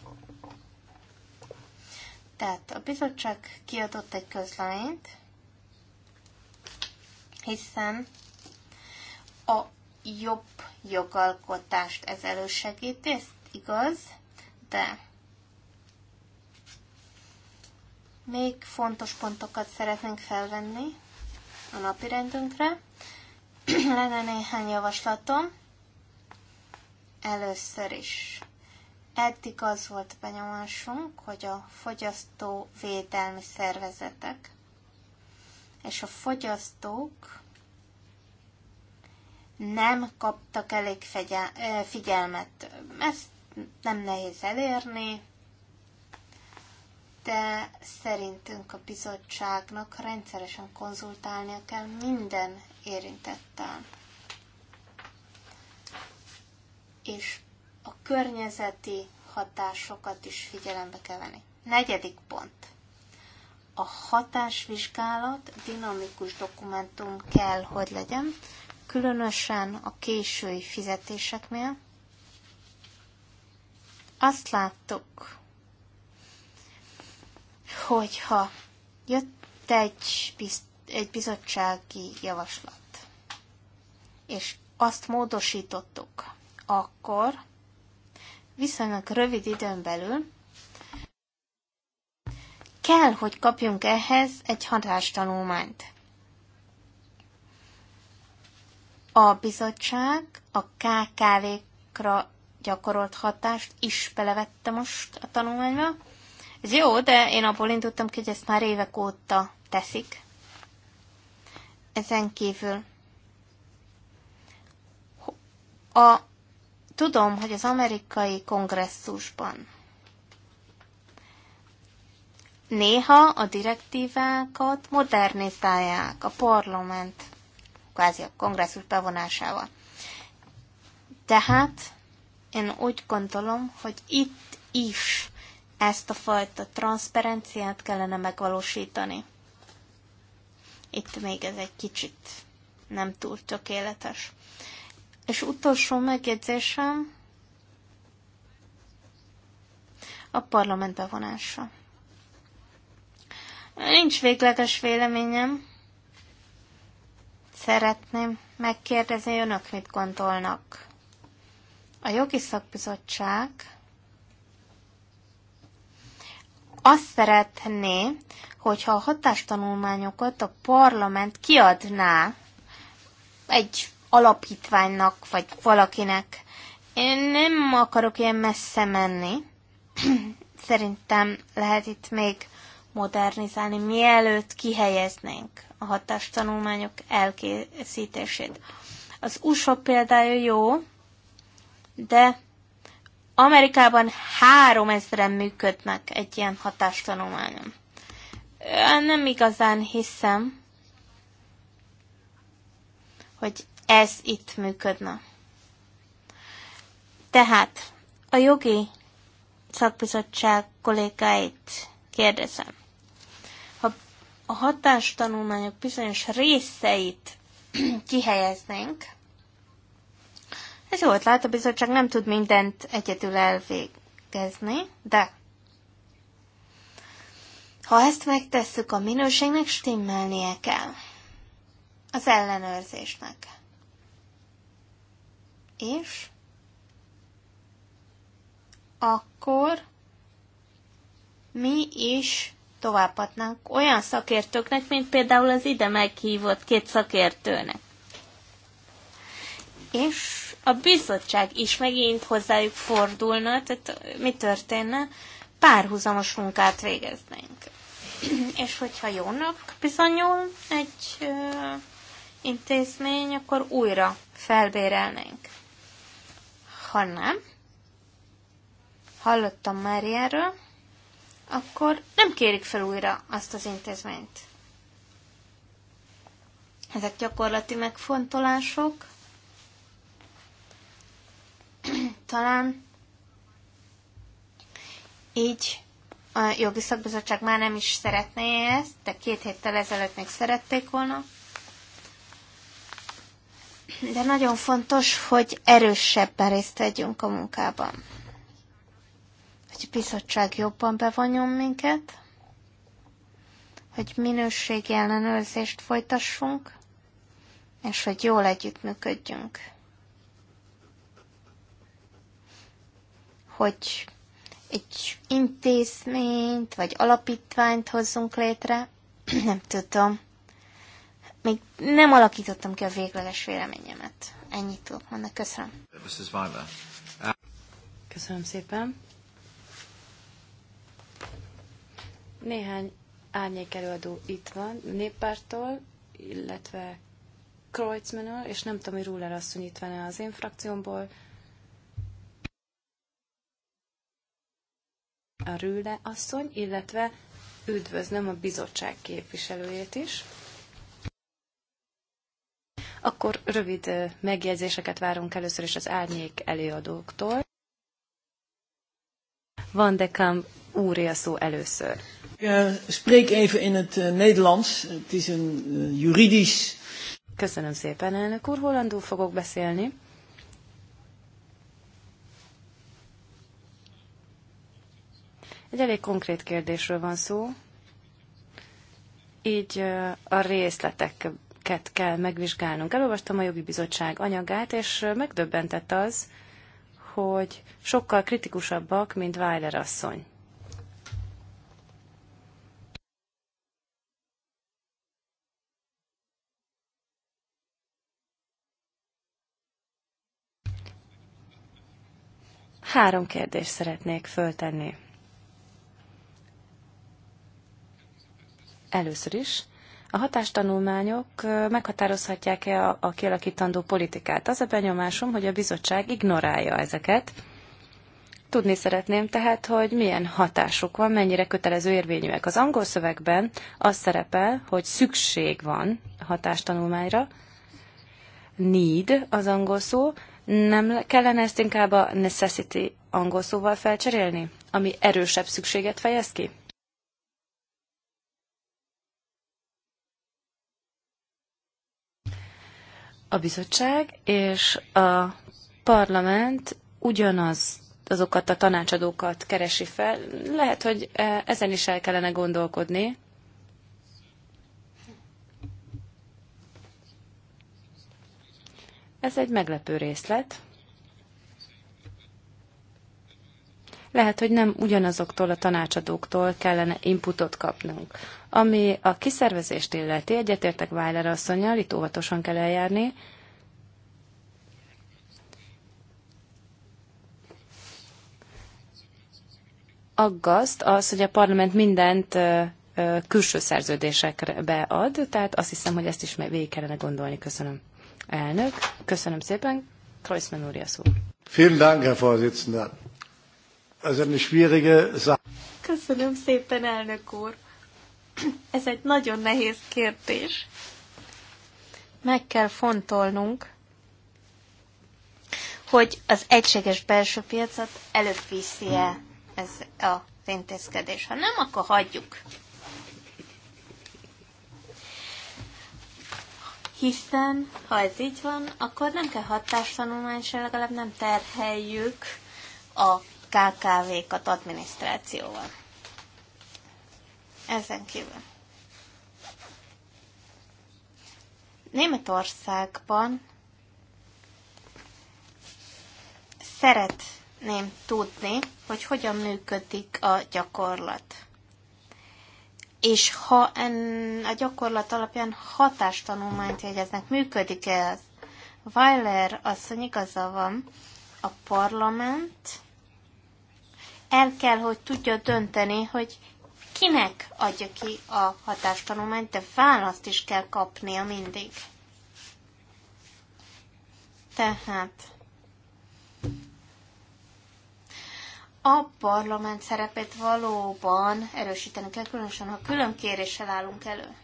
Tehát a bizottság kiadott egy közleményt, hiszen a jobb jogalkotást ez elősegíti, ez igaz, de Még fontos pontokat szeretnénk felvenni a napirendünkre. Lenne néhány javaslatom. Először is. Eddig az volt benyomásunk, hogy a fogyasztó védelmi szervezetek és a fogyasztók nem kaptak elég figyelmet. Ezt nem nehéz elérni, de szerintünk a bizottságnak rendszeresen konzultálnia kell minden érintettel. És a környezeti hatásokat is figyelembe kell venni. Negyedik pont. A hatásvizsgálat dinamikus dokumentum kell, hogy legyen, különösen a késői fizetéseknél. Azt láttuk, hogyha jött egy, bizt, egy bizottsági javaslat, és azt módosítottuk, akkor viszonylag rövid időn belül kell, hogy kapjunk ehhez egy hatástanulmányt. A bizottság a KKV-kra gyakorolt hatást is belevette most a tanulmányba, ez jó, de én abból indultam ki, hogy ezt már évek óta teszik. Ezen kívül a, tudom, hogy az amerikai kongresszusban néha a direktívákat modernizálják a parlament, kvázi a kongresszus bevonásával. Tehát én úgy gondolom, hogy itt is ezt a fajta transzparenciát kellene megvalósítani. Itt még ez egy kicsit nem túl tökéletes. És utolsó megjegyzésem a parlament bevonása. Nincs végleges véleményem. Szeretném megkérdezni önök, mit gondolnak. A jogi szakbizottság azt szeretné, hogyha a hatástanulmányokat a parlament kiadná egy alapítványnak, vagy valakinek. Én nem akarok ilyen messze menni. Szerintem lehet itt még modernizálni, mielőtt kihelyeznénk a hatástanulmányok elkészítését. Az USA példája jó, de Amerikában három ezeren működnek egy ilyen hatástanulmányon. Nem igazán hiszem, hogy ez itt működne. Tehát a jogi szakbizottság kollégáit kérdezem. Ha a hatástanulmányok bizonyos részeit kihelyeznénk, ez jó lát a bizottság nem tud mindent egyedül elvégezni, de ha ezt megtesszük, a minőségnek stimmelnie kell. Az ellenőrzésnek. És akkor mi is továbbadnánk olyan szakértőknek, mint például az ide meghívott két szakértőnek és a bizottság is megint hozzájuk fordulna, tehát mi történne, párhuzamos munkát végeznénk. és hogyha jónak bizonyul egy ö, intézmény, akkor újra felbérelnénk. Ha nem, hallottam már ilyenről, akkor nem kérik fel újra azt az intézményt. Ezek gyakorlati megfontolások, Talán így a jogi szakbizottság már nem is szeretné ezt, de két héttel ezelőtt még szerették volna. De nagyon fontos, hogy erősebben részt vegyünk a munkában. Hogy a bizottság jobban bevonjon minket, hogy minőségi ellenőrzést folytassunk, és hogy jól együttműködjünk. hogy egy intézményt vagy alapítványt hozzunk létre, nem tudom. Még nem alakítottam ki a végleges véleményemet. Ennyit tudok mondani. Köszönöm. Köszönöm szépen. Néhány árnyék előadó itt van, néppártól, illetve Kreutzmannal, és nem tudom, hogy Ruller asszony itt van-e az én frakciómból, a Rüle asszony, illetve üdvözlöm a bizottság képviselőjét is. Akkor rövid megjegyzéseket várunk először is az árnyék előadóktól. Van de Kamp úré a szó először. Spreek even in het eh, Nederlands. Het is een eh, juridisch. Köszönöm szépen, elnök úr. Hollandul fogok beszélni. Egy elég konkrét kérdésről van szó, így a részleteket kell megvizsgálnunk. Elolvastam a jogi bizottság anyagát, és megdöbbentett az, hogy sokkal kritikusabbak, mint Weiler asszony. Három kérdést szeretnék föltenni. Először is, a hatástanulmányok meghatározhatják-e a, a kialakítandó politikát? Az a benyomásom, hogy a bizottság ignorálja ezeket. Tudni szeretném tehát, hogy milyen hatásuk van, mennyire kötelező érvényűek. Az angol szövegben az szerepel, hogy szükség van a hatástanulmányra. Need az angol szó. Nem kellene ezt inkább a necessity angol szóval felcserélni, ami erősebb szükséget fejez ki? a bizottság és a parlament ugyanaz azokat a tanácsadókat keresi fel. Lehet, hogy e, ezen is el kellene gondolkodni. Ez egy meglepő részlet. lehet, hogy nem ugyanazoktól a tanácsadóktól kellene inputot kapnunk. Ami a kiszervezést illeti, egyetértek Weiler asszonyjal, itt óvatosan kell eljárni, aggaszt az, hogy a parlament mindent külső szerződésekre bead, tehát azt hiszem, hogy ezt is végig kellene gondolni. Köszönöm. Elnök, köszönöm szépen. Kreuzmann úr, a szó. Vielen Dank, Herr Vorsitzender. Ez eine schwierige Sache. Köszönöm szépen, elnök úr. Ez egy nagyon nehéz kérdés. Meg kell fontolnunk, hogy az egységes belső piacot előbb viszi-e ez a intézkedés. Ha nem, akkor hagyjuk. Hiszen, ha ez így van, akkor nem kell hatástanulmány, és legalább nem terheljük a KKV-kat adminisztrációval. Ezen kívül. Németországban szeretném tudni, hogy hogyan működik a gyakorlat. És ha en, a gyakorlat alapján hatástanulmányt jegyeznek, működik-e az? Weiler asszony igaza van, a parlament el kell, hogy tudja dönteni, hogy kinek adja ki a hatástanulmányt, de választ is kell kapnia mindig. Tehát a parlament szerepét valóban erősíteni kell, különösen ha külön kéréssel állunk elő.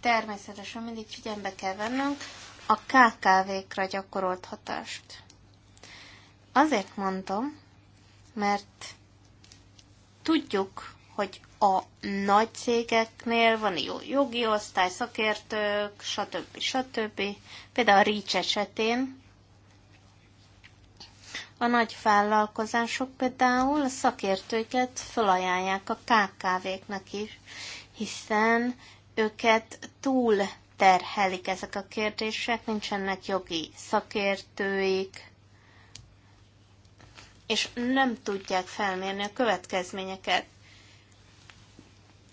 Természetesen mindig figyelembe kell vennünk a KKV-kra gyakorolt hatást. Azért mondtam, mert tudjuk, hogy a nagy cégeknél van jó jogi osztály, szakértők, stb. stb. Például a Rícs esetén a nagy vállalkozások például a szakértőket felajánlják a KKV-knak is, hiszen őket túl terhelik ezek a kérdések, nincsenek jogi szakértőik, és nem tudják felmérni a következményeket.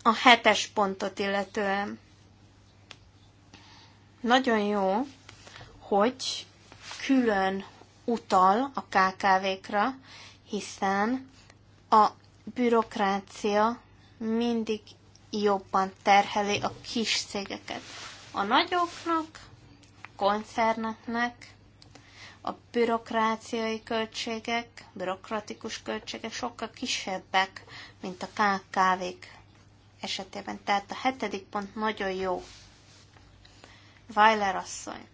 A hetes pontot illetően nagyon jó, hogy külön utal a KKV-kra, hiszen a bürokrácia mindig jobban terheli a kis cégeket. A nagyoknak, koncerneknek a bürokráciai költségek, bürokratikus költségek sokkal kisebbek, mint a KKV-k esetében. Tehát a hetedik pont nagyon jó. Weiler asszony.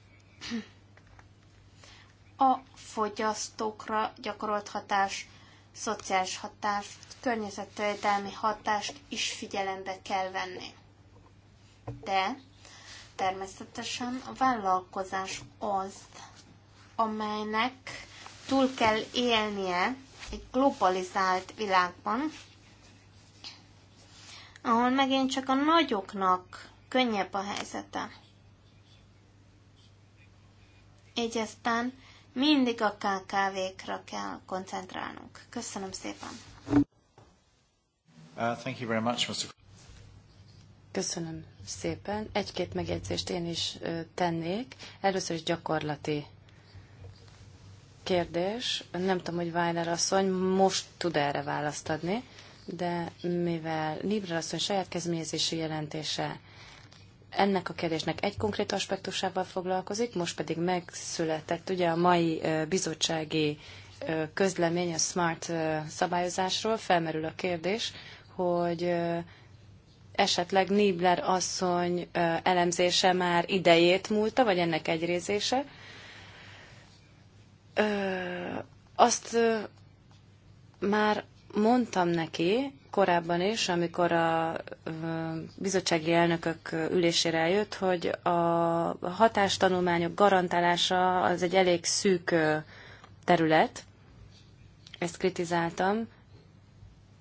A fogyasztókra gyakorolt hatás, szociális hatás, környezetvédelmi hatást is figyelembe kell venni. De természetesen a vállalkozás az, amelynek túl kell élnie egy globalizált világban, ahol megint csak a nagyoknak könnyebb a helyzete. Így aztán mindig a KKV-kra kell koncentrálnunk. Köszönöm szépen! Uh, thank you very much, Mr. Köszönöm szépen. Egy-két megjegyzést én is tennék. Először is gyakorlati kérdés. Nem tudom, hogy Weiner asszony most tud erre választ adni, de mivel Libra asszony saját kezményezési jelentése ennek a kérdésnek egy konkrét aspektusával foglalkozik, most pedig megszületett ugye a mai bizottsági közlemény a smart szabályozásról, felmerül a kérdés, hogy esetleg Nibler asszony elemzése már idejét múlta, vagy ennek egy részése, azt már mondtam neki korábban is, amikor a bizottsági elnökök ülésére eljött, hogy a hatástanulmányok garantálása az egy elég szűk terület. Ezt kritizáltam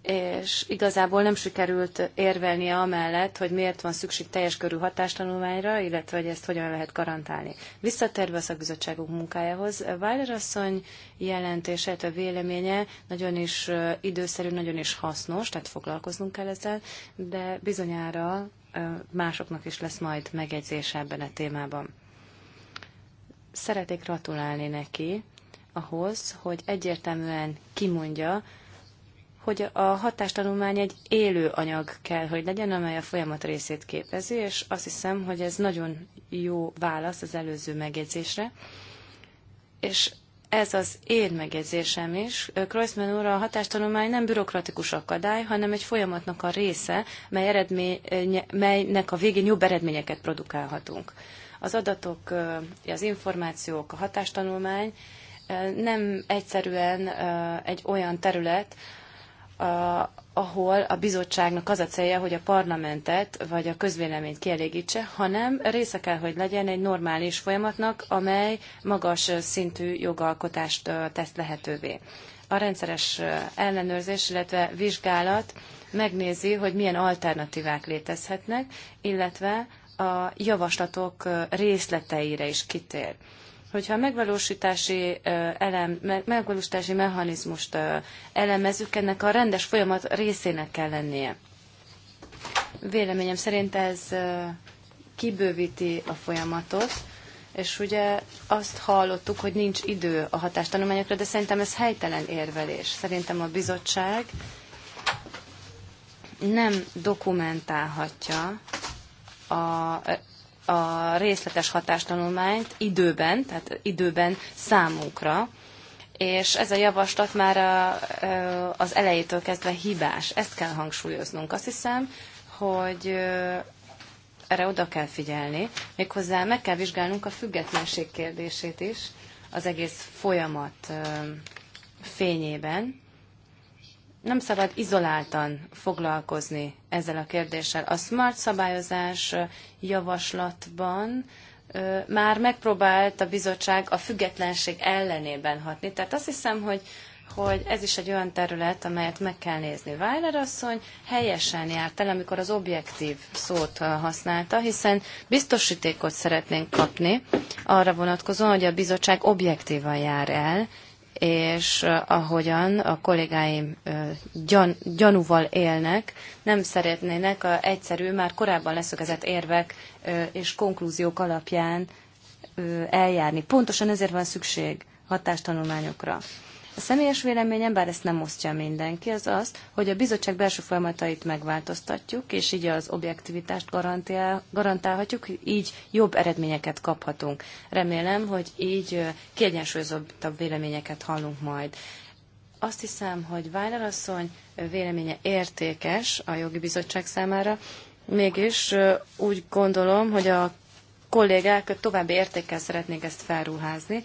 és igazából nem sikerült érvelnie amellett, hogy miért van szükség teljes körű hatástanulmányra, illetve hogy ezt hogyan lehet garantálni. Visszatérve a szakbizottságok munkájához, Weiler asszony jelentése, a véleménye nagyon is időszerű, nagyon is hasznos, tehát foglalkoznunk kell ezzel, de bizonyára másoknak is lesz majd megjegyzése ebben a témában. Szeretnék gratulálni neki ahhoz, hogy egyértelműen kimondja, hogy a hatástanulmány egy élő anyag kell, hogy legyen, amely a folyamat részét képezi, és azt hiszem, hogy ez nagyon jó válasz az előző megjegyzésre. És ez az én megjegyzésem is. Kreuzmann úr, a hatástanulmány nem bürokratikus akadály, hanem egy folyamatnak a része, mely eredmény, eh, melynek a végén jobb eredményeket produkálhatunk. Az adatok, eh, az információk, a hatástanulmány eh, nem egyszerűen egy olyan terület, ahol a bizottságnak az a célja, hogy a parlamentet vagy a közvéleményt kielégítse, hanem része kell, hogy legyen egy normális folyamatnak, amely magas szintű jogalkotást tesz lehetővé. A rendszeres ellenőrzés, illetve vizsgálat megnézi, hogy milyen alternatívák létezhetnek, illetve a javaslatok részleteire is kitér. Hogyha a megvalósítási, elem, megvalósítási mechanizmust elemezzük, ennek a rendes folyamat részének kell lennie. Véleményem szerint ez kibővíti a folyamatot, és ugye azt hallottuk, hogy nincs idő a hatástanulmányokra, de szerintem ez helytelen érvelés. Szerintem a bizottság nem dokumentálhatja a a részletes hatástanulmányt időben, tehát időben számunkra, és ez a javaslat már a, az elejétől kezdve hibás. Ezt kell hangsúlyoznunk. Azt hiszem, hogy erre oda kell figyelni. Méghozzá meg kell vizsgálnunk a függetlenség kérdését is az egész folyamat fényében nem szabad izoláltan foglalkozni ezzel a kérdéssel. A smart szabályozás javaslatban már megpróbált a bizottság a függetlenség ellenében hatni. Tehát azt hiszem, hogy, hogy ez is egy olyan terület, amelyet meg kell nézni. Weiler asszony helyesen járt el, amikor az objektív szót használta, hiszen biztosítékot szeretnénk kapni arra vonatkozóan, hogy a bizottság objektívan jár el, és ahogyan a kollégáim gyan, gyanúval élnek, nem szeretnének a egyszerű, már korábban leszögezett érvek és konklúziók alapján eljárni. Pontosan ezért van szükség hatástanulmányokra. A személyes véleményem, bár ezt nem osztja mindenki, az az, hogy a bizottság belső folyamatait megváltoztatjuk, és így az objektivitást garantál, garantálhatjuk, így jobb eredményeket kaphatunk. Remélem, hogy így kiegyensúlyozottabb véleményeket hallunk majd. Azt hiszem, hogy Weiner asszony véleménye értékes a jogi bizottság számára, mégis úgy gondolom, hogy a kollégák további értékkel szeretnék ezt felruházni,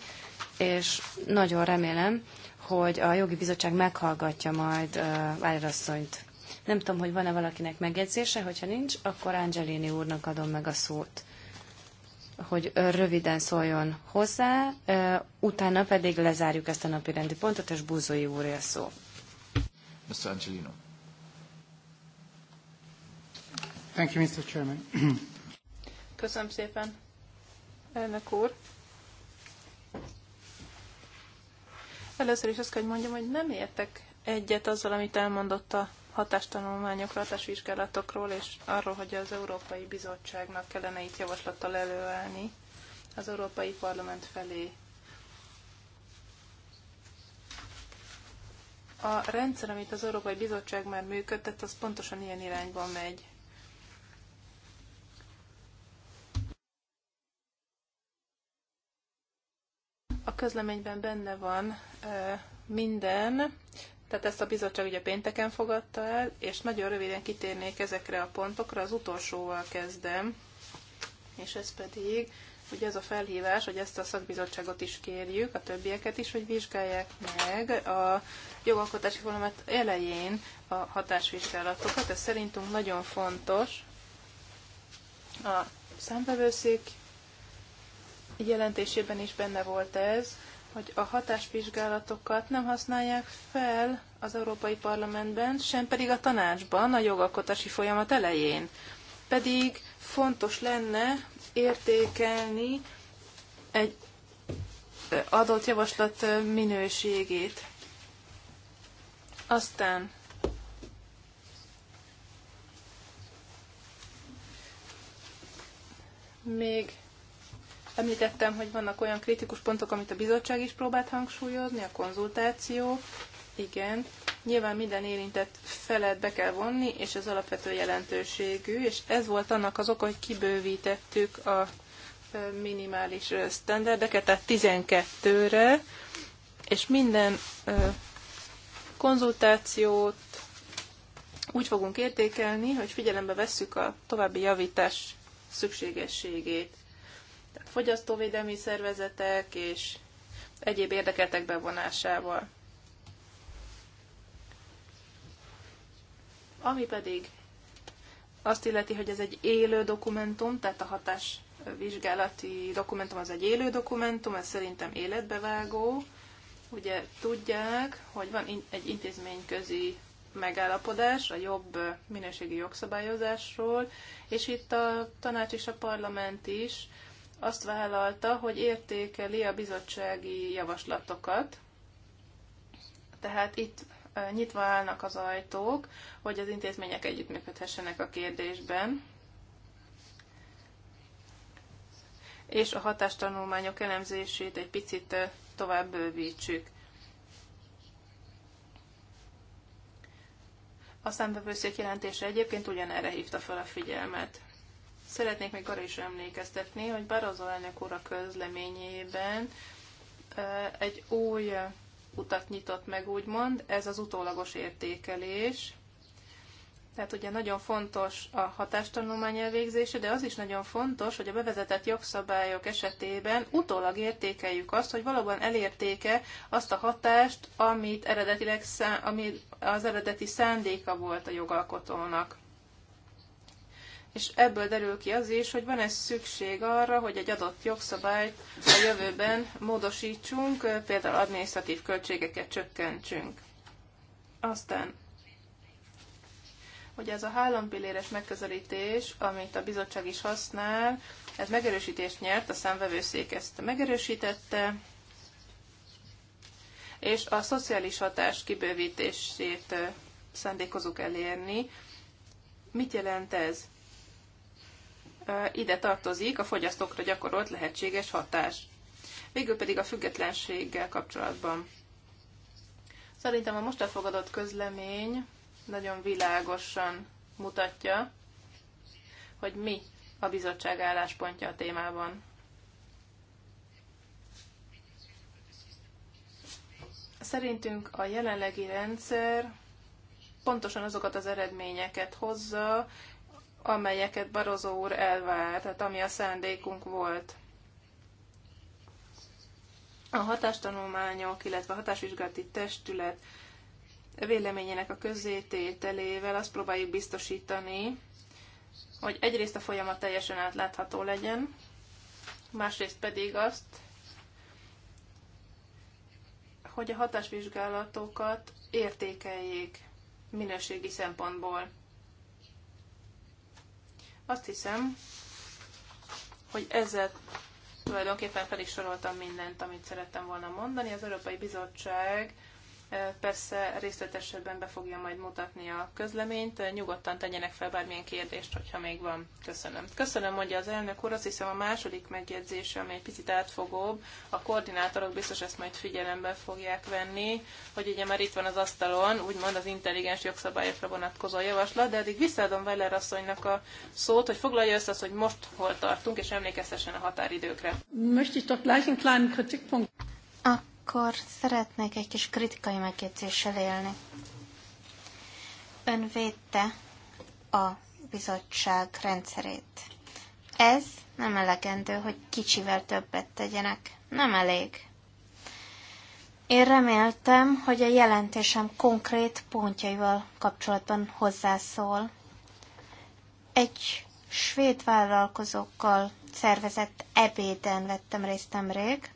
és nagyon remélem, hogy a jogi bizottság meghallgatja majd uh, Vájrasszonyt. Nem tudom, hogy van-e valakinek megjegyzése, hogyha nincs, akkor Angelini úrnak adom meg a szót hogy röviden szóljon hozzá, utána pedig lezárjuk ezt a napi rendi pontot, és Búzói úrja szó. Mr. Angelino. Thank you, Mr. Chairman. Köszönöm szépen, elnök úr. Először is azt kell, hogy mondjam, hogy nem értek egyet azzal, amit elmondott a hatástanulmányokról, hatásvizsgálatokról, és arról, hogy az Európai Bizottságnak kellene itt javaslattal előállni az Európai Parlament felé. A rendszer, amit az Európai Bizottság már működtet, az pontosan ilyen irányba megy. közleményben benne van minden, tehát ezt a bizottság ugye pénteken fogadta el, és nagyon röviden kitérnék ezekre a pontokra, az utolsóval kezdem, és ez pedig ugye ez a felhívás, hogy ezt a szakbizottságot is kérjük, a többieket is, hogy vizsgálják meg a jogalkotási folyamat elején a hatásvizsgálatokat. Ez szerintünk nagyon fontos. A számbevőszék jelentésében is benne volt ez, hogy a hatásvizsgálatokat nem használják fel az Európai Parlamentben, sem pedig a tanácsban a jogalkotási folyamat elején. Pedig fontos lenne értékelni egy adott javaslat minőségét. Aztán még Említettem, hogy vannak olyan kritikus pontok, amit a bizottság is próbált hangsúlyozni, a konzultáció, igen. Nyilván minden érintett felet be kell vonni, és ez alapvető jelentőségű, és ez volt annak az oka, hogy kibővítettük a minimális standardeket, tehát 12-re, és minden konzultációt úgy fogunk értékelni, hogy figyelembe vesszük a további javítás szükségességét tehát fogyasztóvédelmi szervezetek és egyéb érdekeltek bevonásával. Ami pedig azt illeti, hogy ez egy élő dokumentum, tehát a hatás vizsgálati dokumentum az egy élő dokumentum, ez szerintem életbevágó. Ugye tudják, hogy van egy intézményközi megállapodás a jobb minőségi jogszabályozásról, és itt a tanács és a parlament is azt vállalta, hogy értékeli a bizottsági javaslatokat. Tehát itt nyitva állnak az ajtók, hogy az intézmények együttműködhessenek a kérdésben. És a hatástanulmányok elemzését egy picit tovább bővítsük. A számbevőszék jelentése egyébként ugyanerre hívta fel a figyelmet. Szeretnék még arra is emlékeztetni, hogy Barozó elnök úr a közleményében egy új utat nyitott meg, úgymond, ez az utólagos értékelés. Tehát ugye nagyon fontos a hatástanulmány elvégzése, de az is nagyon fontos, hogy a bevezetett jogszabályok esetében utólag értékeljük azt, hogy valóban elértéke azt a hatást, amit eredetileg szá- ami az eredeti szándéka volt a jogalkotónak és ebből derül ki az is, hogy van-e szükség arra, hogy egy adott jogszabályt a jövőben módosítsunk, például adminisztratív költségeket csökkentsünk. Aztán hogy ez a hálompilléres megközelítés, amit a bizottság is használ, ez megerősítést nyert, a számvevőszék ezt megerősítette, és a szociális hatás kibővítését szándékozunk elérni. Mit jelent ez? ide tartozik a fogyasztókra gyakorolt lehetséges hatás. Végül pedig a függetlenséggel kapcsolatban. Szerintem a most elfogadott közlemény nagyon világosan mutatja, hogy mi a bizottság álláspontja a témában. Szerintünk a jelenlegi rendszer pontosan azokat az eredményeket hozza, amelyeket Barozó úr elvár, tehát ami a szándékunk volt. A hatástanulmányok, illetve a hatásvizsgálati testület véleményének a közzétételével azt próbáljuk biztosítani, hogy egyrészt a folyamat teljesen átlátható legyen, másrészt pedig azt, hogy a hatásvizsgálatokat értékeljék minőségi szempontból. Azt hiszem, hogy ezzel tulajdonképpen fel is soroltam mindent, amit szerettem volna mondani. Az Európai Bizottság persze részletesebben be fogja majd mutatni a közleményt. Nyugodtan tegyenek fel bármilyen kérdést, hogyha még van. Köszönöm. Köszönöm, mondja az elnök úr. Azt hiszem a második megjegyzése, ami egy picit átfogóbb, a koordinátorok biztos ezt majd figyelembe fogják venni, hogy ugye már itt van az asztalon, úgymond az intelligens jogszabályokra vonatkozó javaslat, de addig visszaadom Weller asszonynak a szót, hogy foglalja össze azt, hogy most hol tartunk, és emlékeztessen a határidőkre. Möchte ich doch gleich einen kleinen Kritikpunkt akkor szeretnék egy kis kritikai megjegyzéssel élni. Ön védte a bizottság rendszerét. Ez nem elegendő, hogy kicsivel többet tegyenek. Nem elég. Én reméltem, hogy a jelentésem konkrét pontjaival kapcsolatban hozzászól. Egy svéd vállalkozókkal szervezett ebéden vettem részt nemrég,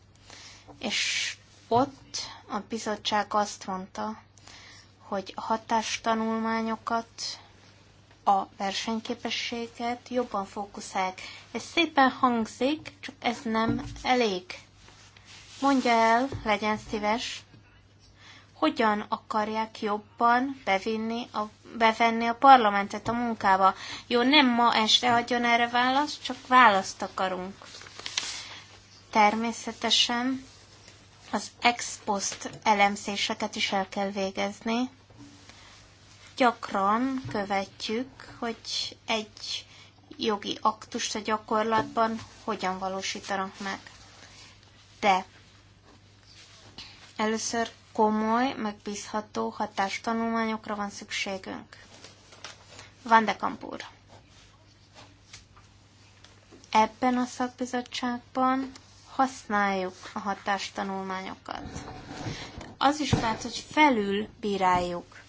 és ott a bizottság azt mondta, hogy a hatástanulmányokat, a versenyképességet jobban fókuszálják. Ez szépen hangzik, csak ez nem elég. Mondja el, legyen szíves, hogyan akarják jobban bevinni a, bevenni a parlamentet a munkába. Jó, nem ma este adjon erre választ, csak választ akarunk. Természetesen az ex post elemzéseket is el kell végezni. Gyakran követjük, hogy egy jogi aktust a gyakorlatban hogyan valósítanak meg. De először komoly, megbízható hatástanulmányokra van szükségünk. Van de Kampur. Ebben a szakbizottságban használjuk a hatástanulmányokat. Az is lehet, hogy felül bíráljuk,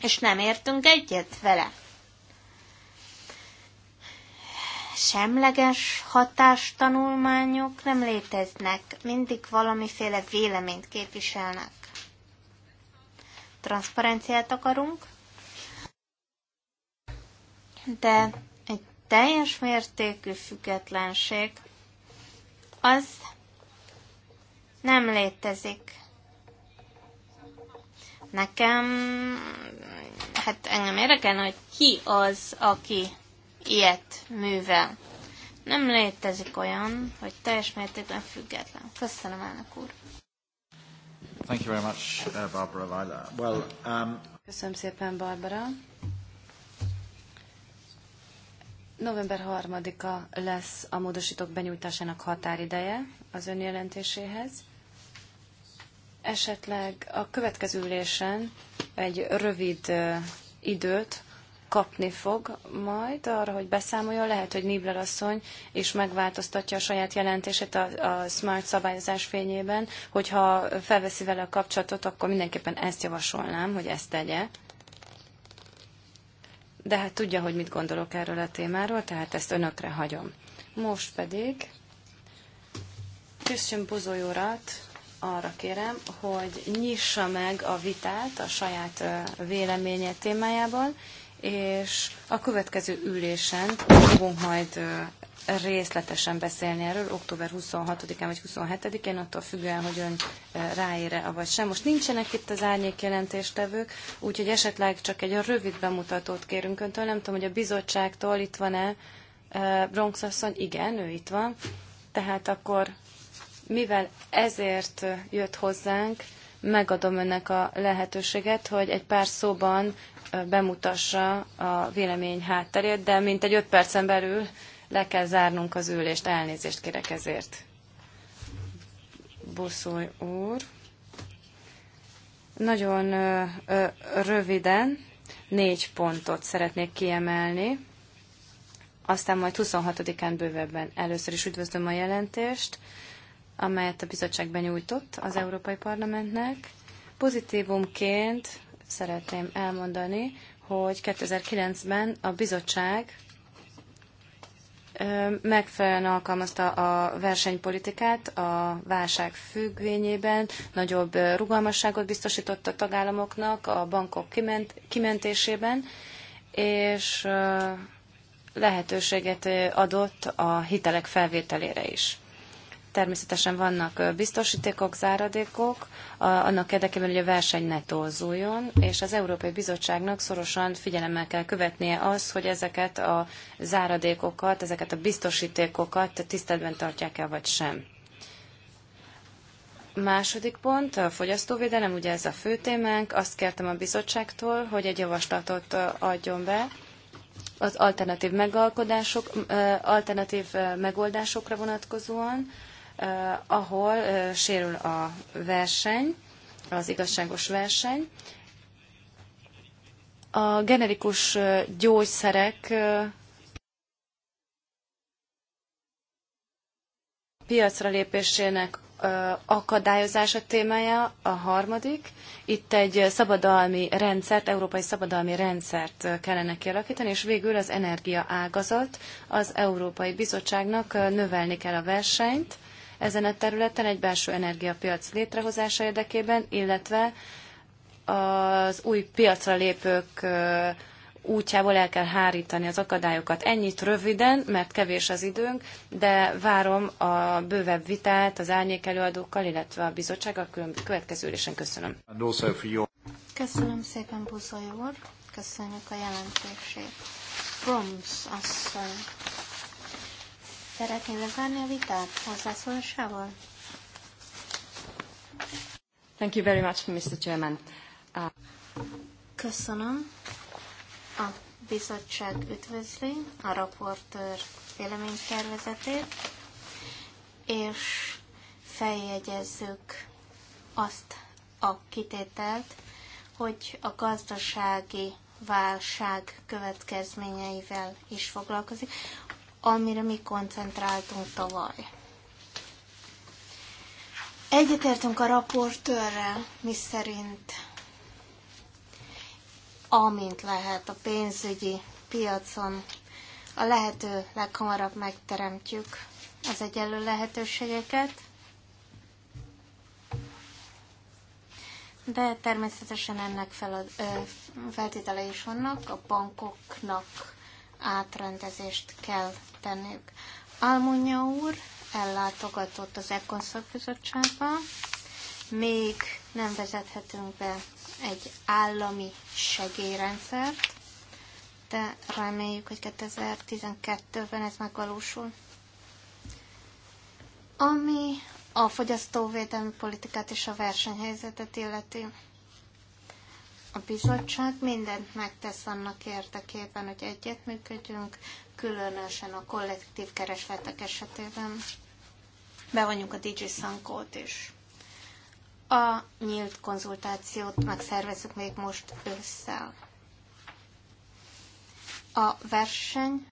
és nem értünk egyet vele. Semleges hatástanulmányok nem léteznek, mindig valamiféle véleményt képviselnek. Transzparenciát akarunk, de egy teljes mértékű függetlenség az nem létezik. Nekem, hát engem érdekel, hogy ki az, aki ilyet művel. Nem létezik olyan, hogy teljes mértékben független. Köszönöm, elnök úr. Thank you very much, uh, Barbara Lila. Well, um... Köszönöm szépen, Barbara. November 3-a lesz a módosítók benyújtásának határideje az önjelentéséhez. Esetleg a következő ülésen egy rövid időt kapni fog majd arra, hogy beszámoljon. Lehet, hogy Nibler asszony is megváltoztatja a saját jelentését a, a smart szabályozás fényében, hogyha felveszi vele a kapcsolatot, akkor mindenképpen ezt javasolnám, hogy ezt tegye de hát tudja, hogy mit gondolok erről a témáról, tehát ezt önökre hagyom. Most pedig Christian Buzoly urat arra kérem, hogy nyissa meg a vitát a saját véleménye témájában, és a következő ülésen fogunk majd részletesen beszélni erről október 26-án vagy 27-én, attól függően, hogy ön e, ráére, vagy sem. Most nincsenek itt az árnyék jelentéstevők, úgyhogy esetleg csak egy rövid bemutatót kérünk öntől. Nem tudom, hogy a bizottságtól itt van-e e, Bronx asszony. Igen, ő itt van. Tehát akkor, mivel ezért jött hozzánk, megadom önnek a lehetőséget, hogy egy pár szóban e, bemutassa a vélemény hátterét, de mint egy öt percen belül le kell zárnunk az ülést, elnézést kérek ezért. Buszolj úr. Nagyon ö, ö, röviden négy pontot szeretnék kiemelni, aztán majd 26-án bővebben. Először is üdvözlöm a jelentést, amelyet a bizottság benyújtott az Európai Parlamentnek. Pozitívumként szeretném elmondani, hogy 2009-ben a bizottság megfelelően alkalmazta a versenypolitikát a válság függvényében, nagyobb rugalmasságot biztosított a tagállamoknak a bankok kiment, kimentésében, és lehetőséget adott a hitelek felvételére is. Természetesen vannak biztosítékok, záradékok, annak érdekében, hogy a verseny ne torzuljon, és az Európai Bizottságnak szorosan figyelemmel kell követnie az, hogy ezeket a záradékokat, ezeket a biztosítékokat tiszteletben tartják-e vagy sem. Második pont, a fogyasztóvédelem, ugye ez a fő témánk, azt kértem a bizottságtól, hogy egy javaslatot adjon be, az alternatív megalkodások, alternatív megoldásokra vonatkozóan, Eh, ahol eh, sérül a verseny, az igazságos verseny. A generikus eh, gyógyszerek piacra lépésének akadályozása témája a harmadik. Itt egy szabadalmi rendszert, európai szabadalmi rendszert kellene kialakítani, és végül az energia ágazat. Az Európai Bizottságnak növelni kell a versenyt, ezen a területen egy belső energiapiac létrehozása érdekében, illetve az új piacra lépők útjából el kell hárítani az akadályokat. Ennyit röviden, mert kevés az időnk, de várom a bővebb vitát az árnyék előadókkal, illetve a bizottsággal következő ülésen. Köszönöm. Köszönöm szépen, Buzoly úr. Köszönjük a jelentését. Proms asszony. Szeretném megállni a vitát hozzászólásával. Thank you very much, Mr. Chairman. Uh... Köszönöm. A bizottság üdvözli a raportőr véleménytervezetét, és feljegyezzük azt a kitételt, hogy a gazdasági válság következményeivel is foglalkozik amire mi koncentráltunk tavaly. Egyetértünk a raportőrrel, mi szerint amint lehet a pénzügyi piacon a lehető leghamarabb megteremtjük az egyenlő lehetőségeket, de természetesen ennek fel, ö, feltételei is vannak, a bankoknak átrendezést kell tenniük. Almunya úr ellátogatott az Ekon szakbizottságba, még nem vezethetünk be egy állami segélyrendszert, de reméljük, hogy 2012-ben ez megvalósul. Ami a fogyasztóvédelmi politikát és a versenyhelyzetet illeti. A bizottság mindent megtesz annak érdekében, hogy egyetműködjünk, különösen a kollektív keresletek esetében. Bevonjuk a DJ Sankót is. A nyílt konzultációt megszervezzük még most ősszel. A verseny